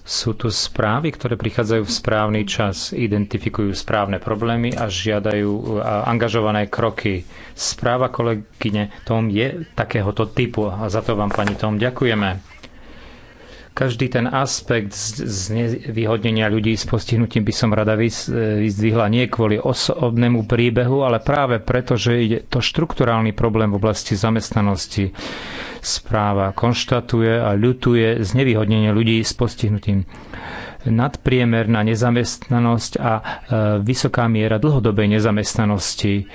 Sú tu správy, ktoré prichádzajú v správny čas, identifikujú správne problémy a žiadajú e, angažované kroky. Správa kolegyne Tom je takéhoto typu a za to vám, pani Tom, ďakujeme. Každý ten aspekt z znevýhodnenia ľudí s postihnutím by som rada e, vyzdvihla nie kvôli osobnému príbehu, ale práve preto, že ide to štrukturálny problém v oblasti zamestnanosti. Správa konštatuje a ľutuje znevýhodnenie ľudí s postihnutím nadpriemerná nezamestnanosť a e, vysoká miera dlhodobej nezamestnanosti.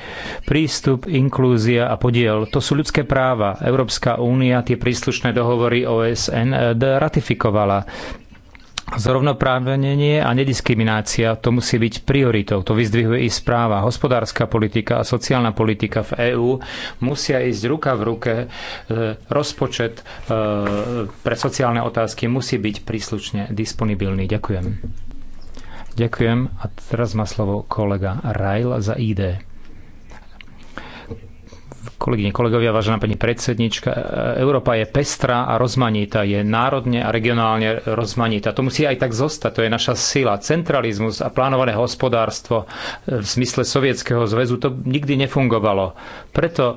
Prístup, inklúzia a podiel to sú ľudské práva. Európska únia tie príslušné dohovory OSN e, ratifikovala. Zrovnoprávnenie a nediskriminácia to musí byť prioritou. To vyzdvihuje i správa. Hospodárska politika a sociálna politika v EÚ musia ísť ruka v ruke. E, rozpočet e, pre sociálne otázky musí byť príslušne disponibilný. Ďakujem. Ďakujem. A teraz má slovo kolega Rajl za ID. Kolegyne, kolegovia, vážená pani predsednička, Európa je pestrá a rozmanitá, je národne a regionálne rozmanitá. To musí aj tak zostať, to je naša sila. Centralizmus a plánované hospodárstvo e, v zmysle Sovietskeho zväzu to nikdy nefungovalo. Preto e,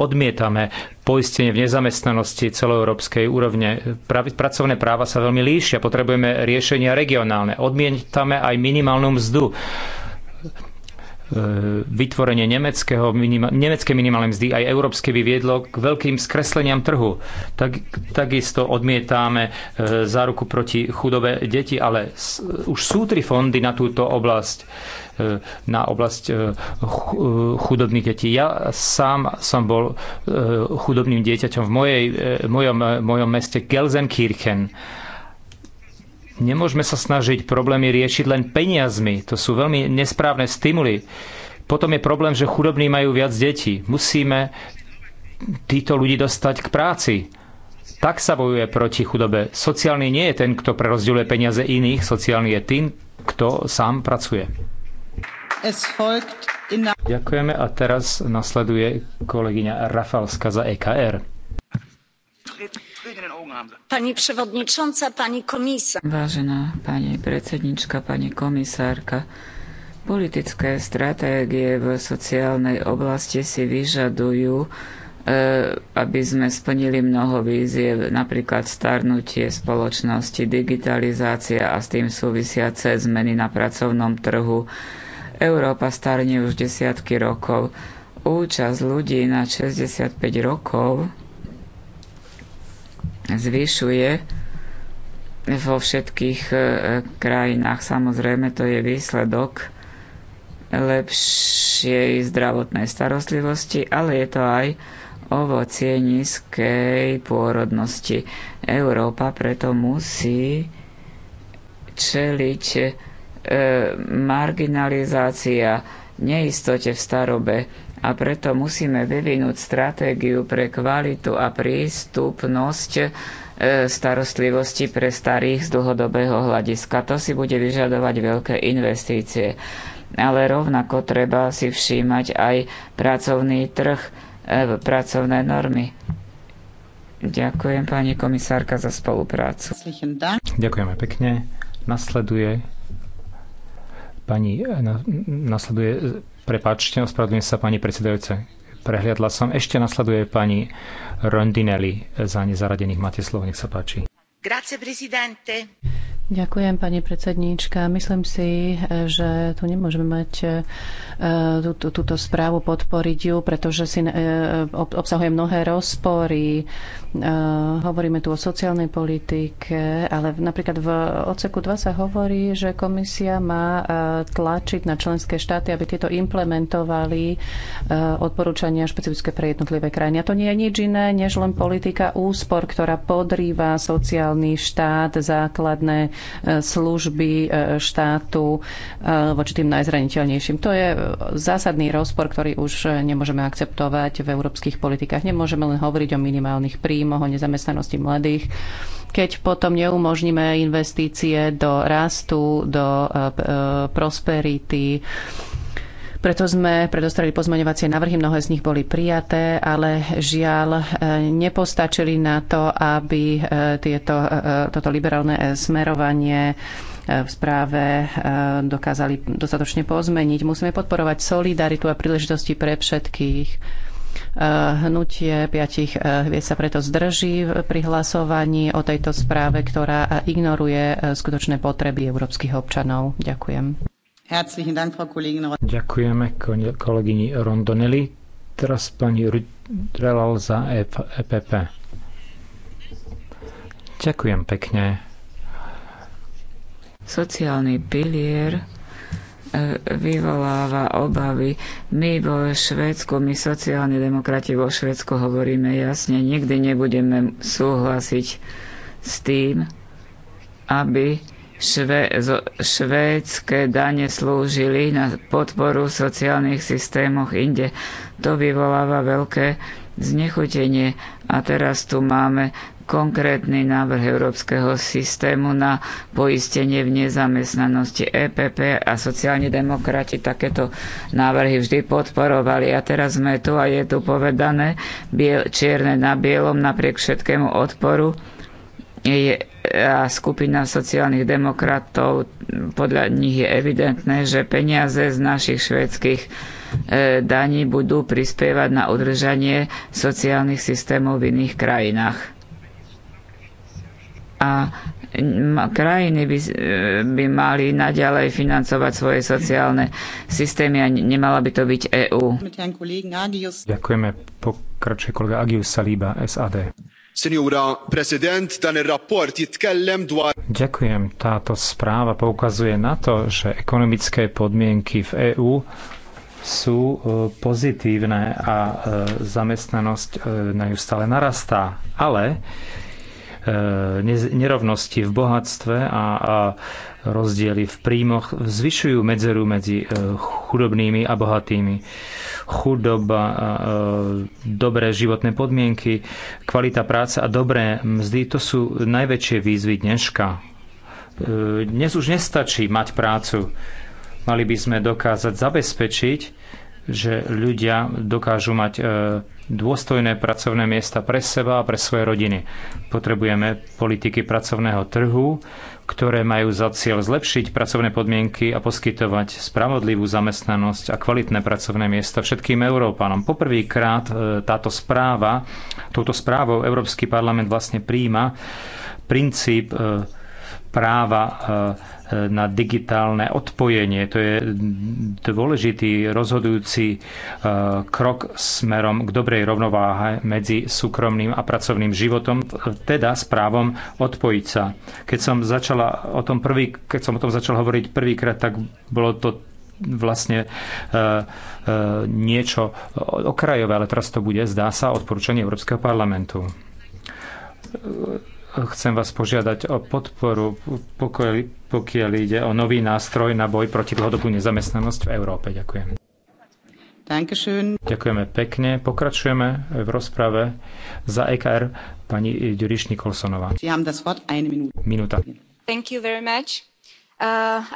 odmietame poistenie v nezamestnanosti celoeurópskej úrovne. Pracovné práva sa veľmi líšia, potrebujeme riešenia regionálne. Odmietame aj minimálnu mzdu E, vytvorenie nemeckého minima, nemecké minimálne mzdy aj európske by viedlo k veľkým skresleniam trhu. Tak, takisto odmietáme e, záruku proti chudobe deti, ale e, už sú tri fondy na túto oblasť na oblasť chudobných detí. Ja sám som bol chudobným dieťaťom v mojej, mojom, mojom meste Gelsenkirchen Nemôžeme sa snažiť problémy riešiť len peniazmi. To sú veľmi nesprávne stimuly. Potom je problém, že chudobní majú viac detí. Musíme títo ľudí dostať k práci. Tak sa bojuje proti chudobe. Sociálny nie je ten, kto prerozdeľuje peniaze iných, sociálny je tým, kto sám pracuje. Ďakujeme a teraz nasleduje kolegyňa Rafalska za EKR. Pani predsedajúca pani komisárka Vážená pani predsedníčka, pani komisárka, politické stratégie v sociálnej oblasti si vyžadujú, e, aby sme splnili mnoho výziev napríklad starnutie spoločnosti, digitalizácia a s tým súvisiace zmeny na pracovnom trhu. Európa starne už desiatky rokov. Účasť ľudí na 65 rokov zvyšuje vo všetkých e, krajinách. Samozrejme, to je výsledok lepšej zdravotnej starostlivosti, ale je to aj ovocie nízkej pôrodnosti. Európa preto musí čeliť e, marginalizácia neistote v starobe a preto musíme vyvinúť stratégiu pre kvalitu a prístupnosť e, starostlivosti pre starých z dlhodobého hľadiska. To si bude vyžadovať veľké investície. Ale rovnako treba si všímať aj pracovný trh, e, pracovné normy. Ďakujem pani komisárka za spoluprácu. Ďakujeme pekne. Nasleduje pani, nasleduje Prepáčte, ospravedlňujem sa pani predsedajúce. Prehliadla som. Ešte nasleduje pani Rondinelli za nezaradených. Máte slovo, nech sa páči. Grazie, prezidente. Ďakujem, pani predsedníčka. Myslím si, že tu nemôžeme mať e, túto, túto správu podporiť ju, pretože si e, obsahuje mnohé rozpory. E, hovoríme tu o sociálnej politike, ale napríklad v odseku 2 sa hovorí, že komisia má tlačiť na členské štáty, aby tieto implementovali odporúčania špecifické pre jednotlivé krajiny. A to nie je nič iné, než len politika úspor, ktorá podrýva sociálny štát, základné služby e, štátu e, voči tým najzraniteľnejším. To je zásadný rozpor, ktorý už nemôžeme akceptovať v európskych politikách. Nemôžeme len hovoriť o minimálnych príjmoch, o nezamestnanosti mladých, keď potom neumožníme investície do rastu, do e, prosperity, preto sme predostreli pozmeňovacie návrhy, mnohé z nich boli prijaté, ale žiaľ e, nepostačili na to, aby e, tieto, e, toto liberálne smerovanie v správe dokázali dostatočne pozmeniť. Musíme podporovať solidaritu a príležitosti pre všetkých. Hnutie piatich hviezd sa preto zdrží pri hlasovaní o tejto správe, ktorá ignoruje skutočné potreby európskych občanov. Ďakujem. Ďakujeme kolegyni Rondonelli. Teraz pani Relal za EPP. E Ďakujem pekne. Sociálny pilier e, vyvoláva obavy. My vo Švédsku, my sociálni demokrati vo Švedsku hovoríme jasne, nikdy nebudeme súhlasiť s tým, aby švédske dane slúžili na podporu sociálnych systémoch inde. To vyvoláva veľké znechutenie a teraz tu máme konkrétny návrh európskeho systému na poistenie v nezamestnanosti EPP a sociálni demokrati takéto návrhy vždy podporovali. A teraz sme tu a je tu povedané biel, čierne na bielom napriek všetkému odporu je, a skupina sociálnych demokratov, podľa nich je evidentné, že peniaze z našich švedských e, daní budú prispievať na udržanie sociálnych systémov v iných krajinách. A krajiny by, e, by mali naďalej financovať svoje sociálne systémy a nemala by to byť EÚ. Ďakujeme. Pokračuje kolega Agius Saliba, SAD. Ďakujem, táto správa poukazuje na to, že ekonomické podmienky v EÚ sú e, pozitívne a e, zamestnanosť e, na ju stále narastá. Ale nerovnosti v bohatstve a, a rozdiely v príjmoch zvyšujú medzeru medzi e, chudobnými a bohatými. Chudoba, e, dobré životné podmienky, kvalita práce a dobré mzdy, to sú najväčšie výzvy dneška. E, dnes už nestačí mať prácu. Mali by sme dokázať zabezpečiť, že ľudia dokážu mať dôstojné pracovné miesta pre seba a pre svoje rodiny. Potrebujeme politiky pracovného trhu, ktoré majú za cieľ zlepšiť pracovné podmienky a poskytovať spravodlivú zamestnanosť a kvalitné pracovné miesta všetkým Európanom. Poprvýkrát e, táto správa, touto správou Európsky parlament vlastne príjima princíp e, práva e, na digitálne odpojenie. To je dôležitý, rozhodujúci e, krok smerom k dobrej rovnováhe medzi súkromným a pracovným životom, teda s právom odpojiť sa. Keď som, začala o tom prvý, keď som o tom začal hovoriť prvýkrát, tak bolo to vlastne e, e, niečo okrajové, ale teraz to bude, zdá sa, odporúčanie Európskeho parlamentu Chcem vás požiadať o podporu, pokiaľ ide o nový nástroj na boj proti dlhodobú nezamestnanosť v Európe. Ďakujem. Dankeschön. Ďakujeme pekne. Pokračujeme v rozprave za EKR pani Ďuriš Nikolsonová. Minúta. Thank you very much. Uh,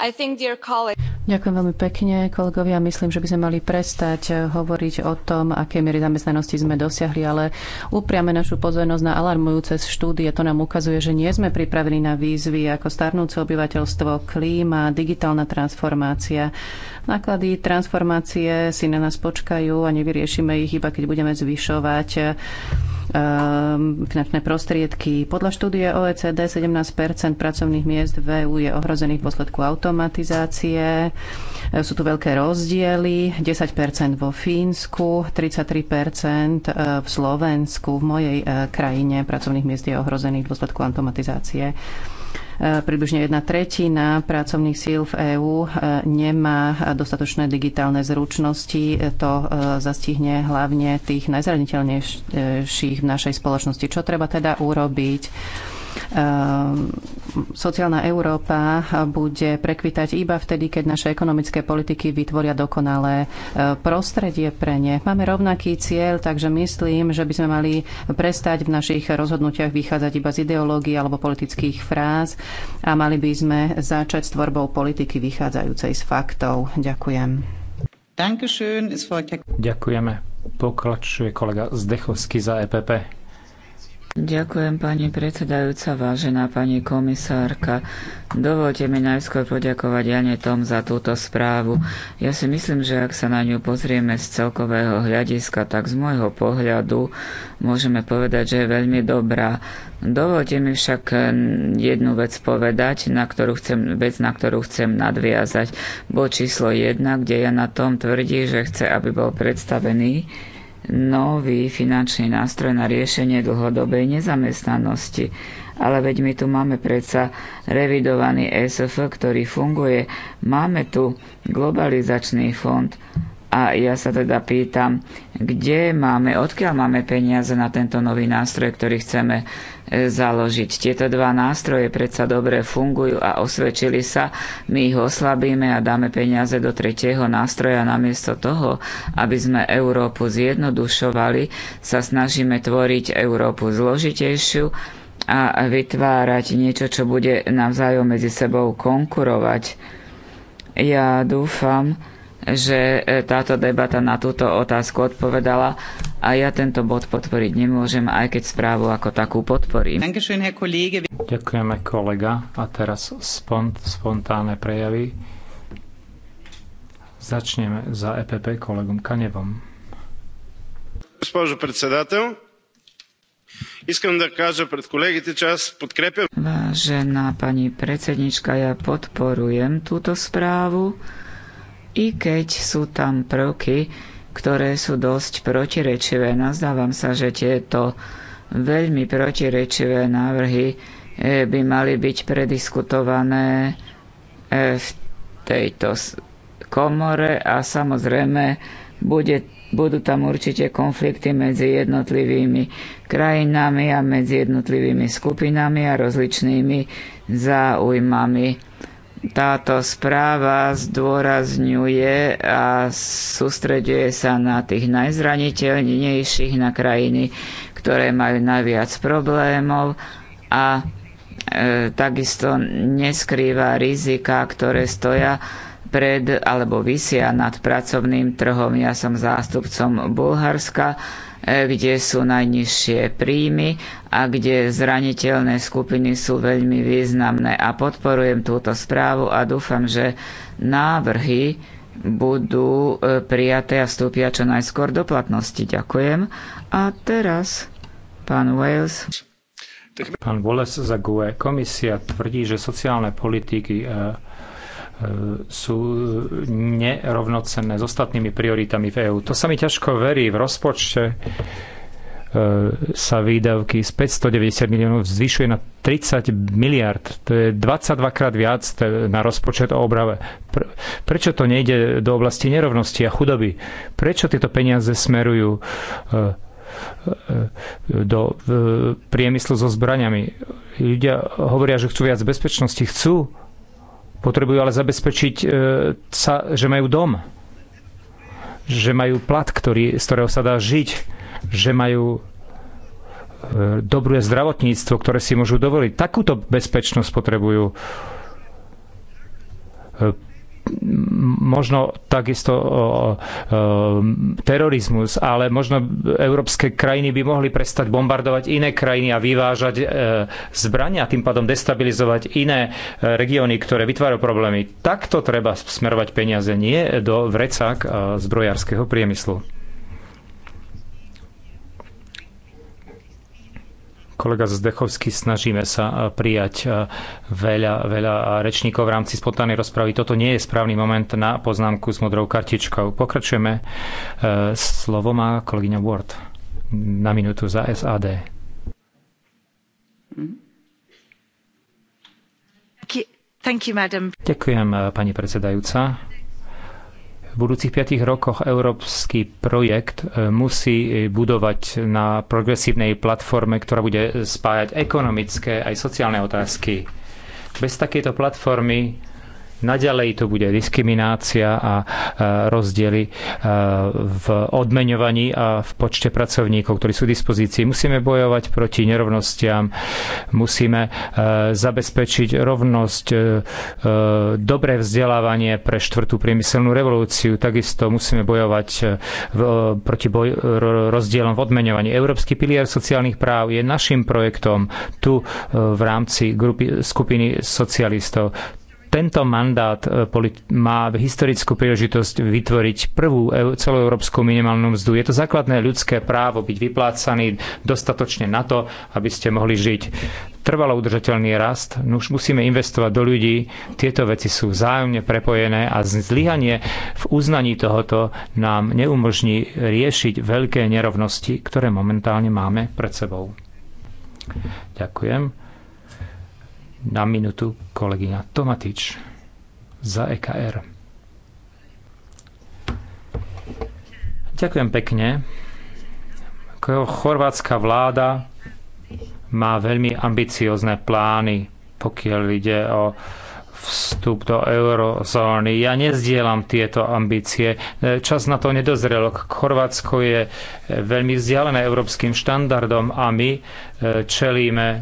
Ďakujem veľmi pekne, kolegovia. Myslím, že by sme mali prestať uh, hovoriť o tom, aké miery zamestnanosti sme dosiahli, ale upriame našu pozornosť na alarmujúce štúdie. To nám ukazuje, že nie sme pripravení na výzvy ako starnúce obyvateľstvo, klíma, digitálna transformácia. Náklady transformácie si na nás počkajú a nevyriešime ich iba, keď budeme zvyšovať ehm, finančné prostriedky. Podľa štúdie OECD 17 pracovných miest v EÚ je ohrozených v dôsledku automatizácie. E, sú tu veľké rozdiely. 10 vo Fínsku, 33 e, v Slovensku. V mojej e, krajine pracovných miest je ohrozených v dôsledku automatizácie. Približne jedna tretina pracovných síl v EÚ e, nemá dostatočné digitálne zručnosti. To e, zastihne hlavne tých najzraniteľnejších v našej spoločnosti. Čo treba teda urobiť? Ehm, sociálna Európa bude prekvitať iba vtedy, keď naše ekonomické politiky vytvoria dokonalé e, prostredie pre ne. Máme rovnaký cieľ, takže myslím, že by sme mali prestať v našich rozhodnutiach vychádzať iba z ideológií alebo politických fráz a mali by sme začať s tvorbou politiky vychádzajúcej z faktov. Ďakujem. Ďakujeme. Pokračuje kolega Zdechovský za EPP. Ďakujem pani predsedajúca, vážená pani komisárka. Dovolte mi najskôr poďakovať Jane Tom za túto správu. Ja si myslím, že ak sa na ňu pozrieme z celkového hľadiska, tak z môjho pohľadu môžeme povedať, že je veľmi dobrá. Dovolte mi však mm, jednu vec povedať, na ktorú chcem, vec, na ktorú chcem nadviazať. Bo číslo 1, kde Jana Tom tvrdí, že chce, aby bol predstavený nový finančný nástroj na riešenie dlhodobej nezamestnanosti. Ale veď my tu máme predsa revidovaný e SF, ktorý funguje. Máme tu globalizačný fond a ja sa teda pýtam, kde máme, odkiaľ máme peniaze na tento nový nástroj, ktorý chceme e, založiť. Tieto dva nástroje predsa dobre fungujú a osvedčili sa, my ich oslabíme a dáme peniaze do tretieho nástroja namiesto toho, aby sme Európu zjednodušovali, sa snažíme tvoriť Európu zložitejšiu a vytvárať niečo, čo bude navzájom medzi sebou konkurovať. Ja dúfam, že e, táto debata na túto otázku odpovedala a ja tento bod podporiť nemôžem, aj keď správu ako takú podporím. Ďakujeme kolega a teraz spont, spontánne prejavy. Začneme za EPP kolegom Kanevom. Spôžu predsedateľ, искам да кажа пред колегите, че аз подкрепям... Vážená pani predsednička, ja podporujem túto správu i keď sú tam prvky, ktoré sú dosť protirečivé. Nazdávam sa, že tieto veľmi protirečivé návrhy eh, by mali byť prediskutované eh, v tejto komore a samozrejme bude, budú tam určite konflikty medzi jednotlivými krajinami a medzi jednotlivými skupinami a rozličnými záujmami táto správa zdôrazňuje a sústreďuje sa na tých najzraniteľnejších, na krajiny, ktoré majú najviac problémov a e, takisto neskrýva rizika, ktoré stoja pred alebo vysia nad pracovným trhom. Ja som zástupcom Bulharska, e, kde sú najnižšie príjmy a kde zraniteľné skupiny sú veľmi významné. A podporujem túto správu a dúfam, že návrhy budú e, prijaté a vstúpia čo najskôr do platnosti. Ďakujem. A teraz pán Wales. Pán Wallace za GUE. Komisia tvrdí, že sociálne politiky e, sú nerovnocenné s ostatnými prioritami v EÚ. To sa mi ťažko verí. V rozpočte e, sa výdavky z 590 miliónov zvyšuje na 30 miliard. To je 22 krát viac na rozpočet o obrave. Prečo to nejde do oblasti nerovnosti a chudoby? Prečo tieto peniaze smerujú e, e, do priemyslu so zbraniami? Ľudia hovoria, že chcú viac bezpečnosti. Chcú, Potrebujú ale zabezpečiť e, sa, že majú dom, že majú plat, ktorý, z ktorého sa dá žiť, že majú e, dobré zdravotníctvo, ktoré si môžu dovoliť. Takúto bezpečnosť potrebujú e, možno takisto o, o, e, terorizmus, ale možno európske krajiny by mohli prestať bombardovať iné krajiny a vyvážať e, zbrania, tým pádom destabilizovať iné e, regióny, ktoré vytvárajú problémy. Takto treba smerovať peniaze, nie do vrecák e, zbrojárskeho priemyslu. kolega Zdechovský, snažíme sa e, prijať e, veľa, veľa e, rečníkov v rámci spontánnej rozpravy. Toto nie je správny moment na poznámku s modrou kartičkou. Pokračujeme. Slovo má kolegyňa Ward na minútu za SAD. Thank you, madam. Ďakujem, pani predsedajúca v budúcich 5 rokoch európsky projekt e, musí e, budovať na progresívnej platforme, ktorá bude spájať ekonomické aj sociálne otázky. Bez takéto platformy Naďalej to bude diskriminácia a e, rozdiely e, v odmeňovaní a v počte pracovníkov, ktorí sú v dispozícii. Musíme bojovať proti nerovnostiam, musíme e, zabezpečiť rovnosť, dobré vzdelávanie pre štvrtú priemyselnú revolúciu. Takisto musíme bojovať proti boj, rozdielom v odmeňovaní. Európsky pilier sociálnych práv je našim projektom tu v rámci grupy, skupiny socialistov. Tento mandát e, má historickú príležitosť vytvoriť prvú celoeurópsku minimálnu mzdu. Je to základné ľudské právo byť vyplácaný dostatočne na to, aby ste mohli žiť. Trvalo udržateľný rast, no už musíme investovať do ľudí. Tieto veci sú vzájomne prepojené a zlyhanie v uznaní tohoto nám neumožní riešiť veľké nerovnosti, ktoré momentálne máme pred sebou. Ďakujem. Na minutu kolegyňa Tomatič za EKR. Ďakujem pekne. Chorvátska vláda má veľmi ambiciozne plány, pokiaľ ide o vstup do eurozóny. Ja nezdielam tieto ambície. Čas na to nedozrel. Chorvátsko je e, veľmi vzdialené európskym štandardom a my e, čelíme e,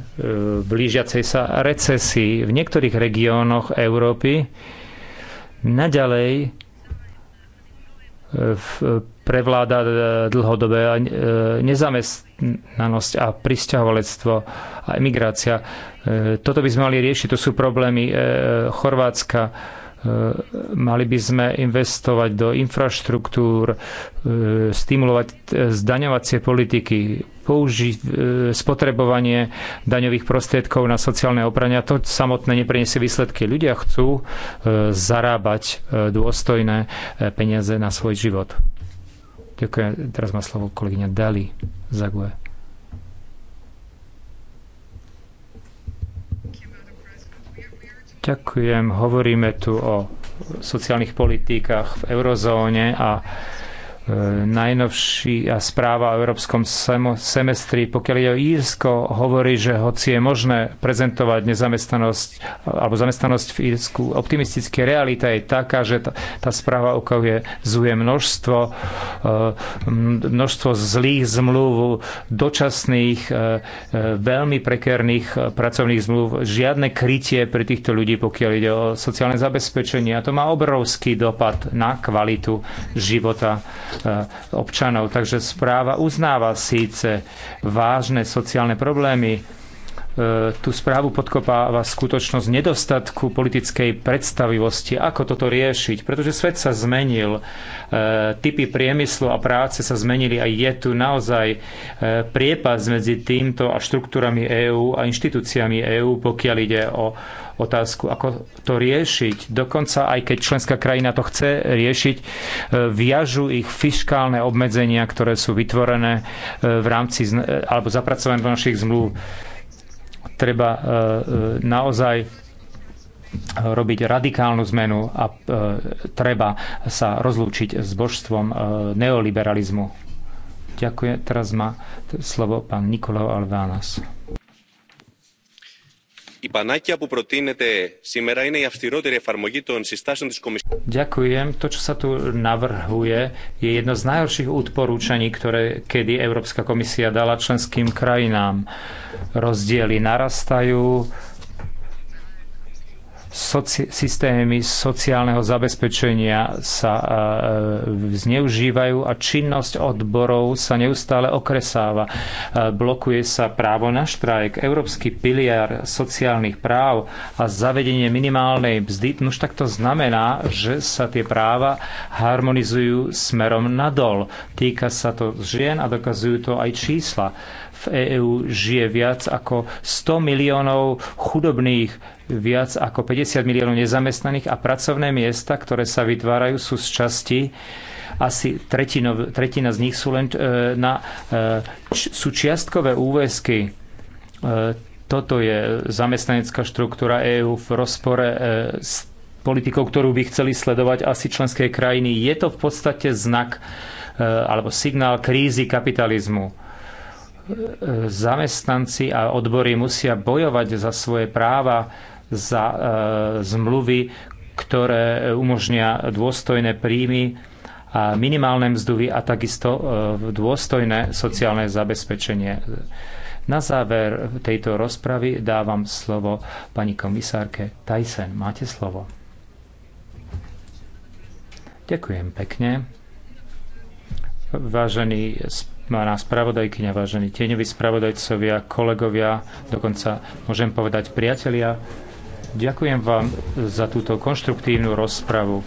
blížiacej sa recesii. V niektorých regiónoch Európy naďalej prevláda e, dlhodobé e, nezamestnanosť a pristahovalectvo a emigrácia. E, toto by sme mali riešiť, to sú problémy Chorvátska. Mali by sme investovať do infraštruktúr, stimulovať zdaňovacie politiky, použi- e, spotrebovanie daňových prostriedkov na sociálne oprania, to samotné nepriniesie výsledky. Ľudia chcú e, zarábať e, dôstojné peniaze na svoj život. Ďakujem. Teraz má slovo kolegyňa Dali Zague. Ďakujem. Hovoríme tu o sociálnych politikách v eurozóne a najnovší správa o európskom semestri, pokiaľ je o Írsko, hovorí, že hoci je možné prezentovať nezamestnanosť alebo zamestnanosť v Írsku, optimistická realita je taká, že tá, tá správa ukazuje zuje množstvo, eh, množstvo zlých zmluv, dočasných, eh, eh, veľmi prekerných pracovných zmluv, žiadne krytie pre týchto ľudí, pokiaľ ide o sociálne zabezpečenie. A to má obrovský dopad na kvalitu života občanov. Takže správa uznáva síce vážne sociálne problémy E, tú správu podkopáva skutočnosť nedostatku politickej predstavivosti, ako toto riešiť, pretože svet sa zmenil, e, typy priemyslu a práce sa zmenili a je tu naozaj e, priepas medzi týmto a štruktúrami EÚ a inštitúciami EÚ, pokiaľ ide o otázku, ako to riešiť. Dokonca aj keď členská krajina to chce riešiť, e, viažu ich fiskálne obmedzenia, ktoré sú vytvorené e, v rámci alebo zapracované do našich zmluv Treba e, e, naozaj e, robiť radikálnu zmenu a treba sa rozlúčiť s božstvom neoliberalizmu. Ďakujem. Teraz má slovo pán Nikolao Alvánas η πανάκια που προτείνεται σήμερα είναι η αυστηρότερη εφαρμογή των συστάσεων της Κομισιόν. Ďakujem. To, čo sa tu navrhuje, je jedno z najhorších odporúčaní, ktoré kedy Európska komisia dala členským krajinám. Rozdiely narastajú, soci- systémy sociálneho zabezpečenia sa e, e, zneužívajú a činnosť odborov sa neustále okresáva. E, blokuje sa právo na štrajk, európsky piliar sociálnych práv a zavedenie minimálnej mzdy. Už tak to znamená, že sa tie práva harmonizujú smerom nadol. Týka sa to žien a dokazujú to aj čísla v EÚ žije viac ako 100 miliónov chudobných, viac ako 50 miliónov nezamestnaných a pracovné miesta, ktoré sa vytvárajú, sú z časti asi tretino, tretina z nich sú len e, na, e, sú čiastkové úväzky e, toto je zamestnanecká štruktúra EÚ v rozpore s politikou, ktorú by chceli sledovať asi členské krajiny. Je to v podstate znak alebo signál krízy kapitalizmu zamestnanci a odbory musia bojovať za svoje práva, za e, zmluvy, ktoré umožnia dôstojné príjmy a minimálne mzduvy a takisto e, dôstojné sociálne zabezpečenie. Na záver tejto rozpravy dávam slovo pani komisárke Tyson. Máte slovo. Ďakujem pekne. Vážení Pána spravodajkyňa, vážení tieňoví spravodajcovia, kolegovia, dokonca môžem povedať priatelia, ďakujem vám za túto konštruktívnu rozpravu.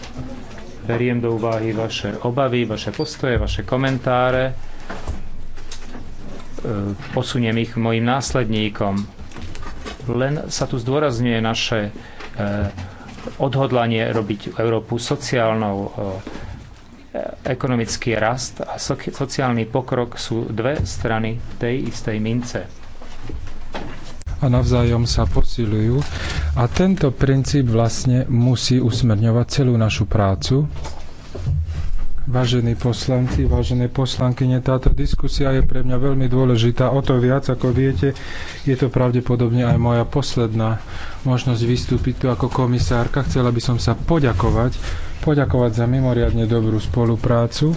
Beriem do úvahy vaše obavy, vaše postoje, vaše komentáre. E, posuniem ich mojim následníkom. Len sa tu zdôrazňuje naše e, odhodlanie robiť Európu sociálnou, e, E, ekonomický rast a sociálny pokrok sú dve strany tej istej mince a navzájom sa posilujú. A tento princíp vlastne musí usmerňovať celú našu prácu Vážení poslanci, vážené poslankyne, táto diskusia je pre mňa veľmi dôležitá. O to viac, ako viete, je to pravdepodobne aj moja posledná možnosť vystúpiť tu ako komisárka. Chcela by som sa poďakovať, poďakovať za mimoriadne dobrú spoluprácu.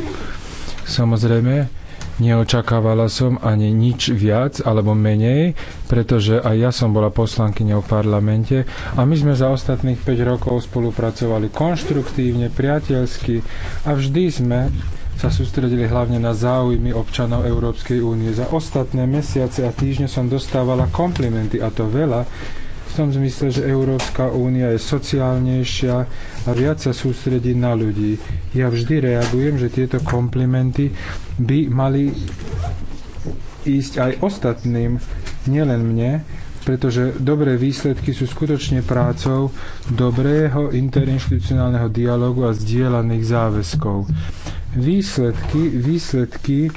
Samozrejme, Neočakávala som ani nič viac alebo menej, pretože aj ja som bola poslankyňa v parlamente a my sme za ostatných 5 rokov spolupracovali konštruktívne, priateľsky a vždy sme sa sústredili hlavne na záujmy občanov Európskej únie. Za ostatné mesiace a týždne som dostávala komplimenty a to veľa, v tom zmysle, že Európska únia je sociálnejšia a viac sa sústrediť na ľudí. Ja vždy reagujem, že tieto komplimenty by mali ísť aj ostatným, nielen mne, pretože dobré výsledky sú skutočne prácou dobrého interinstitucionálneho dialogu a zdieľaných záväzkov. Výsledky, výsledky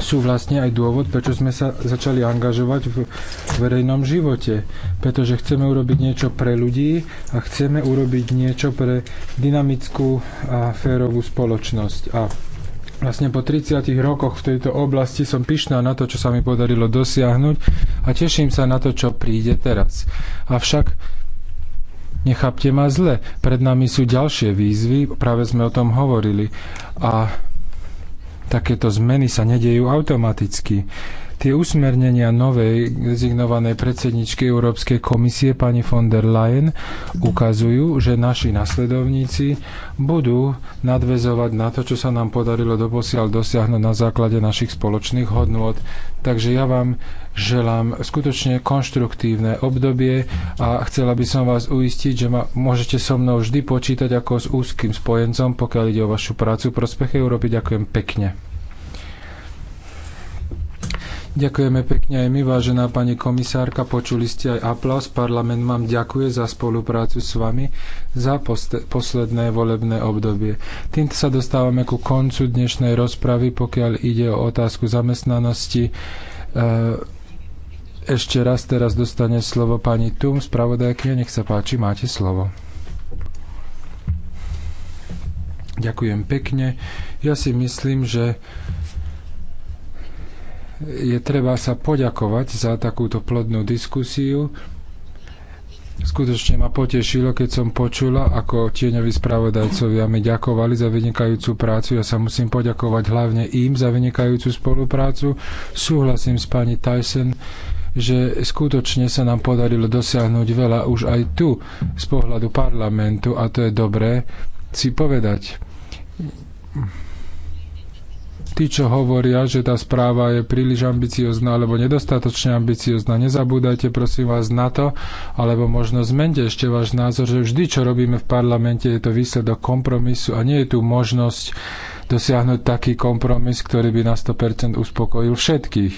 sú vlastne aj dôvod, prečo sme sa začali angažovať v verejnom živote. Pretože chceme urobiť niečo pre ľudí a chceme urobiť niečo pre dynamickú a férovú spoločnosť. A vlastne po 30 rokoch v tejto oblasti som pyšná na to, čo sa mi podarilo dosiahnuť a teším sa na to, čo príde teraz. Avšak nechápte ma zle, pred nami sú ďalšie výzvy, práve sme o tom hovorili. A Takéto zmeny sa nedejú automaticky. Tie usmernenia novej dezignovanej predsedničky Európskej komisie pani von der Leyen ukazujú, že naši nasledovníci budú nadvezovať na to, čo sa nám podarilo doposiaľ dosiahnuť na základe našich spoločných hodnôt. Takže ja vám želám skutočne konštruktívne obdobie a chcela by som vás uistiť, že ma, môžete so mnou vždy počítať ako s úzkým spojencom, pokiaľ ide o vašu prácu. Prospech Európy ďakujem pekne. Ďakujeme pekne aj my, vážená pani komisárka. Počuli ste aj aplaus. Parlament vám ďakuje za spoluprácu s vami za posledné volebné obdobie. Týmto sa dostávame ku koncu dnešnej rozpravy, pokiaľ ide o otázku zamestnanosti. E, ešte raz teraz dostane slovo pani Tum, spravodajkňa. Nech sa páči, máte slovo. Ďakujem pekne. Ja si myslím, že je treba sa poďakovať za takúto plodnú diskusiu. Skutočne ma potešilo, keď som počula, ako tieňoví spravodajcovia mi ďakovali za vynikajúcu prácu. Ja sa musím poďakovať hlavne im za vynikajúcu spoluprácu. Súhlasím s pani Tyson, že skutočne sa nám podarilo dosiahnuť veľa už aj tu z pohľadu parlamentu a to je dobré si povedať. Tí, čo hovoria, že tá správa je príliš ambiciozná alebo nedostatočne ambiciozná, nezabúdajte prosím vás na to, alebo možno zmente ešte váš názor, že vždy, čo robíme v parlamente, je to výsledok kompromisu a nie je tu možnosť dosiahnuť taký kompromis, ktorý by na 100% uspokojil všetkých.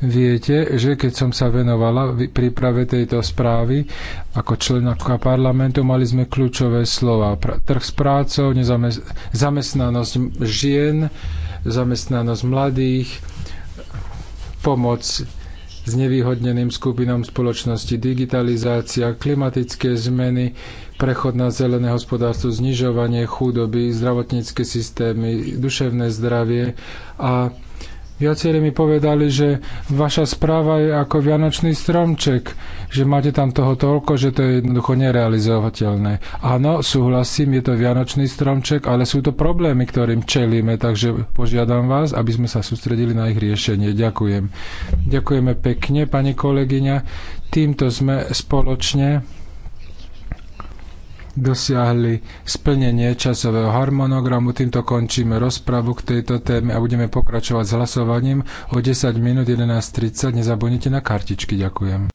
Viete, že keď som sa venovala v príprave tejto správy ako členka parlamentu, mali sme kľúčové slova. Trh s prácou, zamestnanosť žien, zamestnanosť mladých, pomoc s nevýhodneným skupinám spoločnosti, digitalizácia, klimatické zmeny, prechod na zelené hospodárstvo, znižovanie chudoby, zdravotnícke systémy, duševné zdravie a Viacerí mi povedali, že vaša správa je ako vianočný stromček, že máte tam toho toľko, že to je jednoducho nerealizovateľné. Áno, súhlasím, je to vianočný stromček, ale sú to problémy, ktorým čelíme, takže požiadam vás, aby sme sa sústredili na ich riešenie. Ďakujem. Ďakujeme pekne, pani kolegyňa. Týmto sme spoločne dosiahli splnenie časového harmonogramu. Týmto končíme rozpravu k tejto téme a budeme pokračovať s hlasovaním o 10 minút 11.30. Nezabudnite na kartičky. Ďakujem.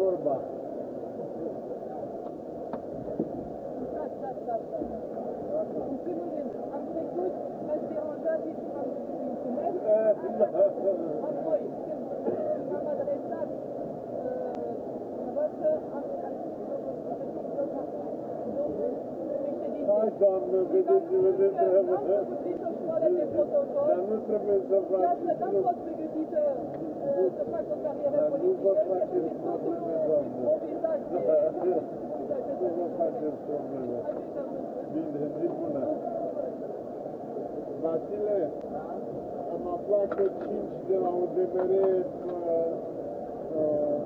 vorba. În primul rând, am trecut peste erodații și am mulțumesc. Apoi, când m-am adresat dumneavoastră, am Hai, doamnă, vedeți, vedeți, vedeți. Dar nu trebuie să faci. Dar să dăm pot persoanelor din tribună. Vasile, am aflat că 5 de la UDMR uh, uh,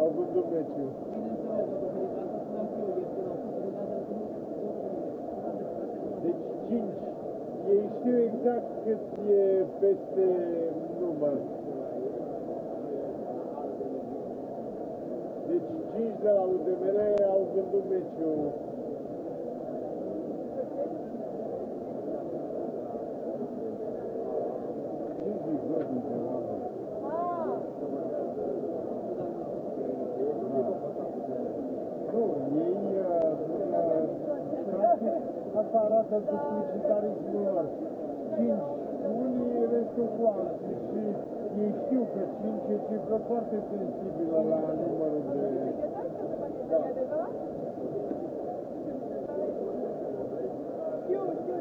au vândut meciul. Deci 5. Ei știu exact cât e peste număr. Deci 5 de la UDMR good to meet you. Gigi Gobi 5 unii restul cu alții și foarte sensibilă la numărul de... Da.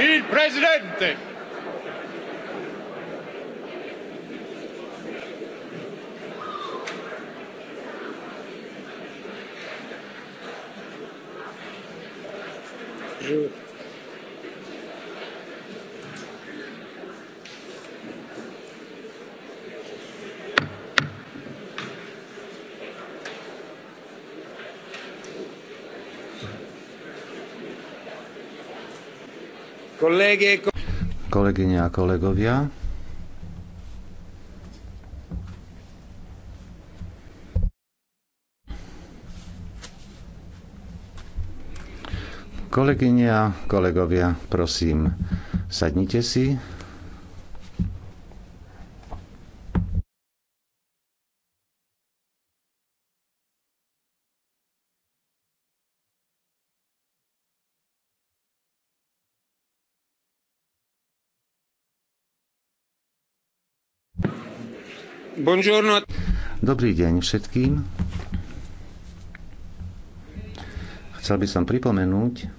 il presidente Kolegyne a kolegovia, Kolegyne a kolegovia, prosím, sadnite si, Buongiorno. Dobrý deň všetkým. Chcel by som pripomenúť,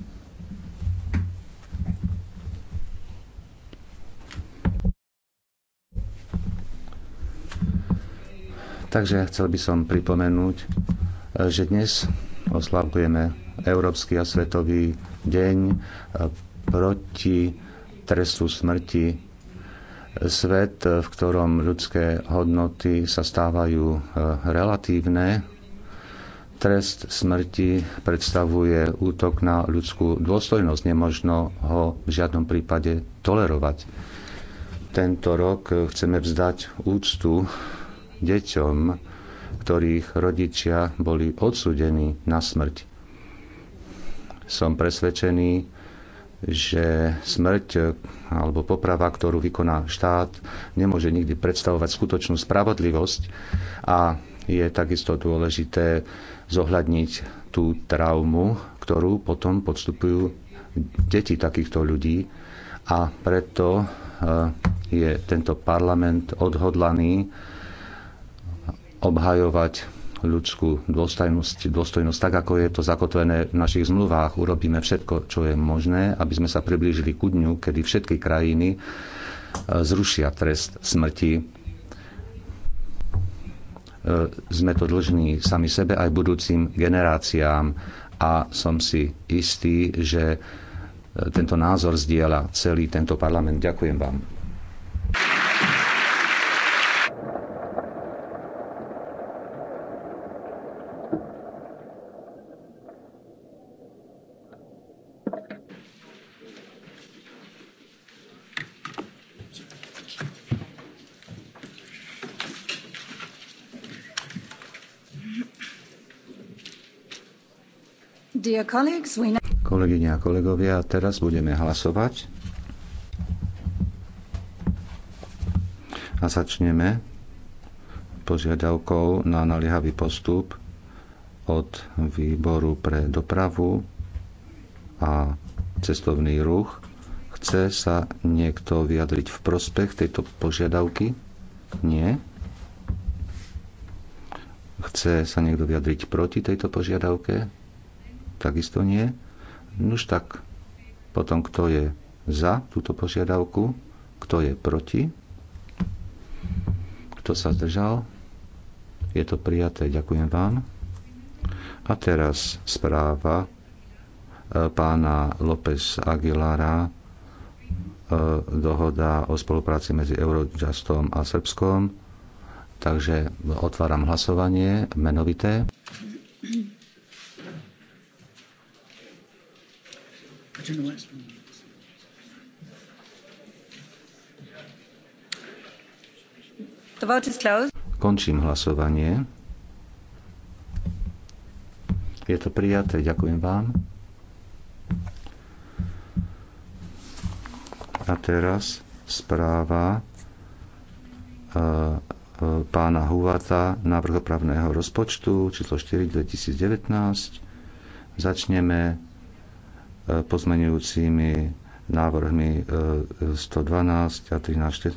Takže chcel by som pripomenúť, že dnes oslavujeme Európsky a svetový deň proti trestu smrti Svet, v ktorom ľudské hodnoty sa stávajú e, relatívne, trest smrti predstavuje útok na ľudskú dôstojnosť. Nemožno ho v žiadnom prípade tolerovať. Tento rok chceme vzdať úctu deťom, ktorých rodičia boli odsudení na smrť. Som presvedčený, že smrť alebo poprava, ktorú vykoná štát, nemôže nikdy predstavovať skutočnú spravodlivosť a je takisto dôležité zohľadniť tú traumu, ktorú potom podstupujú deti takýchto ľudí a preto eh, je tento parlament odhodlaný obhajovať ľudskú dôstojnosť, dôstojnosť tak, ako je to zakotvené v našich zmluvách. Urobíme všetko, čo je možné, aby sme sa priblížili ku dňu, kedy všetky krajiny e, zrušia trest smrti. E, sme to dlžní sami sebe aj budúcim generáciám a som si istý, že e, tento názor zdieľa celý tento parlament. Ďakujem vám. Kolegyne a kolegovia, teraz budeme hlasovať. A začneme požiadavkou na naliehavý postup od výboru pre dopravu a cestovný ruch. Chce sa niekto vyjadriť v prospech tejto požiadavky? Nie. Chce sa niekto vyjadriť proti tejto požiadavke? Takisto nie. Nuž tak, potom kto je za túto požiadavku, kto je proti, kto sa zdržal, je to prijaté. Ďakujem vám. A teraz správa e, pána López Aguilara, e, dohoda o spolupráci medzi Eurojustom a Srbskom. Takže otváram hlasovanie menovité. Končím hlasovanie. Je to prijaté. Ďakujem vám. A teraz správa e, e, pána Huvata, návrh rozpočtu číslo 4 2019. Začneme pozmenujúcimi návrhmi 112 e, a 13,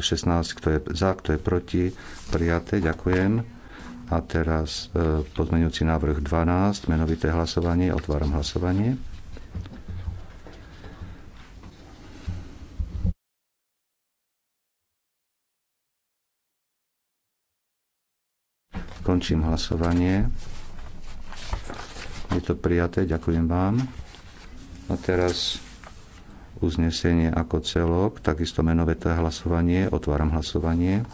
16, e, kto je za, kto je proti, prijaté, ďakujem. A teraz e, pozmenujúci návrh 12, menovité hlasovanie, otváram hlasovanie. Končím hlasovanie. Je to prijaté, ďakujem vám. A teraz uznesenie ako celok, takisto menovité hlasovanie, otváram hlasovanie.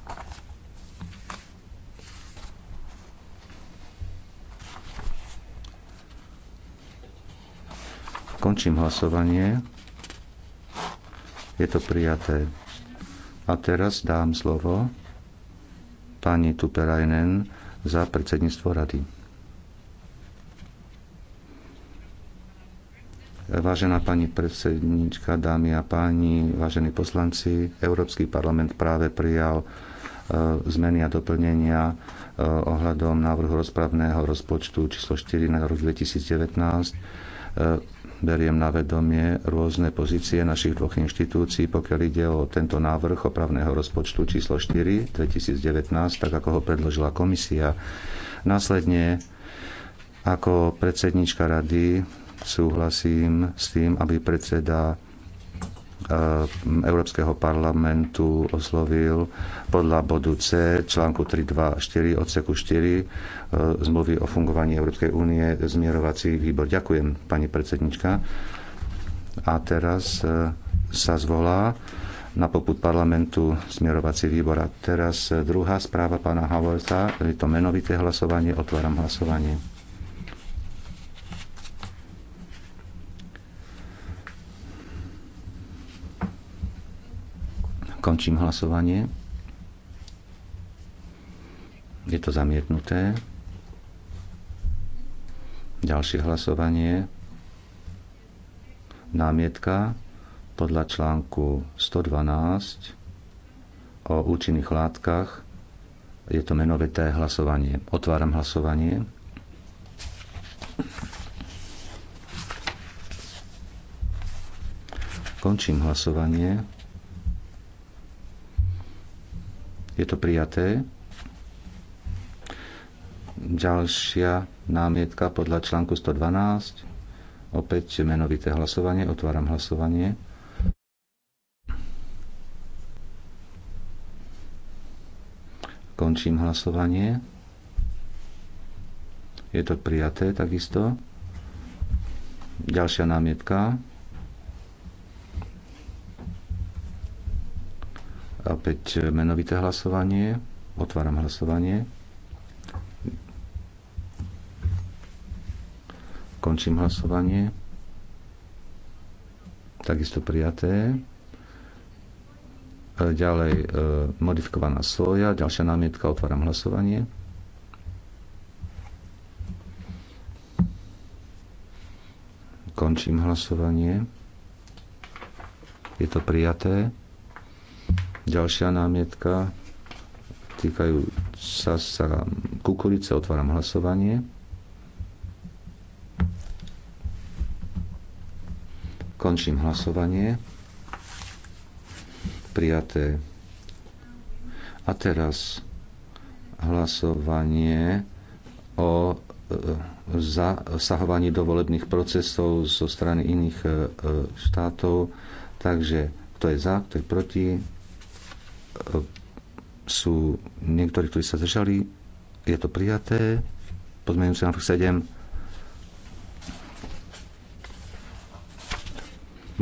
Končím hlasovanie. Je to prijaté. A teraz dám slovo pani Tuperajnen za predsedníctvo rady. Vážená pani predsednička, dámy a páni, vážení poslanci, Európsky parlament práve prijal e, zmeny a doplnenia e, ohľadom návrhu rozpravného rozpočtu číslo 4 na rok 2019. E, beriem na vedomie rôzne pozície našich dvoch inštitúcií, pokiaľ ide o tento návrh opravného rozpočtu číslo 4 2019, tak ako ho predložila komisia. Následne ako predsednička rady Súhlasím s tým, aby predseda e, Európskeho parlamentu oslovil podľa bodu C článku 324 odseku 4 e, zmluvy o fungovaní Európskej únie zmierovací výbor. Ďakujem, pani predsednička. A teraz e, sa zvolá na poput parlamentu zmierovací výbor. A teraz druhá správa pána Havorta, je to menovité hlasovanie, otváram hlasovanie. Končím hlasovanie. Je to zamietnuté. Ďalšie hlasovanie. Námietka podľa článku 112 o účinných látkach. Je to menovité hlasovanie. Otváram hlasovanie. Končím hlasovanie. Je to prijaté. Ďalšia námietka podľa článku 112. Opäť menovité hlasovanie. Otváram hlasovanie. Končím hlasovanie. Je to prijaté takisto. Ďalšia námietka. Opäť menovité hlasovanie. Otváram hlasovanie. Končím hlasovanie. Takisto prijaté. E, ďalej e, modifikovaná soja. Ďalšia námietka. Otváram hlasovanie. Končím hlasovanie. Je to prijaté. Ďalšia námietka týkajú sa, sa kukurice. Otváram hlasovanie. Končím hlasovanie. Prijaté. A teraz hlasovanie o e, zasahovaní do volebných procesov zo strany iných e, e, štátov. Takže kto je za, kto je proti, E, sú niektorí, ktorí sa držali. Je to prijaté. Pozmeňujúci návrh 7.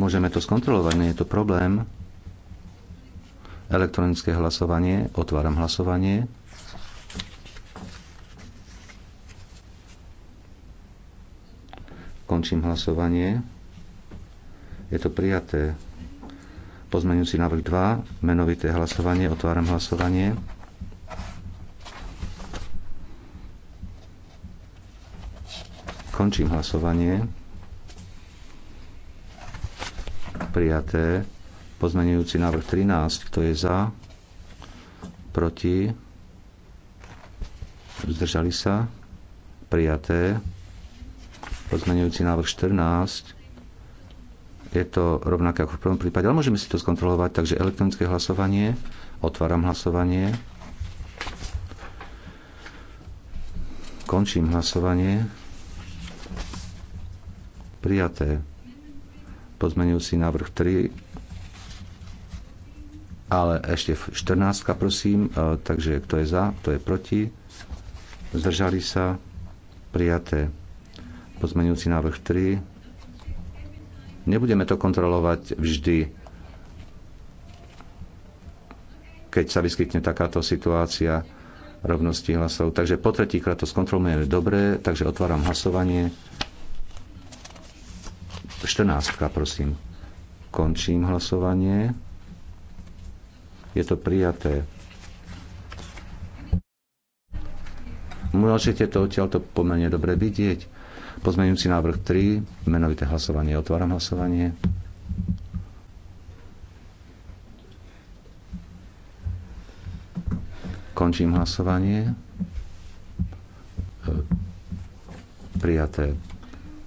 Môžeme to skontrolovať, nie je to problém. Elektronické hlasovanie. Otváram hlasovanie. Končím hlasovanie. Je to prijaté. Pozmeňujúci návrh 2, menovité hlasovanie, otváram hlasovanie. Končím hlasovanie. Prijaté. Pozmenujúci návrh 13. Kto je za? Proti? Zdržali sa? Prijaté. Pozmenujúci návrh 14. Je to rovnaké ako v prvom prípade, ale môžeme si to skontrolovať. Takže elektronické hlasovanie. Otváram hlasovanie. Končím hlasovanie. Prijaté. Pozmenujúci návrh 3. Ale ešte 14, prosím. E, takže kto je za, kto je proti. Zdržali sa. Prijaté. Pozmenujúci návrh 3 Nebudeme to kontrolovať vždy, keď sa vyskytne takáto situácia rovnosti hlasov. Takže po tretíkrát to skontrolujeme dobre, takže otváram hlasovanie. 14, prosím. Končím hlasovanie. Je to prijaté. Môžete to odtiaľto pomerne dobre vidieť. Pozmeňujúci návrh 3, menovité hlasovanie. Otváram hlasovanie. Končím hlasovanie. E, prijaté.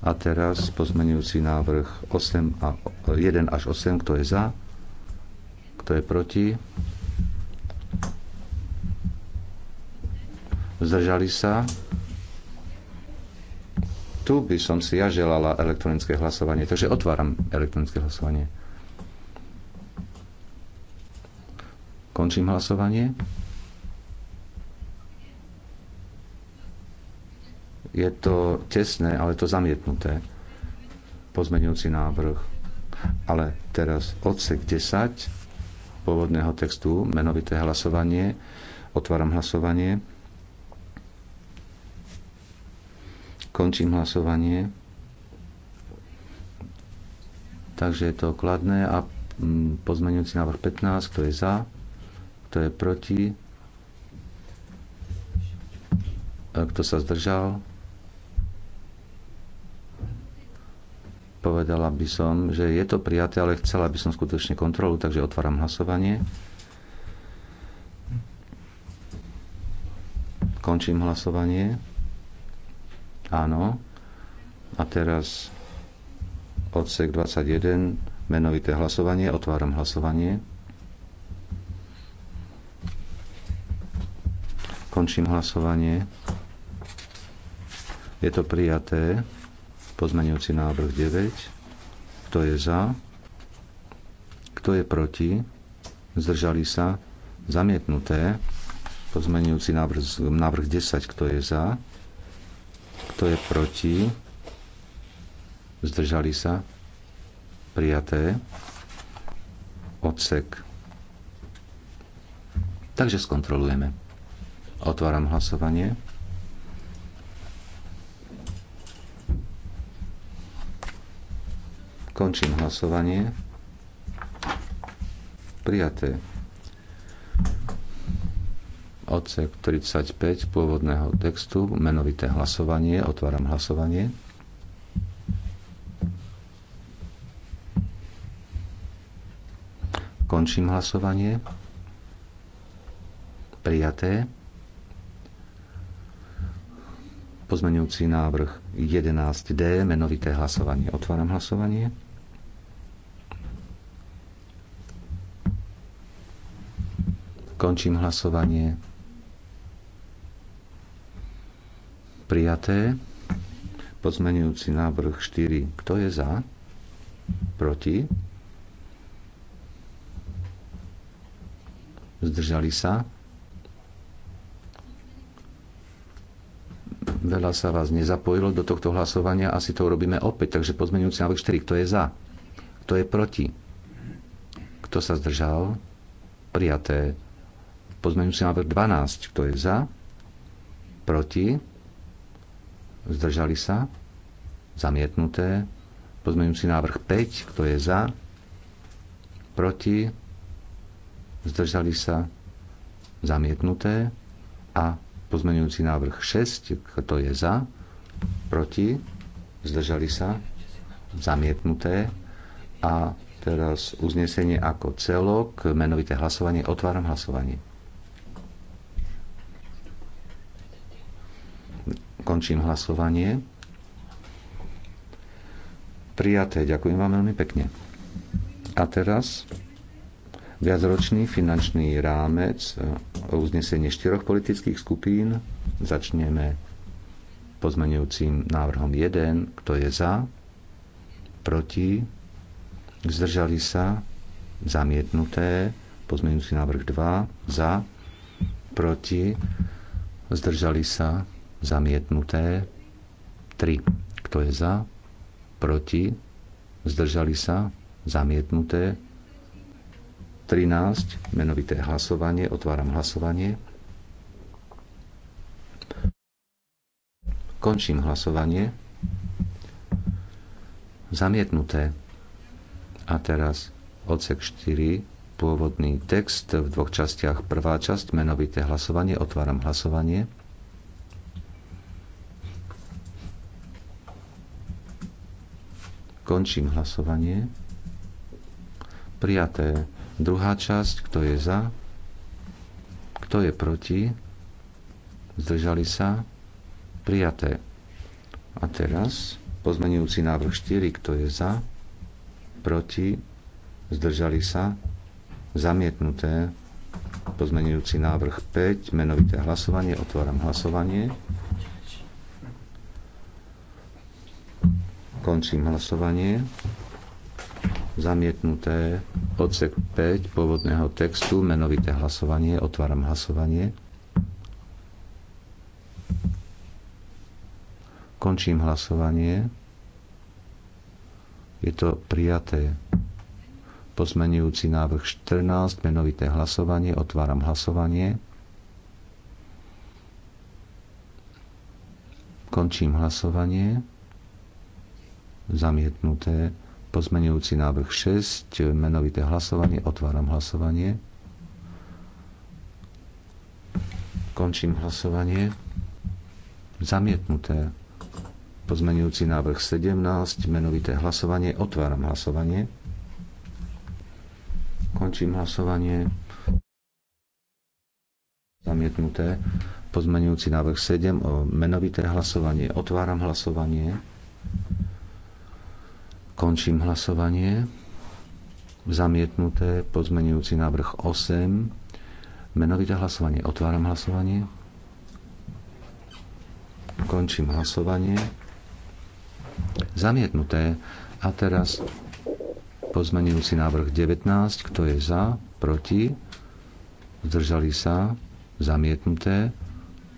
A teraz pozmeňujúci návrh 8 a 1 až 8, kto je za, kto je proti. Zdržali sa tu by som si ja želala elektronické hlasovanie. Takže otváram elektronické hlasovanie. Končím hlasovanie. Je to tesné, ale to zamietnuté. Pozmeňujúci návrh. Ale teraz odsek 10 pôvodného textu, menovité hlasovanie. Otváram hlasovanie. Končím hlasovanie. Takže je to kladné a mm, pozmeňujúci návrh 15, kto je za, kto je proti, kto sa zdržal. Povedala by som, že je to prijaté, ale chcela by som skutočne kontrolu, takže otváram hlasovanie. Končím hlasovanie. Áno. A teraz odsek 21, menovité hlasovanie. Otváram hlasovanie. Končím hlasovanie. Je to prijaté. Pozmenujúci návrh 9. Kto je za? Kto je proti? Zdržali sa? Zamietnuté. Pozmenujúci návrh, návrh 10. Kto je za? Kto je proti? Zdržali sa? Prijaté. Odsek. Takže skontrolujeme. Otváram hlasovanie. Končím hlasovanie. Prijaté odsek 35 pôvodného textu, menovité hlasovanie, otváram hlasovanie. Končím hlasovanie. Prijaté. Pozmenujúci návrh 11D, menovité hlasovanie. Otváram hlasovanie. Končím hlasovanie. Prijaté. Pozmenujúci návrh 4. Kto je za? Proti? Zdržali sa? Veľa sa vás nezapojilo do tohto hlasovania, asi to urobíme opäť. Takže pozmenujúci návrh 4. Kto je za? Kto je proti? Kto sa zdržal? Prijaté. Pozmenujúci návrh 12. Kto je za? Proti? zdržali sa, zamietnuté. si návrh 5, kto je za, proti, zdržali sa, zamietnuté. A pozmenujúci návrh 6, kto je za, proti, zdržali sa, zamietnuté. A teraz uznesenie ako celok, menovité hlasovanie, otváram hlasovanie. Končím hlasovanie. Prijaté. Ďakujem vám veľmi pekne. A teraz viacročný finančný rámec o e, uznesenie štyroch politických skupín. Začneme pozmenujúcim návrhom 1. Kto je za? Proti? Zdržali sa? Zamietnuté. Pozmenujúci návrh 2. Za? Proti? Zdržali sa? zamietnuté. 3. Kto je za? Proti? Zdržali sa? Zamietnuté. 13. Menovité hlasovanie. Otváram hlasovanie. Končím hlasovanie. Zamietnuté. A teraz odsek 4, pôvodný text v dvoch častiach. Prvá časť, menovité hlasovanie. Otváram hlasovanie. Končím hlasovanie. Prijaté. Druhá časť, kto je za? Kto je proti? Zdržali sa? Prijaté. A teraz pozmenujúci návrh 4, kto je za? Proti? Zdržali sa? Zamietnuté. Pozmenujúci návrh 5, menovité hlasovanie. Otváram hlasovanie. Končím hlasovanie. Zamietnuté odsek 5 pôvodného textu, menovité hlasovanie. Otváram hlasovanie. Končím hlasovanie. Je to prijaté. Pozmenujúci návrh 14, menovité hlasovanie. Otváram hlasovanie. Končím hlasovanie zamietnuté. Pozmenujúci návrh 6, menovité hlasovanie, otváram hlasovanie. Končím hlasovanie. Zamietnuté. Pozmenujúci návrh 17, menovité hlasovanie, otváram hlasovanie. Končím hlasovanie. Zamietnuté. Pozmenujúci návrh 7, menovité hlasovanie, otváram hlasovanie. Končím hlasovanie. Zamietnuté pozmenujúci návrh 8. Menovité hlasovanie. Otváram hlasovanie. Končím hlasovanie. Zamietnuté. A teraz pozmenujúci návrh 19. Kto je za? Proti? Zdržali sa? Zamietnuté.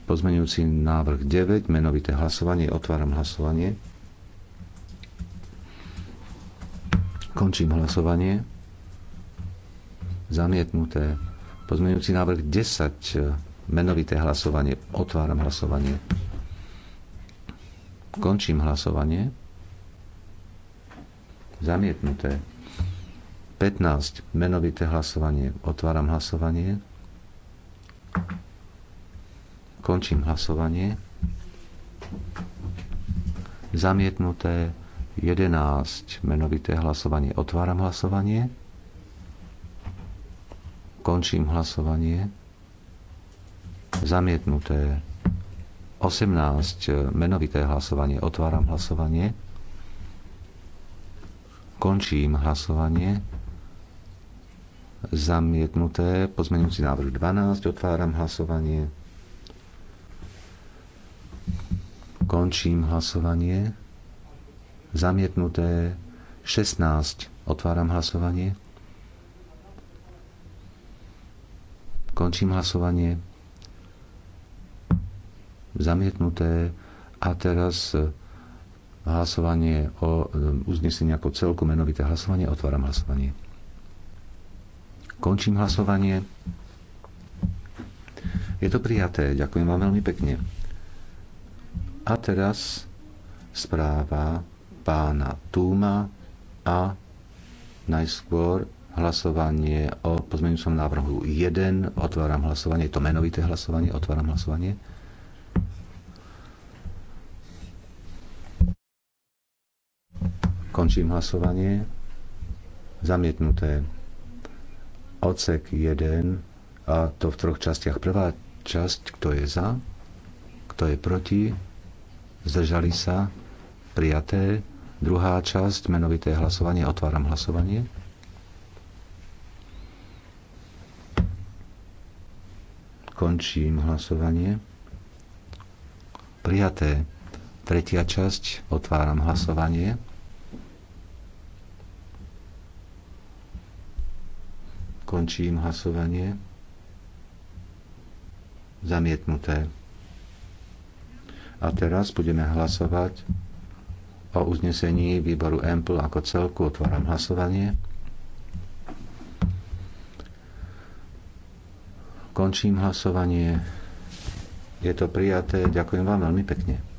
Pozmenujúci návrh 9. Menovité hlasovanie. Otváram hlasovanie. Končím hlasovanie. Zamietnuté. Pozmeňujúci návrh 10. Menovité hlasovanie. Otváram hlasovanie. Končím hlasovanie. Zamietnuté. 15. Menovité hlasovanie. Otváram hlasovanie. Končím hlasovanie. Zamietnuté. 11. Menovité hlasovanie. Otváram hlasovanie. Končím hlasovanie. Zamietnuté. 18. Menovité hlasovanie. Otváram hlasovanie. Končím hlasovanie. Zamietnuté. Pozmenujúci návrh 12. Otváram hlasovanie. Končím hlasovanie. Zamietnuté 16. Otváram hlasovanie. Končím hlasovanie. Zamietnuté. A teraz e, hlasovanie o e, uznesení ako celku menovité hlasovanie. Otváram hlasovanie. Končím hlasovanie. Je to prijaté. Ďakujem vám veľmi pekne. A teraz správa pána Túma a najskôr hlasovanie o pozmeňujúcom návrhu 1. Otváram hlasovanie. Je to menovité hlasovanie. Otváram hlasovanie. Končím hlasovanie. Zamietnuté. Ocek 1 a to v troch častiach. Prvá časť, kto je za, kto je proti, zdržali sa, prijaté. Druhá časť, menovité hlasovanie, otváram hlasovanie. Končím hlasovanie. Prijaté. Tretia časť, otváram hlasovanie. Končím hlasovanie. Zamietnuté. A teraz budeme hlasovať o uznesení výboru EMPL ako celku. Otváram hlasovanie. Končím hlasovanie. Je to prijaté. Ďakujem vám veľmi pekne.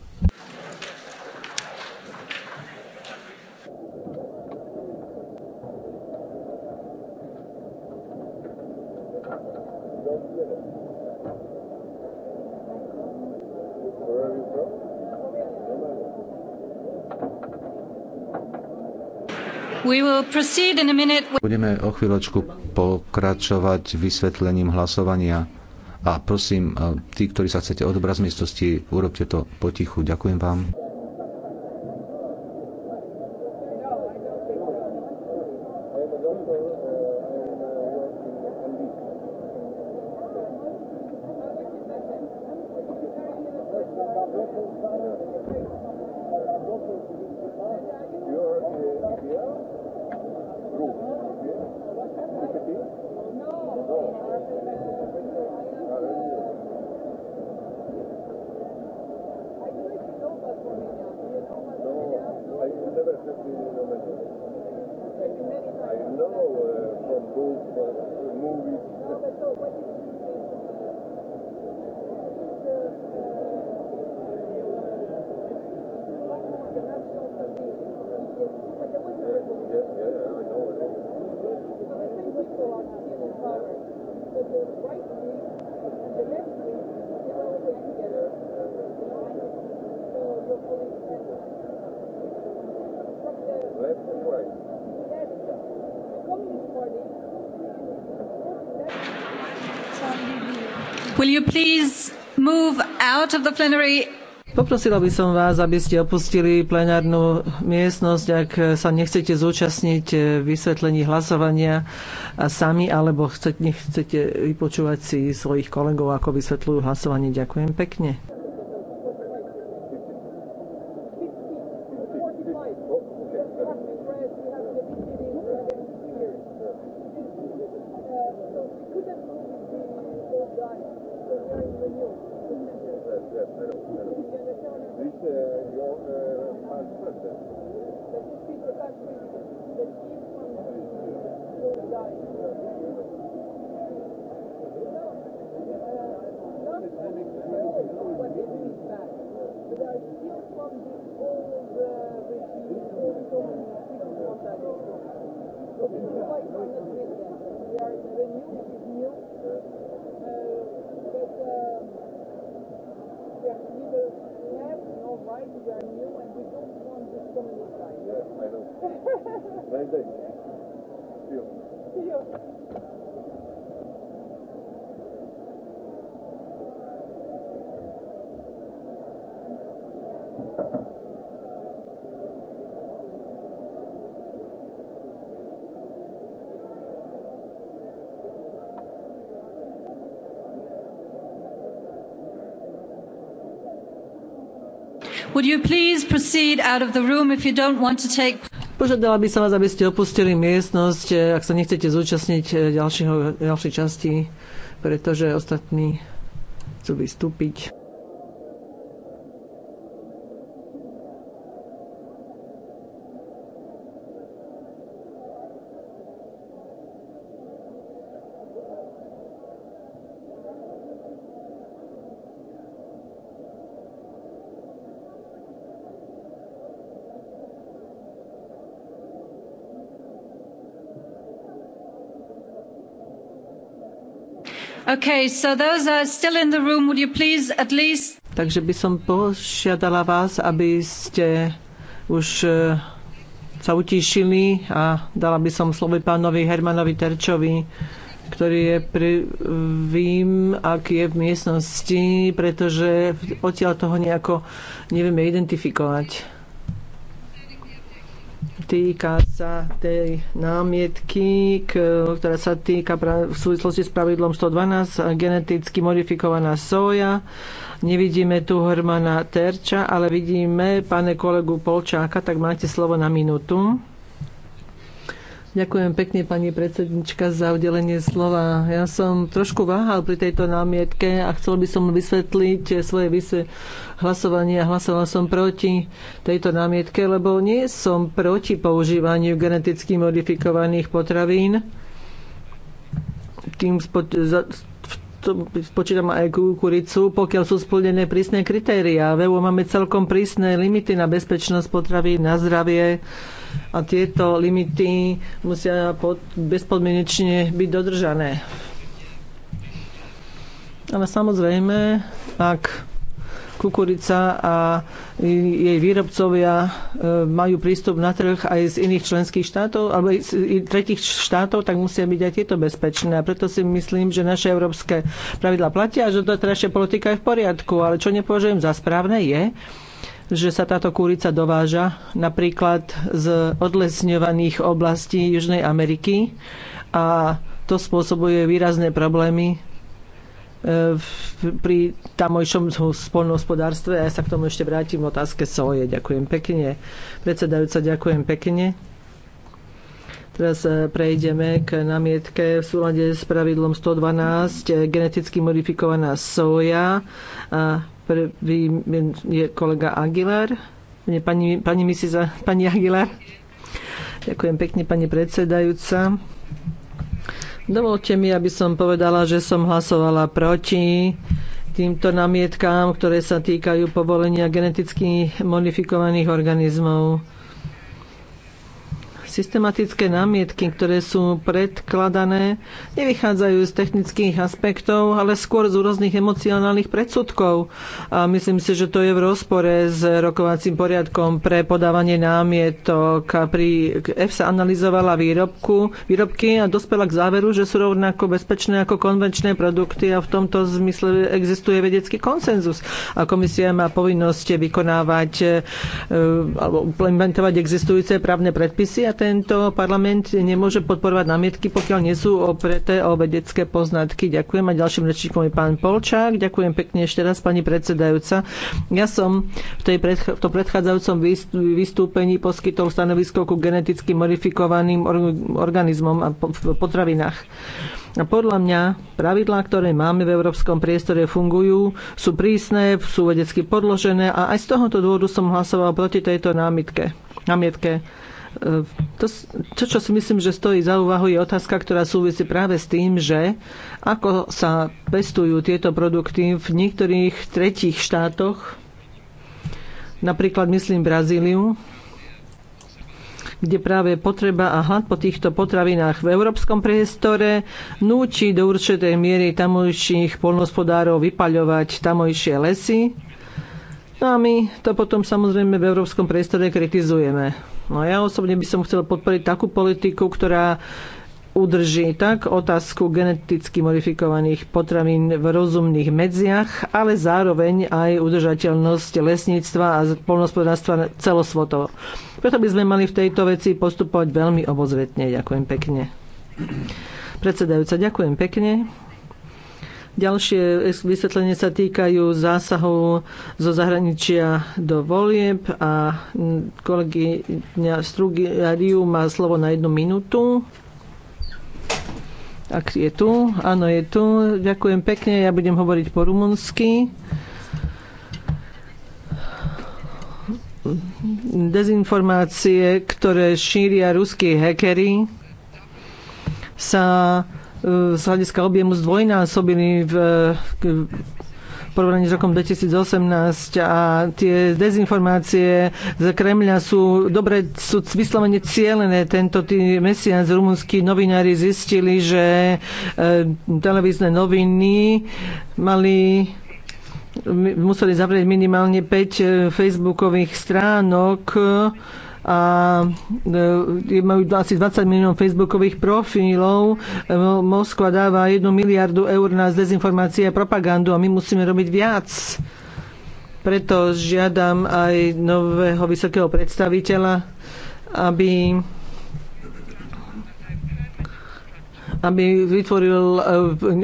Budeme o chvíľočku pokračovať vysvetlením hlasovania. A prosím, eh, tí, ktorí sa chcete odobrať z miestnosti, urobte to potichu. Ďakujem vám. Poprosila by som vás, aby ste opustili plenárnu miestnosť, ak sa nechcete zúčastniť eh, vysvetlení hlasovania a sami, alebo chcete, nechcete vypočúvať si svojich kolegov, ako vysvetľujú hlasovanie. Ďakujem pekne. Požiadala by som vás, aby ste opustili miestnosť, eh, ak sa nechcete zúčastniť eh, ďalšieho, ďalšej časti, pretože ostatní chcú vystúpiť. Okay, so those are still in the room, would you please at least... Takže by som požiadala vás, aby ste už e, sa utíšili a dala by som slovo pánovi Hermanovi Terčovi, ktorý je vím, ak je v miestnosti, pretože odtiaľ toho nejako nevieme identifikovať týka sa tej námietky, ktorá sa týka v súvislosti s pravidlom 112 geneticky modifikovaná soja. Nevidíme tu Hermana Terča, ale vidíme pane kolegu Polčáka, tak máte slovo na minútu. Ďakujem pekne, pani predsednička, za udelenie slova. Ja som trošku váhal pri tejto námietke a chcel by som vysvetliť svoje vysve- hlasovanie a hlasoval som proti tejto námietke, lebo nie som proti používaniu geneticky modifikovaných potravín. Tým to spočítam aj kukuricu, pokiaľ sú splnené prísne kritéria. V EU máme celkom prísne limity na bezpečnosť potravín, na zdravie, a tieto limity musia pod, bezpodmienečne byť dodržané. Ale samozrejme, ak kukurica a jej výrobcovia e, majú prístup na trh aj z iných členských štátov alebo aj z tretich štátov, tak musia byť aj tieto bezpečné. A preto si myslím, že naše európske pravidla platia a že to teda politika je v poriadku. Ale čo nepovažujem za správne je, že sa táto kurica dováža napríklad z odlesňovaných oblastí Južnej Ameriky a to spôsobuje výrazné problémy e, pri tamojšom spolnohospodárstve. Ja sa k tomu ešte vrátim v otázke soje. Ďakujem pekne. Predsedajúca, ďakujem pekne. Teraz e, prejdeme k namietke v súlade s pravidlom 112 e, geneticky modifikovaná soja. Prvý je kolega Aguilar. Pani, pani, misiza, pani Aguilar. Ďakujem pekne, pani predsedajúca. Dovolte mi, aby som povedala, že som hlasovala proti týmto namietkám, ktoré sa týkajú povolenia geneticky modifikovaných organizmov systematické námietky, ktoré sú predkladané, nevychádzajú z technických aspektov, ale skôr z rôznych emocionálnych predsudkov. A myslím si, že to je v rozpore s rokovacím poriadkom pre podávanie námietok. A pri EFSA analyzovala výrobku, výrobky a dospela k záveru, že sú rovnako bezpečné ako konvenčné produkty a v tomto zmysle existuje vedecký konsenzus. A komisia má povinnosť vykonávať e, alebo implementovať existujúce právne predpisy a tento parlament nemôže podporovať námietky, pokiaľ nie sú opreté o vedecké poznatky. Ďakujem a ďalším rečníkom je pán Polčák. Ďakujem pekne ešte raz, pani predsedajúca. Ja som v, tej predch- v tom predchádzajúcom vystúpení poskytol stanovisko ku geneticky modifikovaným organizmom a potravinách. A podľa mňa pravidlá, ktoré máme v európskom priestore, fungujú, sú prísne, sú vedecky podložené a aj z tohoto dôvodu som hlasoval proti tejto námietke. námietke. E, to, to, čo si myslím, že stojí za úvahu, je otázka, ktorá súvisí práve s tým, že ako sa pestujú tieto produkty v niektorých tretích štátoch, napríklad myslím Brazíliu, kde práve potreba a hlad po týchto potravinách v európskom priestore núči do určitej miery tamojších polnospodárov vypaľovať tamojšie lesy. No a my to potom samozrejme v európskom priestore kritizujeme. No ja osobne by som chcel podporiť takú politiku, ktorá udrží tak otázku geneticky modifikovaných potravín v rozumných medziach, ale zároveň aj udržateľnosť lesníctva a polnospodárstva celosvotovo. Preto by sme mali v tejto veci postupovať veľmi obozvetne. Ďakujem pekne. Predsedajúca, ďakujem pekne. Ďalšie vysvetlenie sa týkajú zásahov zo zahraničia do volieb a kolegyňa Strugariu má slovo na jednu minútu. Ak je tu, áno, je tu. Ďakujem pekne, ja budem hovoriť po rumunsky. Dezinformácie, ktoré šíria ruskí hekery, sa E, z hľadiska objemu zdvojnásobili v porovnaní s rokom 2018 a tie dezinformácie z Kremľa sú dobre, sú vyslovene cieľené. Tento tý mesiac rumunskí novinári zistili, že e, televízne noviny mali museli zavrieť minimálne 5 e, facebookových stránok a e, majú asi 20 miliónov facebookových profilov. E, Moskva dáva 1 miliardu eur na dezinformácie a propagandu a my musíme robiť viac. Preto žiadam aj nového vysokého predstaviteľa, aby aby vytvoril e,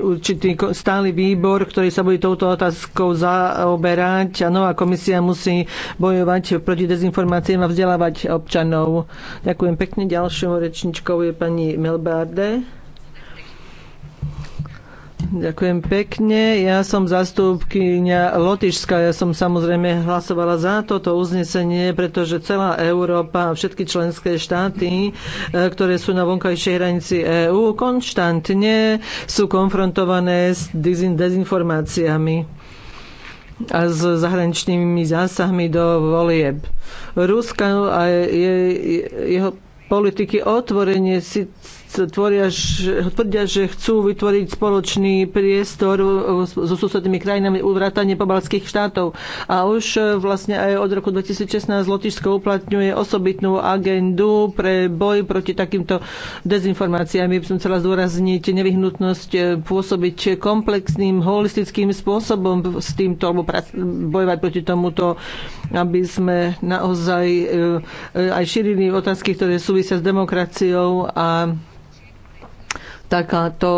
určitý stály výbor, ktorý sa bude touto otázkou zaoberať a nová komisia musí bojovať proti dezinformáciám a vzdelávať občanov. Ďakujem pekne. Ďalšou rečničkou je pani Melbarde. Ďakujem pekne. Ja som zastupkynia Lotyšska. Ja som samozrejme hlasovala za toto uznesenie, pretože celá Európa a všetky členské štáty, e, ktoré sú na vonkajšej hranici EÚ, konštantne sú konfrontované s dezinformáciami a s zahraničnými zásahmi do volieb. Ruska a jeho politiky otvorenie si tvoria, tvrdia, že chcú vytvoriť spoločný priestor uh, so susednými krajinami uvrátane pobalských štátov. A už uh, vlastne aj od roku 2016 Lotyšsko uplatňuje osobitnú agendu pre boj proti takýmto dezinformáciám. Ja by som chcela zdôrazniť nevyhnutnosť uh, pôsobiť komplexným, holistickým spôsobom s týmto, alebo bojovať proti tomuto aby sme naozaj e, e, aj šírili otázky, ktoré súvisia s demokraciou a takáto,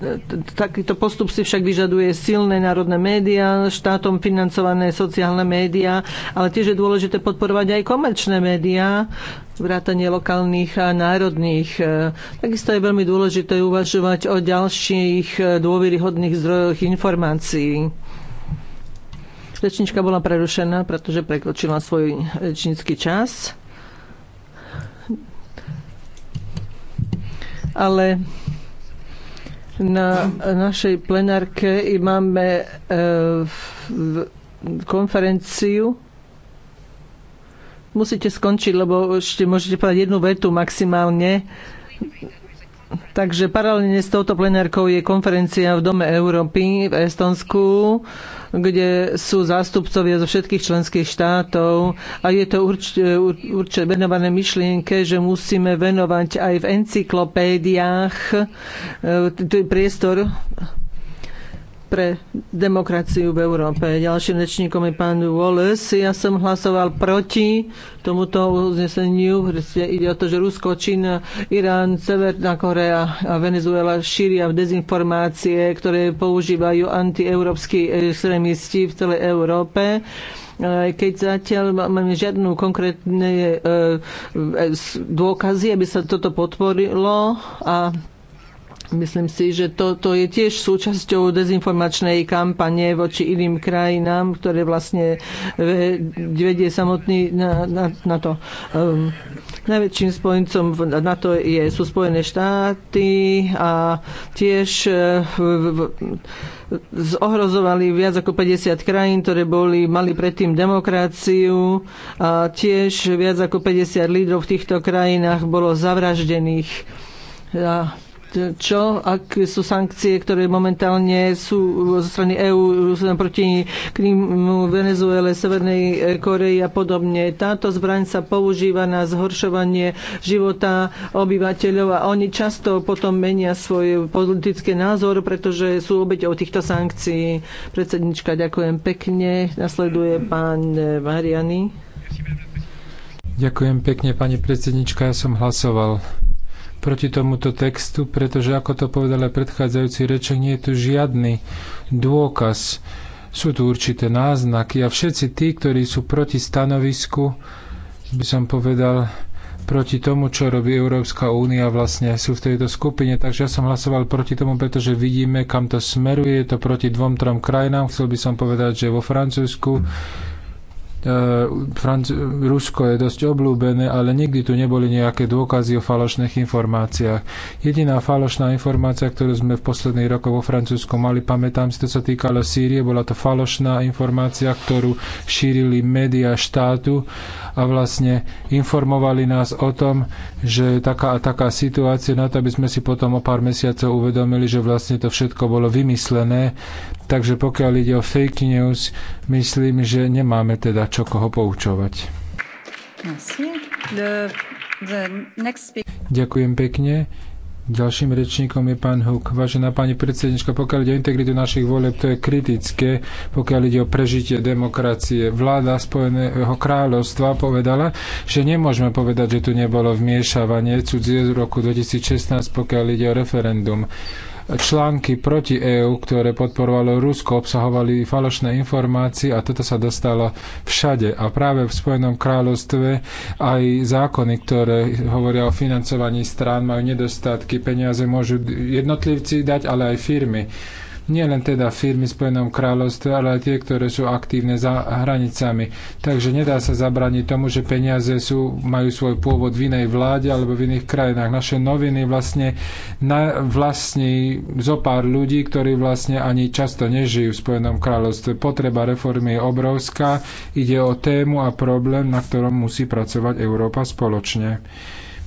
e, takýto postup si však vyžaduje silné národné médiá, štátom financované sociálne médiá, ale tiež je dôležité podporovať aj komerčné médiá, vrátanie lokálnych a národných. Takisto je veľmi dôležité uvažovať o ďalších dôveryhodných zdrojoch informácií. Rečnička bola prerušená, pretože prekročila svoj rečnícky čas. Ale na našej plenárke máme e, konferenciu. Musíte skončiť, lebo ešte môžete povedať jednu vetu maximálne. Takže paralelne s touto plenárkou je konferencia v Dome Európy v Estonsku, kde sú zástupcovia zo všetkých členských štátov a je to určite určite venované myšlienke, že musíme venovať aj v encyklopédiách e, priestor pre demokraciu v Európe. Ďalším rečníkom je pán Wallace. Ja som hlasoval proti tomuto uzneseniu. Ide o to, že Rusko, Čína, Irán, Severná Korea a Venezuela šíria dezinformácie, ktoré používajú antieurópsky extrémisti v celej Európe keď zatiaľ máme žiadnu konkrétne e, e, dôkazy, aby sa toto podporilo a Myslím si, že toto je tiež súčasťou dezinformačnej kampane voči iným krajinám, ktoré vlastne eh, vedie samotný na, na, na to. Um, najväčším spojencom na to je, sú Spojené štáty a tiež uh, eh, zohrozovali viac ako 50 krajín, ktoré boli, mali predtým demokraciu a tiež viac ako 50 lídrov v týchto krajinách bolo zavraždených. A čo, ak sú sankcie, ktoré momentálne sú zo strany EÚ proti Krímu, Venezuele, Severnej e, Koreji a podobne. Táto zbraň sa používa na zhoršovanie života obyvateľov a oni často potom menia svoj politický názor, pretože sú obeťou týchto sankcií. Predsednička, ďakujem pekne. Nasleduje pán Mariany. Ďakujem pekne, pani predsednička. Ja som hlasoval proti tomuto textu, pretože, ako to povedal aj predchádzajúci rečenie, nie je tu žiadny dôkaz. Sú tu určité náznaky a všetci tí, ktorí sú proti stanovisku, by som povedal, proti tomu, čo robí Európska únia, vlastne sú v tejto skupine. Takže ja som hlasoval proti tomu, pretože vidíme, kam to smeruje. Je to proti dvom, trom krajinám. Chcel by som povedať, že vo Francúzsku E, Franc- Rusko je dosť oblúbené, ale nikdy tu neboli nejaké dôkazy o falošných informáciách. Jediná falošná informácia, ktorú sme v posledných rokoch vo Francúzsku mali, pamätám si, to sa týkalo Sýrie, bola to falošná informácia, ktorú šírili médiá štátu a vlastne informovali nás o tom, že taká a taká situácia, na to, aby sme si potom o pár mesiacov uvedomili, že vlastne to všetko bolo vymyslené. Takže pokiaľ ide o fake news, myslím, že nemáme teda čo koho poučovať. Ďakujem pekne. Ďalším rečníkom je pán Huk. Vážená pani predsednička, pokiaľ ide o integritu našich volieb, to je kritické, pokiaľ ide o prežitie demokracie. Vláda Spojeného kráľovstva povedala, že nemôžeme povedať, že tu nebolo vmiešavanie cudzie z roku 2016, pokiaľ ide o referendum články proti EÚ, ktoré podporovalo Rusko, obsahovali falošné informácie a toto sa dostalo všade. A práve v Spojenom kráľovstve aj zákony, ktoré hovoria o financovaní strán, majú nedostatky. Peniaze môžu jednotlivci dať, ale aj firmy. Nie len teda firmy v Spojenom kráľovstve, ale aj tie, ktoré sú aktívne za hranicami. Takže nedá sa zabraniť tomu, že peniaze sú, majú svoj pôvod v inej vláde alebo v iných krajinách. Naše noviny vlastne na, vlastní zo pár ľudí, ktorí vlastne ani často nežijú v Spojenom kráľovstve. Potreba reformy je obrovská, ide o tému a problém, na ktorom musí pracovať Európa spoločne.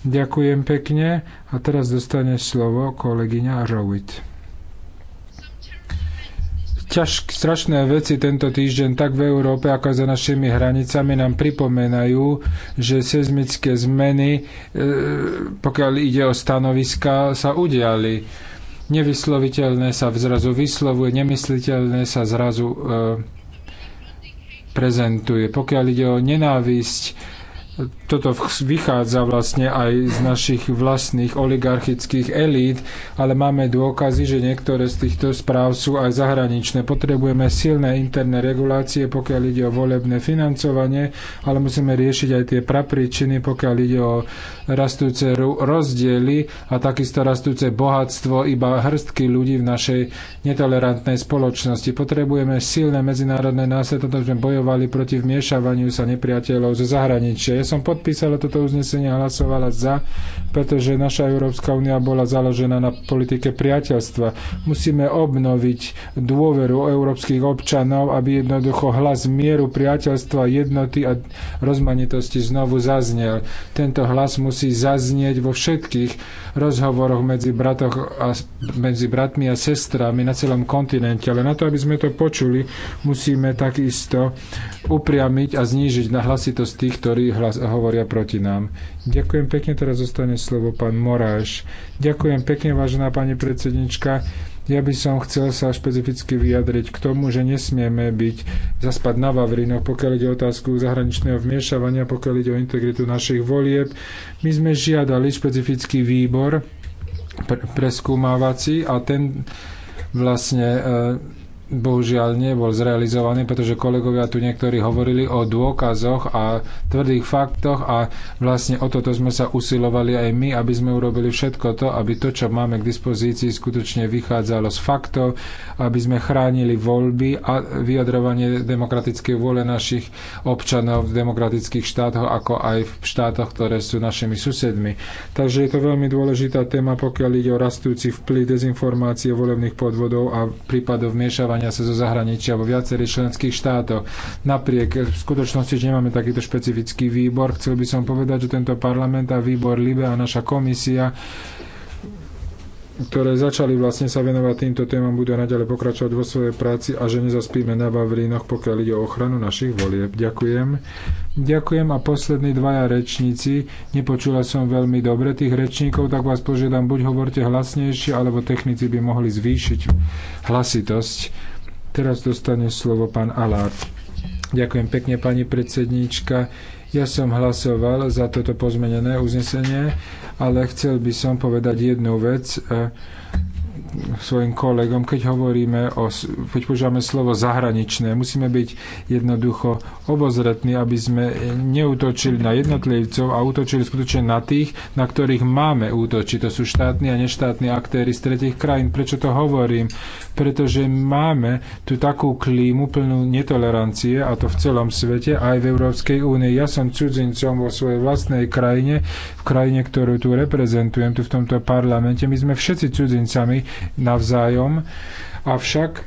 Ďakujem pekne a teraz dostane slovo kolegyňa Rowit ťažk, strašné veci tento týždeň tak v Európe, ako za našimi hranicami nám pripomenajú, že seizmické zmeny, e, pokiaľ ide o stanoviska, sa udiali. Nevysloviteľné sa zrazu vyslovuje, nemysliteľné sa zrazu e, prezentuje. Pokiaľ ide o nenávisť, toto vychádza vlastne aj z našich vlastných oligarchických elít, ale máme dôkazy, že niektoré z týchto správ sú aj zahraničné. Potrebujeme silné interné regulácie, pokiaľ ide o volebné financovanie, ale musíme riešiť aj tie prapríčiny, pokiaľ ide o rastúce rozdiely a takisto rastúce bohatstvo iba hrstky ľudí v našej netolerantnej spoločnosti. Potrebujeme silné medzinárodné následky, sme bojovali proti vmiešavaniu sa nepriateľov zo zahraničia som podpísala toto uznesenie a hlasovala za, pretože naša Európska únia bola založená na politike priateľstva. Musíme obnoviť dôveru európskych občanov, aby jednoducho hlas mieru, priateľstva, jednoty a rozmanitosti znovu zaznel. Tento hlas musí zaznieť vo všetkých rozhovoroch medzi, bratoch a, medzi bratmi a sestrami na celom kontinente. Ale na to, aby sme to počuli, musíme takisto upriamiť a znížiť na hlasitosť tých, ktorí hlas a hovoria proti nám. Ďakujem pekne, teraz zostane slovo pán Moráš. Ďakujem pekne, vážená pani predsednička. Ja by som chcel sa špecificky vyjadriť k tomu, že nesmieme byť zaspať na Vavrinoch, pokiaľ ide o otázku zahraničného vmiešavania, pokiaľ ide o integritu našich volieb. My sme žiadali špecifický výbor pre, preskúmávací a ten vlastne e, bohužiaľ nebol zrealizovaný, pretože kolegovia tu niektorí hovorili o dôkazoch a tvrdých faktoch a vlastne o toto sme sa usilovali aj my, aby sme urobili všetko to, aby to, čo máme k dispozícii, skutočne vychádzalo z faktov, aby sme chránili voľby a vyjadrovanie demokratickej vôle našich občanov v demokratických štátoch, ako aj v štátoch, ktoré sú našimi susedmi. Takže je to veľmi dôležitá téma, pokiaľ ide o rastúci vplyv dezinformácie, volebných podvodov a prípadov miešavania prideľovania sa zo zahraničia vo viacerých členských štátoch. Napriek skutočnosti, že nemáme takýto špecifický výbor, chcel by som povedať, že tento parlament a výbor LIBE a naša komisia ktoré začali vlastne sa venovať týmto témam, budú naďalej pokračovať vo svojej práci a že nezaspíme na Bavrínoch, pokiaľ ide o ochranu našich volieb. Ďakujem. Ďakujem a poslední dvaja rečníci. Nepočula som veľmi dobre tých rečníkov, tak vás požiadam, buď hovorte hlasnejšie, alebo technici by mohli zvýšiť hlasitosť. Teraz dostane slovo pán Alár. Ďakujem pekne, pani predsedníčka. Ja som hlasoval za toto pozmenené uznesenie, ale chcel by som povedať jednu vec svojim kolegom, keď hovoríme o, keď používame slovo zahraničné, musíme byť jednoducho obozretní, aby sme neútočili na jednotlivcov a útočili skutočne na tých, na ktorých máme útočiť. To sú štátni a neštátni aktéry z tretich krajín. Prečo to hovorím? Pretože máme tu takú klímu plnú netolerancie a to v celom svete, aj v Európskej únii. Ja som cudzincom vo svojej vlastnej krajine, v krajine, ktorú tu reprezentujem, tu v tomto parlamente. My sme všetci cudzincami, navzájom. Avšak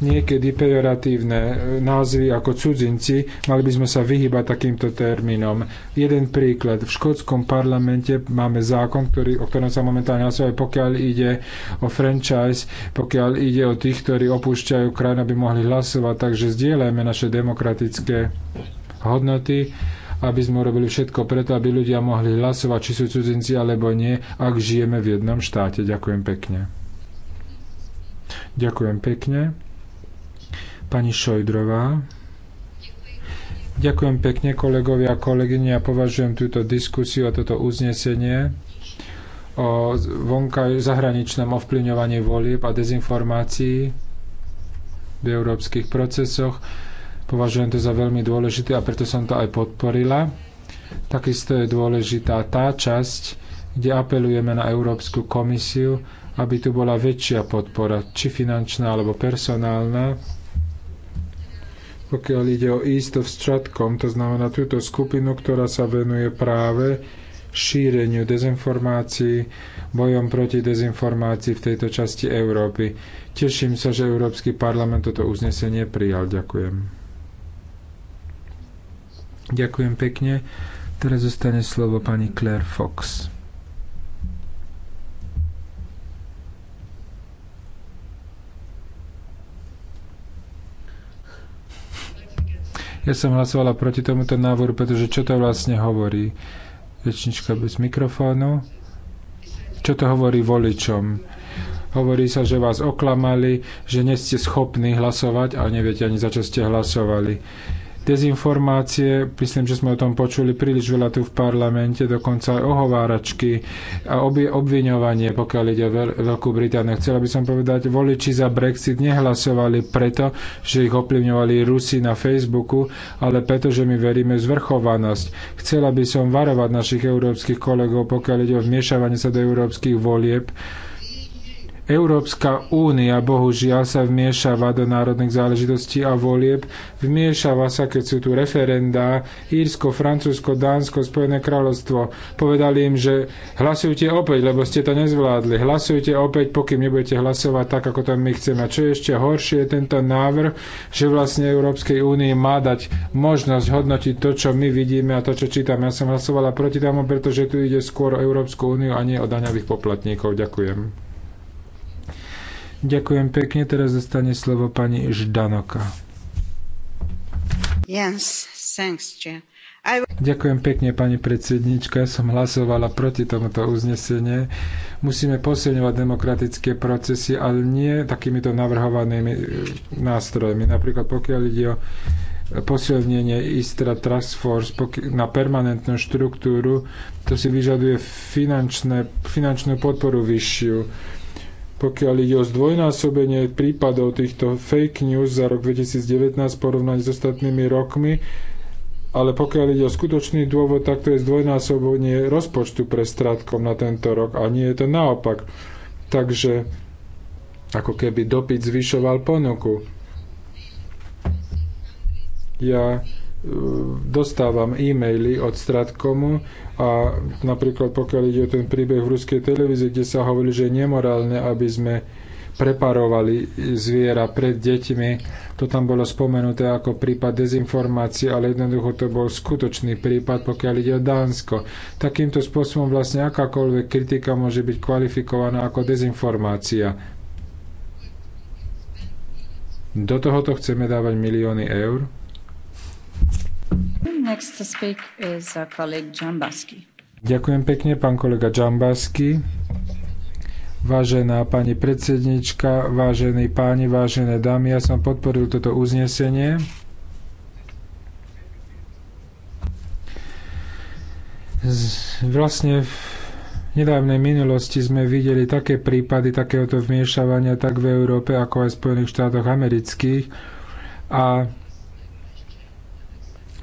niekedy pejoratívne názvy ako cudzinci, mali by sme sa vyhybať takýmto termínom. Jeden príklad. V škótskom parlamente máme zákon, ktorý, o ktorom sa momentálne hlasuje, pokiaľ ide o franchise, pokiaľ ide o tých, ktorí opúšťajú krajinu, aby mohli hlasovať. Takže zdieľajme naše demokratické hodnoty aby sme urobili všetko preto, aby ľudia mohli hlasovať, či sú cudzinci alebo nie, ak žijeme v jednom štáte. Ďakujem pekne. Ďakujem pekne. Pani Šojdrová. Ďakujem pekne kolegovia a kolegyne. Ja považujem túto diskusiu a toto uznesenie o vonkaj, zahraničnom ovplyvňovaní volieb a dezinformácií v európskych procesoch. Považujem to za veľmi dôležité a preto som to aj podporila. Takisto je dôležitá tá časť, kde apelujeme na Európsku komisiu, aby tu bola väčšia podpora, či finančná alebo personálna. Pokiaľ ide o East of Stratcom, to znamená túto skupinu, ktorá sa venuje práve šíreniu dezinformácií, bojom proti dezinformácii v tejto časti Európy. Teším sa, že Európsky parlament toto uznesenie prijal. Ďakujem. Ďakujem pekne. Teraz zostane slovo pani Claire Fox. Ja som hlasovala proti tomuto návoru, pretože čo to vlastne hovorí? Rečnička bez mikrofónu. Čo to hovorí voličom? Hovorí sa, že vás oklamali, že nie ste schopní hlasovať a neviete ani za čo ste hlasovali dezinformácie, myslím, že sme o tom počuli príliš veľa tu v parlamente, dokonca aj ohováračky a obviňovanie, pokiaľ ide o Veľkú Britániu. Chcela by som povedať, voliči za Brexit nehlasovali preto, že ich ovplyvňovali Rusi na Facebooku, ale preto, že my veríme zvrchovanosť. Chcela by som varovať našich európskych kolegov, pokiaľ ide o vmiešavanie sa do európskych volieb, Európska únia bohužiaľ sa vmiešava do národných záležitostí a volieb. Vmiešava sa, keď sú tu referendá. Írsko, Francúzsko, Dánsko, Spojené kráľovstvo. Povedali im, že hlasujte opäť, lebo ste to nezvládli. Hlasujte opäť, pokým nebudete hlasovať tak, ako to my chceme. A čo je ešte horšie, je tento návrh, že vlastne Európskej únii má dať možnosť hodnotiť to, čo my vidíme a to, čo čítame. Ja som hlasovala proti tomu, pretože tu ide skôr o Európsku úniu a nie o daňových poplatníkov. Ďakujem. Ďakujem pekne. Teraz dostane slovo pani Ždanoka. Yes, thanks, Chair. Ďakujem pekne, pani predsednička. Ja som hlasovala proti tomuto uznesenie. Musíme posilňovať demokratické procesy, ale nie takýmito navrhovanými e, nástrojmi. Napríklad pokiaľ ide o posilnenie Istra Trust Force na permanentnú štruktúru, to si vyžaduje finančné, finančnú podporu vyššiu pokiaľ ide o zdvojnásobenie prípadov týchto fake news za rok 2019 v porovnaní s ostatnými rokmi, ale pokiaľ ide o skutočný dôvod, tak to je zdvojnásobenie rozpočtu pre Stratkom na tento rok a nie je to naopak. Takže ako keby dopyt zvyšoval ponuku. Ja dostávam e-maily od Stratkomu a napríklad pokiaľ ide o ten príbeh v ruskej televízii, kde sa hovorí, že je nemorálne, aby sme preparovali zviera pred deťmi. To tam bolo spomenuté ako prípad dezinformácie, ale jednoducho to bol skutočný prípad, pokiaľ ide o Dánsko. Takýmto spôsobom vlastne akákoľvek kritika môže byť kvalifikovaná ako dezinformácia. Do tohoto chceme dávať milióny eur? Ďakujem pekne, pán kolega Džambasky. Vážená pani predsednička, vážení páni, vážené dámy, ja som podporil toto uznesenie. vlastne v nedávnej minulosti sme videli také prípady takéhoto vmiešavania tak v Európe, ako aj v Spojených štátoch amerických. A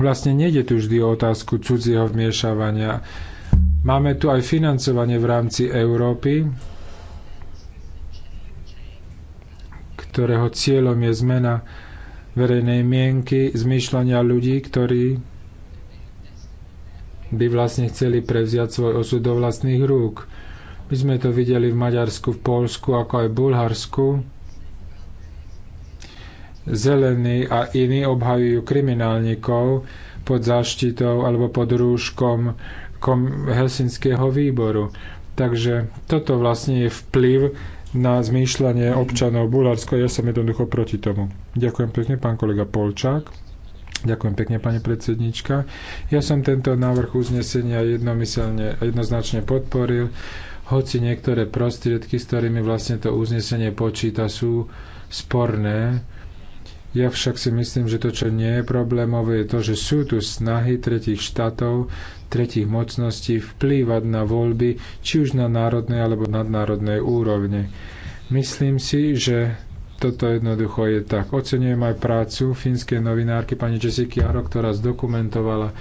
Vlastne nejde tu vždy o otázku cudzieho vmiešavania. Máme tu aj financovanie v rámci Európy, ktorého cieľom je zmena verejnej mienky, zmýšľania ľudí, ktorí by vlastne chceli prevziať svoj osud do vlastných rúk. My sme to videli v Maďarsku, v Polsku, ako aj v Bulharsku zelení a iní obhajujú kriminálnikov pod záštitou alebo pod rúškom Helsinského výboru. Takže toto vlastne je vplyv na zmýšľanie občanov Bulharsko. Ja som jednoducho proti tomu. Ďakujem pekne, pán kolega Polčák. Ďakujem pekne, pani predsednička. Ja som tento návrh uznesenia jednomyselne, jednoznačne podporil, hoci niektoré prostriedky, s ktorými vlastne to uznesenie počíta, sú sporné ja však si myslím, že to, čo nie je problémové, je to, že sú tu snahy tretich štátov, tretich mocností vplývať na voľby, či už na národnej alebo nadnárodnej úrovni. Myslím si, že toto jednoducho je tak. Oceňujem aj prácu fínskej novinárky pani Jessica Jaro, ktorá zdokumentovala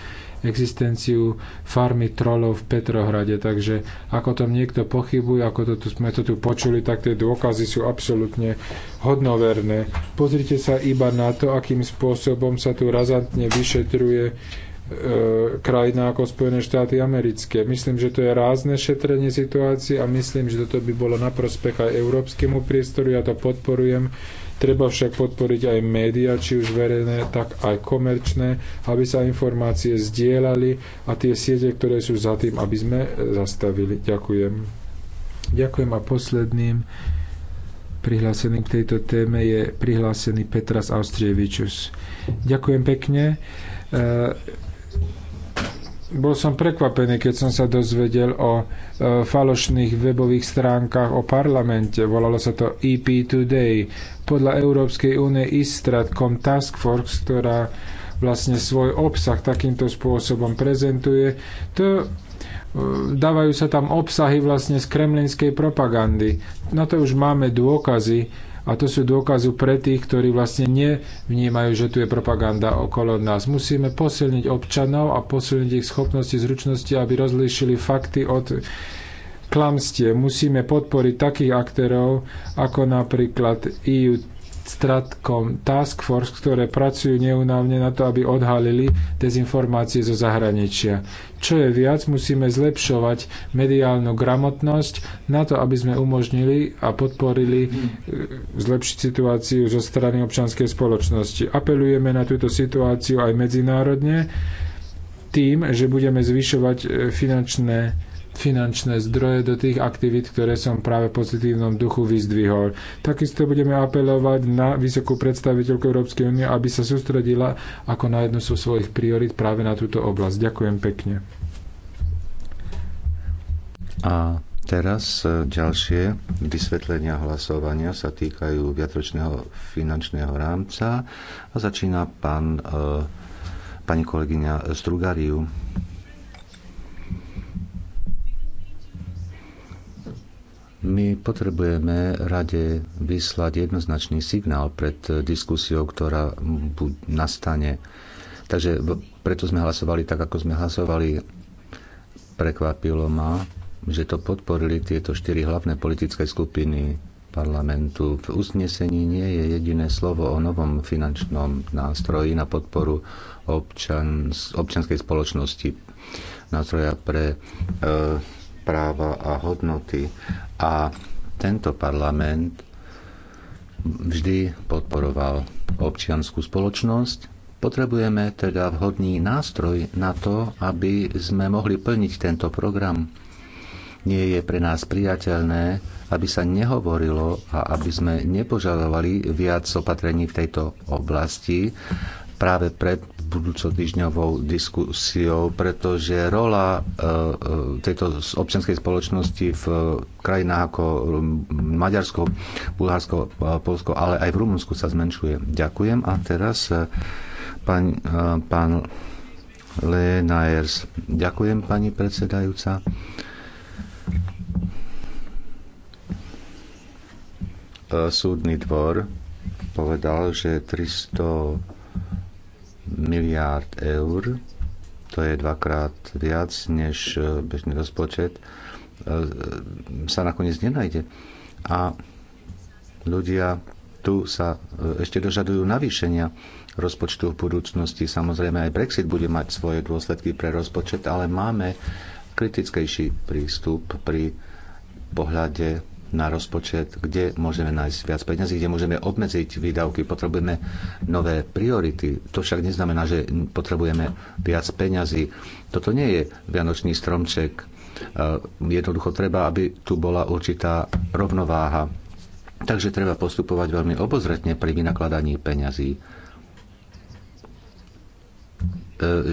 existenciu farmy trolov v Petrohrade. Takže ako tom niekto pochybuje, ako to tu, sme to tu počuli, tak tie dôkazy sú absolútne hodnoverné. Pozrite sa iba na to, akým spôsobom sa tu razantne vyšetruje e, krajina ako Spojené štáty americké. Myslím, že to je rázne šetrenie situácie a myslím, že toto by bolo na prospech aj európskemu priestoru. Ja to podporujem Treba však podporiť aj médiá, či už verejné, tak aj komerčné, aby sa informácie zdieľali a tie siete, ktoré sú za tým, aby sme e, zastavili. Ďakujem. Ďakujem a posledným prihláseným k tejto téme je prihlásený Petras Austrievičus. Ďakujem pekne. E, bol som prekvapený, keď som sa dozvedel o e, falošných webových stránkach o parlamente. Volalo sa to EP Today. Podľa Európskej únie Istratcom Task Force, ktorá vlastne svoj obsah takýmto spôsobom prezentuje, to e, dávajú sa tam obsahy vlastne z kremlinskej propagandy. Na to už máme dôkazy, a to sú dôkazy pre tých, ktorí vlastne nevnímajú, že tu je propaganda okolo nás. Musíme posilniť občanov a posilniť ich schopnosti, zručnosti, aby rozlíšili fakty od klamstie. Musíme podporiť takých aktérov, ako napríklad EU stratkom Task Force, ktoré pracujú neunávne na to, aby odhalili dezinformácie zo zahraničia. Čo je viac, musíme zlepšovať mediálnu gramotnosť na to, aby sme umožnili a podporili e, zlepšiť situáciu zo strany občanskej spoločnosti. Apelujeme na túto situáciu aj medzinárodne tým, že budeme zvyšovať e, finančné finančné zdroje do tých aktivít, ktoré som práve v pozitívnom duchu vyzdvihol. Takisto budeme apelovať na vysokú predstaviteľku Európskej únie, aby sa sústredila ako na jednu zo svojich priorit práve na túto oblasť. Ďakujem pekne. A teraz e, ďalšie vysvetlenia hlasovania sa týkajú viatročného finančného rámca a začína pán, e, pani kolegyňa Strugariu. My potrebujeme rade vyslať jednoznačný signál pred diskusiou, ktorá nastane. Takže preto sme hlasovali tak, ako sme hlasovali. Prekvapilo ma, že to podporili tieto štyri hlavné politické skupiny parlamentu. V usnesení nie je jediné slovo o novom finančnom nástroji na podporu občan, občanskej spoločnosti, nástroja pre e, práva a hodnoty. A tento parlament vždy podporoval občianskú spoločnosť. Potrebujeme teda vhodný nástroj na to, aby sme mohli plniť tento program. Nie je pre nás priateľné, aby sa nehovorilo a aby sme nepožadovali viac opatrení v tejto oblasti, práve pred, týždňovou diskusiou, pretože rola e, e, tejto občianskej spoločnosti v krajinách ako Maďarsko, Bulharsko, e, Polsko, ale aj v Rumunsku sa zmenšuje. Ďakujem. A teraz pán, pán Lenaers. Ďakujem, pani predsedajúca. Súdny dvor povedal, že 300 miliárd eur, to je dvakrát viac než eh, bežný rozpočet, eh, sa nakoniec nenajde. A ľudia tu sa eh, ešte dožadujú navýšenia rozpočtu v budúcnosti. Samozrejme aj Brexit bude mať svoje dôsledky pre rozpočet, ale máme kritickejší prístup pri pohľade na rozpočet, kde môžeme nájsť viac peniazy, kde môžeme obmedziť výdavky, potrebujeme nové priority. To však neznamená, že potrebujeme viac peňazí. Toto nie je vianočný stromček. E, jednoducho treba, aby tu bola určitá rovnováha. Takže treba postupovať veľmi obozretne pri vynakladaní peňazí e,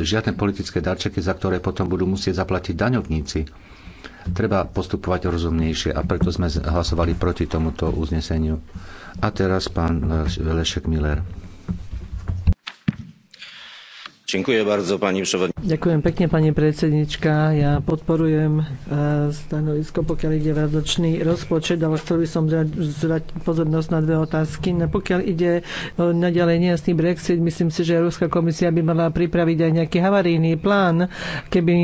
žiadne politické darčeky, za ktoré potom budú musieť zaplatiť daňovníci. Treba postupovať rozumnejšie a preto sme hlasovali proti tomuto uzneseniu. A teraz pán Lešek Miller. Ďakujem pekne, pani predsednička. Ja podporujem e, stanovisko, pokiaľ ide vradočný rozpočet, ale chcel by som zrať pozornosť na dve otázky. No, pokiaľ ide e, naďalej nejasný Brexit, myslím si, že Európska komisia by mala pripraviť aj nejaký havarijný plán, keby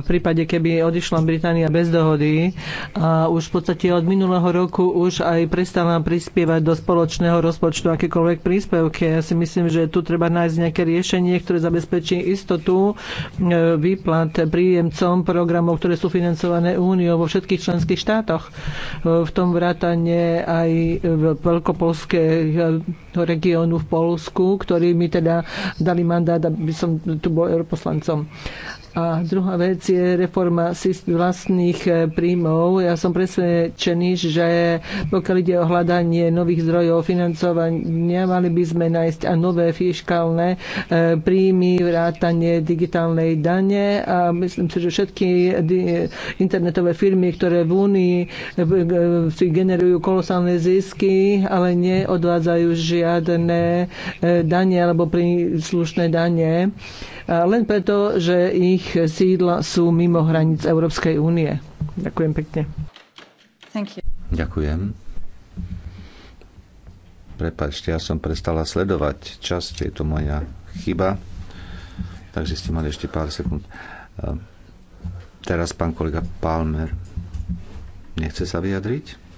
v prípade, keby odišla Británia bez dohody a už v podstate od minulého roku už aj prestala prispievať do spoločného rozpočtu akékoľvek príspevky. Ja si myslím, že tu treba nájsť nejaké riešenie, ktoré zabezpečí zabezpečí istotu e, výplat príjemcom programov, ktoré sú financované úniou vo všetkých členských štátoch. E, v tom vrátane aj v veľkopolského e, regiónu v Polsku, ktorý mi teda dali mandát, aby som tu bol europoslancom. A druhá vec je reforma vlastných eh, príjmov. Ja som presvedčený, že pokiaľ ide o hľadanie nových zdrojov financovania, mali by sme nájsť a nové fiskálne eh, príjmy, vrátanie digitálnej dane a myslím si, že všetky internetové firmy, ktoré v Únii eh, si generujú kolosálne zisky, ale neodvádzajú žiadne dane alebo príslušné dane, len preto, že ich ich sídla sú mimo hranic Európskej únie. Ďakujem pekne. Thank you. Ďakujem. Prepačte, ja som prestala sledovať čas, je to moja chyba. Takže ste mali ešte pár sekúnd. Ehm, teraz pán kolega Palmer. Nechce sa vyjadriť?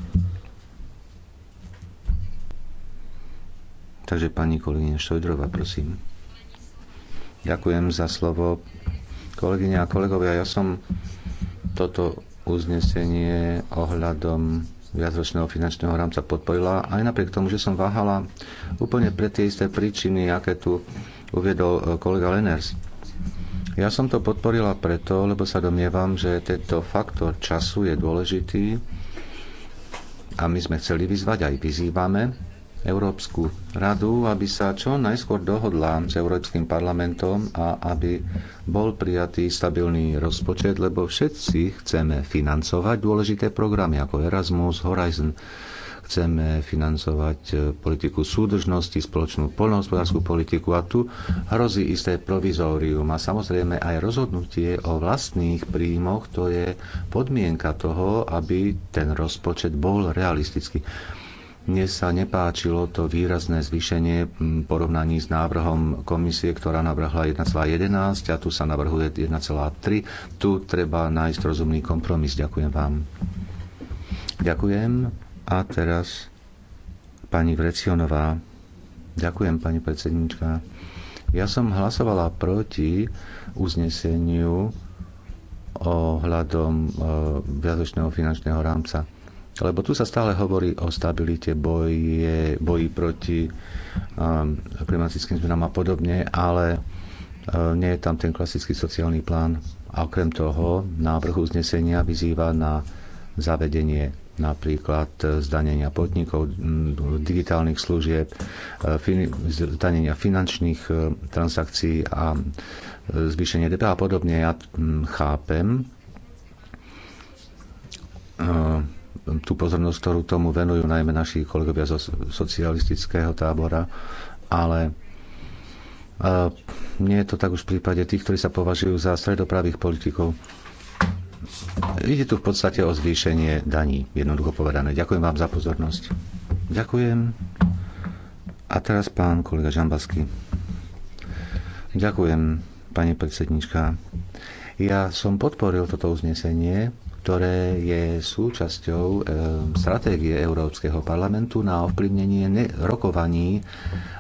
Takže pani kolegyne Šojdrova, prosím. Ďakujem za slovo, Kolegyne a kolegovia, ja som toto uznesenie ohľadom viacročného finančného rámca podporila, aj napriek tomu, že som váhala úplne pre tie isté príčiny, aké tu uviedol e, kolega Leners. Ja som to podporila preto, lebo sa domnievam, že tento faktor času je dôležitý a my sme chceli vyzvať, aj vyzývame Európsku radu, aby sa čo najskôr dohodla s Európskym parlamentom a aby bol prijatý stabilný rozpočet, lebo všetci chceme financovať dôležité programy ako Erasmus, Horizon, chceme financovať e, politiku súdržnosti, spoločnú poľnohospodárskú politiku a tu hrozí isté provizórium a samozrejme aj rozhodnutie o vlastných príjmoch, to je podmienka toho, aby ten rozpočet bol realistický. Mne sa nepáčilo to výrazné zvýšenie porovnaní s návrhom komisie, ktorá navrhla 1,11 a tu sa navrhuje 1,3. Tu treba nájsť rozumný kompromis. Ďakujem vám. Ďakujem. A teraz pani Vrecionová. Ďakujem, pani predsednička. Ja som hlasovala proti uzneseniu ohľadom e, viazočného finančného rámca lebo tu sa stále hovorí o stabilite, boji, boji proti um, klimatickým zmenám a podobne, ale um, nie je tam ten klasický sociálny plán. A okrem toho návrh uznesenia vyzýva na zavedenie napríklad uh, zdanenia podnikov, mm, digitálnych služieb, uh, zdanenia finančných transakcií a zvýšenie DPH a podobne. Ja mm, chápem, tú pozornosť, ktorú tomu venujú najmä naši kolegovia zo socialistického tábora, ale e, nie je to tak už v prípade tých, ktorí sa považujú za stredopravých politikov. Ide tu v podstate o zvýšenie daní, jednoducho povedané. Ďakujem vám za pozornosť. Ďakujem. A teraz pán kolega Žambasky. Ďakujem, pani predsednička. Ja som podporil toto uznesenie, ktoré je súčasťou e, stratégie Európskeho parlamentu na ovplyvnenie rokovaní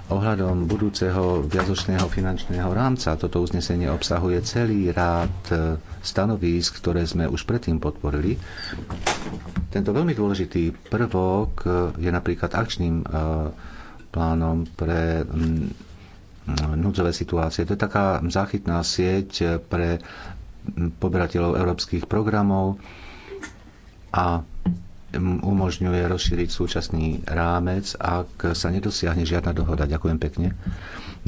ohľadom budúceho viazočného finančného rámca. Toto uznesenie obsahuje celý rád eh, stanovísk, ktoré sme už predtým podporili. Tento veľmi dôležitý prvok eh, je napríklad akčným e, plánom pre mm, núdzové situácie. To je taká záchytná sieť pre poberateľov európskych programov a umožňuje rozšíriť súčasný rámec, ak sa nedosiahne žiadna dohoda. Ďakujem pekne.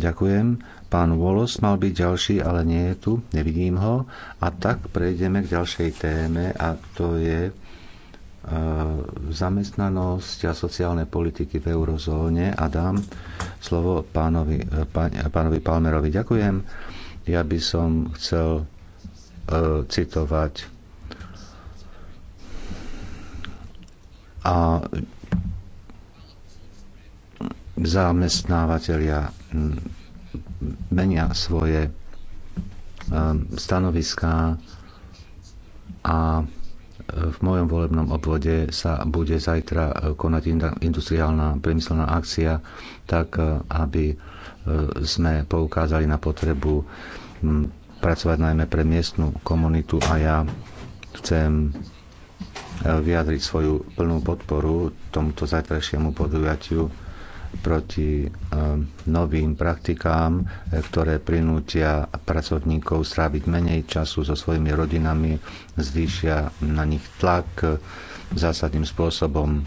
Ďakujem. Pán Wallace mal byť ďalší, ale nie je tu. Nevidím ho. A tak prejdeme k ďalšej téme a to je e, zamestnanosť a sociálne politiky v eurozóne a dám slovo pánovi, e, pánovi Palmerovi. Ďakujem. Ja by som chcel E, citovať. A zamestnávateľia menia svoje e, stanoviská a v mojom volebnom obvode sa bude zajtra konať industriálna priemyselná akcia, tak e, aby sme poukázali na potrebu pracovať najmä pre miestnú komunitu a ja chcem eh, vyjadriť svoju plnú podporu tomuto zajtrajšiemu podujatiu proti eh, novým praktikám, eh, ktoré prinútia pracovníkov stráviť menej času so svojimi rodinami, zvýšia na nich tlak zásadným spôsobom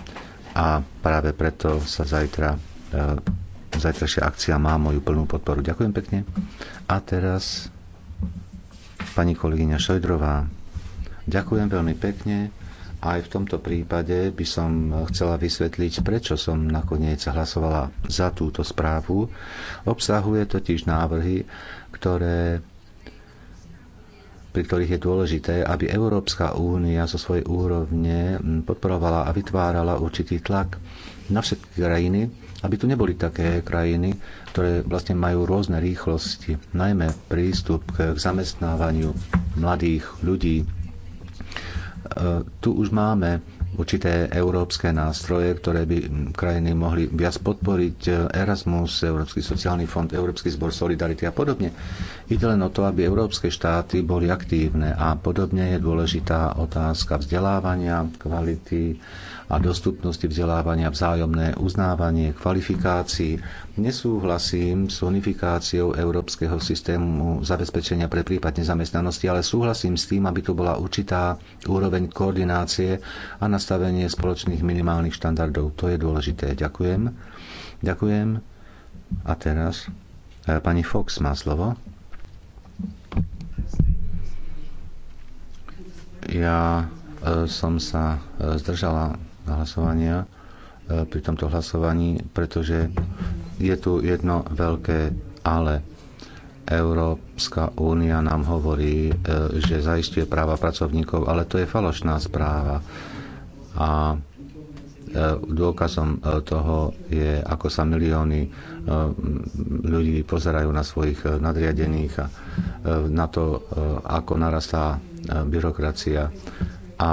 a práve preto sa zajtra zajtrajšia akcia má moju plnú podporu. Ďakujem pekne. A teraz pani kolegyňa Šojdrová. Ďakujem veľmi pekne. Aj v tomto prípade by som chcela vysvetliť, prečo som nakoniec hlasovala za túto správu. Obsahuje totiž návrhy, ktoré pri ktorých je dôležité, aby Európska únia zo svojej úrovne podporovala a vytvárala určitý tlak na všetky krajiny, aby tu neboli také krajiny, ktoré vlastne majú rôzne rýchlosti, najmä prístup k zamestnávaniu mladých ľudí. E, tu už máme určité európske nástroje, ktoré by krajiny mohli viac podporiť, Erasmus, Európsky sociálny fond, Európsky zbor Solidarity a podobne. Ide len o to, aby európske štáty boli aktívne a podobne je dôležitá otázka vzdelávania, kvality a dostupnosti vzdelávania, vzájomné uznávanie kvalifikácií. Nesúhlasím s unifikáciou európskeho systému zabezpečenia pre prípad nezamestnanosti, ale súhlasím s tým, aby tu bola určitá úroveň koordinácie a nastavenie spoločných minimálnych štandardov. To je dôležité. Ďakujem. Ďakujem. A teraz e, pani Fox má slovo. ja e, som sa e, zdržala hlasovania e, pri tomto hlasovaní, pretože je tu jedno veľké ale. Európska únia nám hovorí, e, že zaistuje práva pracovníkov, ale to je falošná správa. A e, dôkazom toho je, ako sa milióny ľudí pozerajú na svojich nadriadených a na to, ako narastá byrokracia. A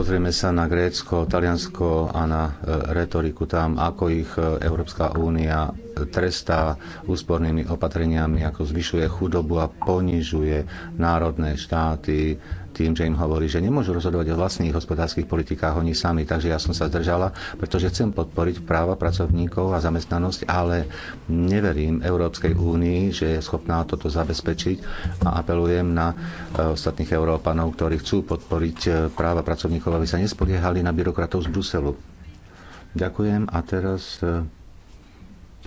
Pozrieme sa na Grécko, Taliansko a na e, retoriku tam, ako ich e, Európska únia trestá úspornými opatreniami, ako zvyšuje chudobu a ponižuje národné štáty, tým, že im hovorí, že nemôžu rozhodovať o vlastných hospodárskych politikách oni sami. Takže ja som sa zdržala, pretože chcem podporiť práva pracovníkov a zamestnanosť, ale neverím Európskej únii, že je schopná toto zabezpečiť a apelujem na e, ostatných Európanov, ktorí chcú podporiť e, práva pracovníkov, aby sa nespoliehali na byrokratov z Bruselu. Ďakujem a teraz e,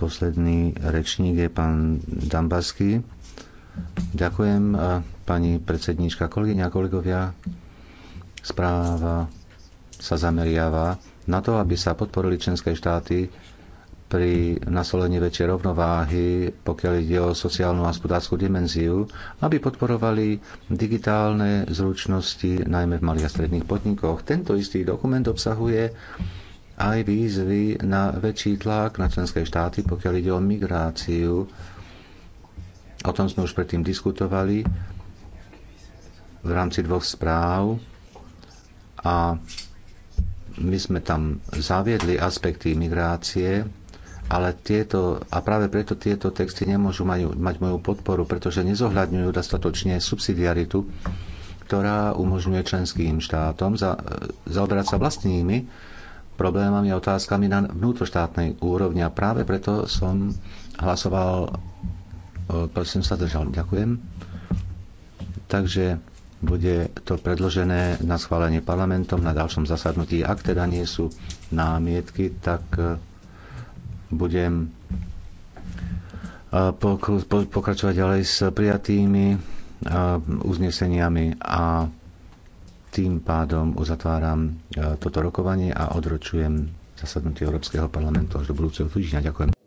posledný rečník je pán Dambasky Ďakujem, pani predsedníčka, kolegyňa a kolegovia. Správa sa zameriava na to, aby sa podporili členské štáty pri nasolení väčšej rovnováhy, pokiaľ ide o sociálnu a hospodárskú dimenziu, aby podporovali digitálne zručnosti, najmä v malých a stredných podnikoch. Tento istý dokument obsahuje aj výzvy na väčší tlak na členské štáty, pokiaľ ide o migráciu O tom sme už predtým diskutovali v rámci dvoch správ a my sme tam zaviedli aspekty migrácie, ale tieto, a práve preto tieto texty nemôžu mať, mať moju podporu, pretože nezohľadňujú dostatočne subsidiaritu, ktorá umožňuje členským štátom za, zaoberať sa vlastnými problémami a otázkami na vnútroštátnej úrovni. A práve preto som hlasoval prosím sa držal. Ďakujem. Takže bude to predložené na schválenie parlamentom na ďalšom zasadnutí. Ak teda nie sú námietky, tak e, budem e, pokračovať ďalej s prijatými e, uzneseniami a tým pádom uzatváram toto rokovanie a odročujem zasadnutie Európskeho parlamentu až do budúceho týždňa. Ďakujem.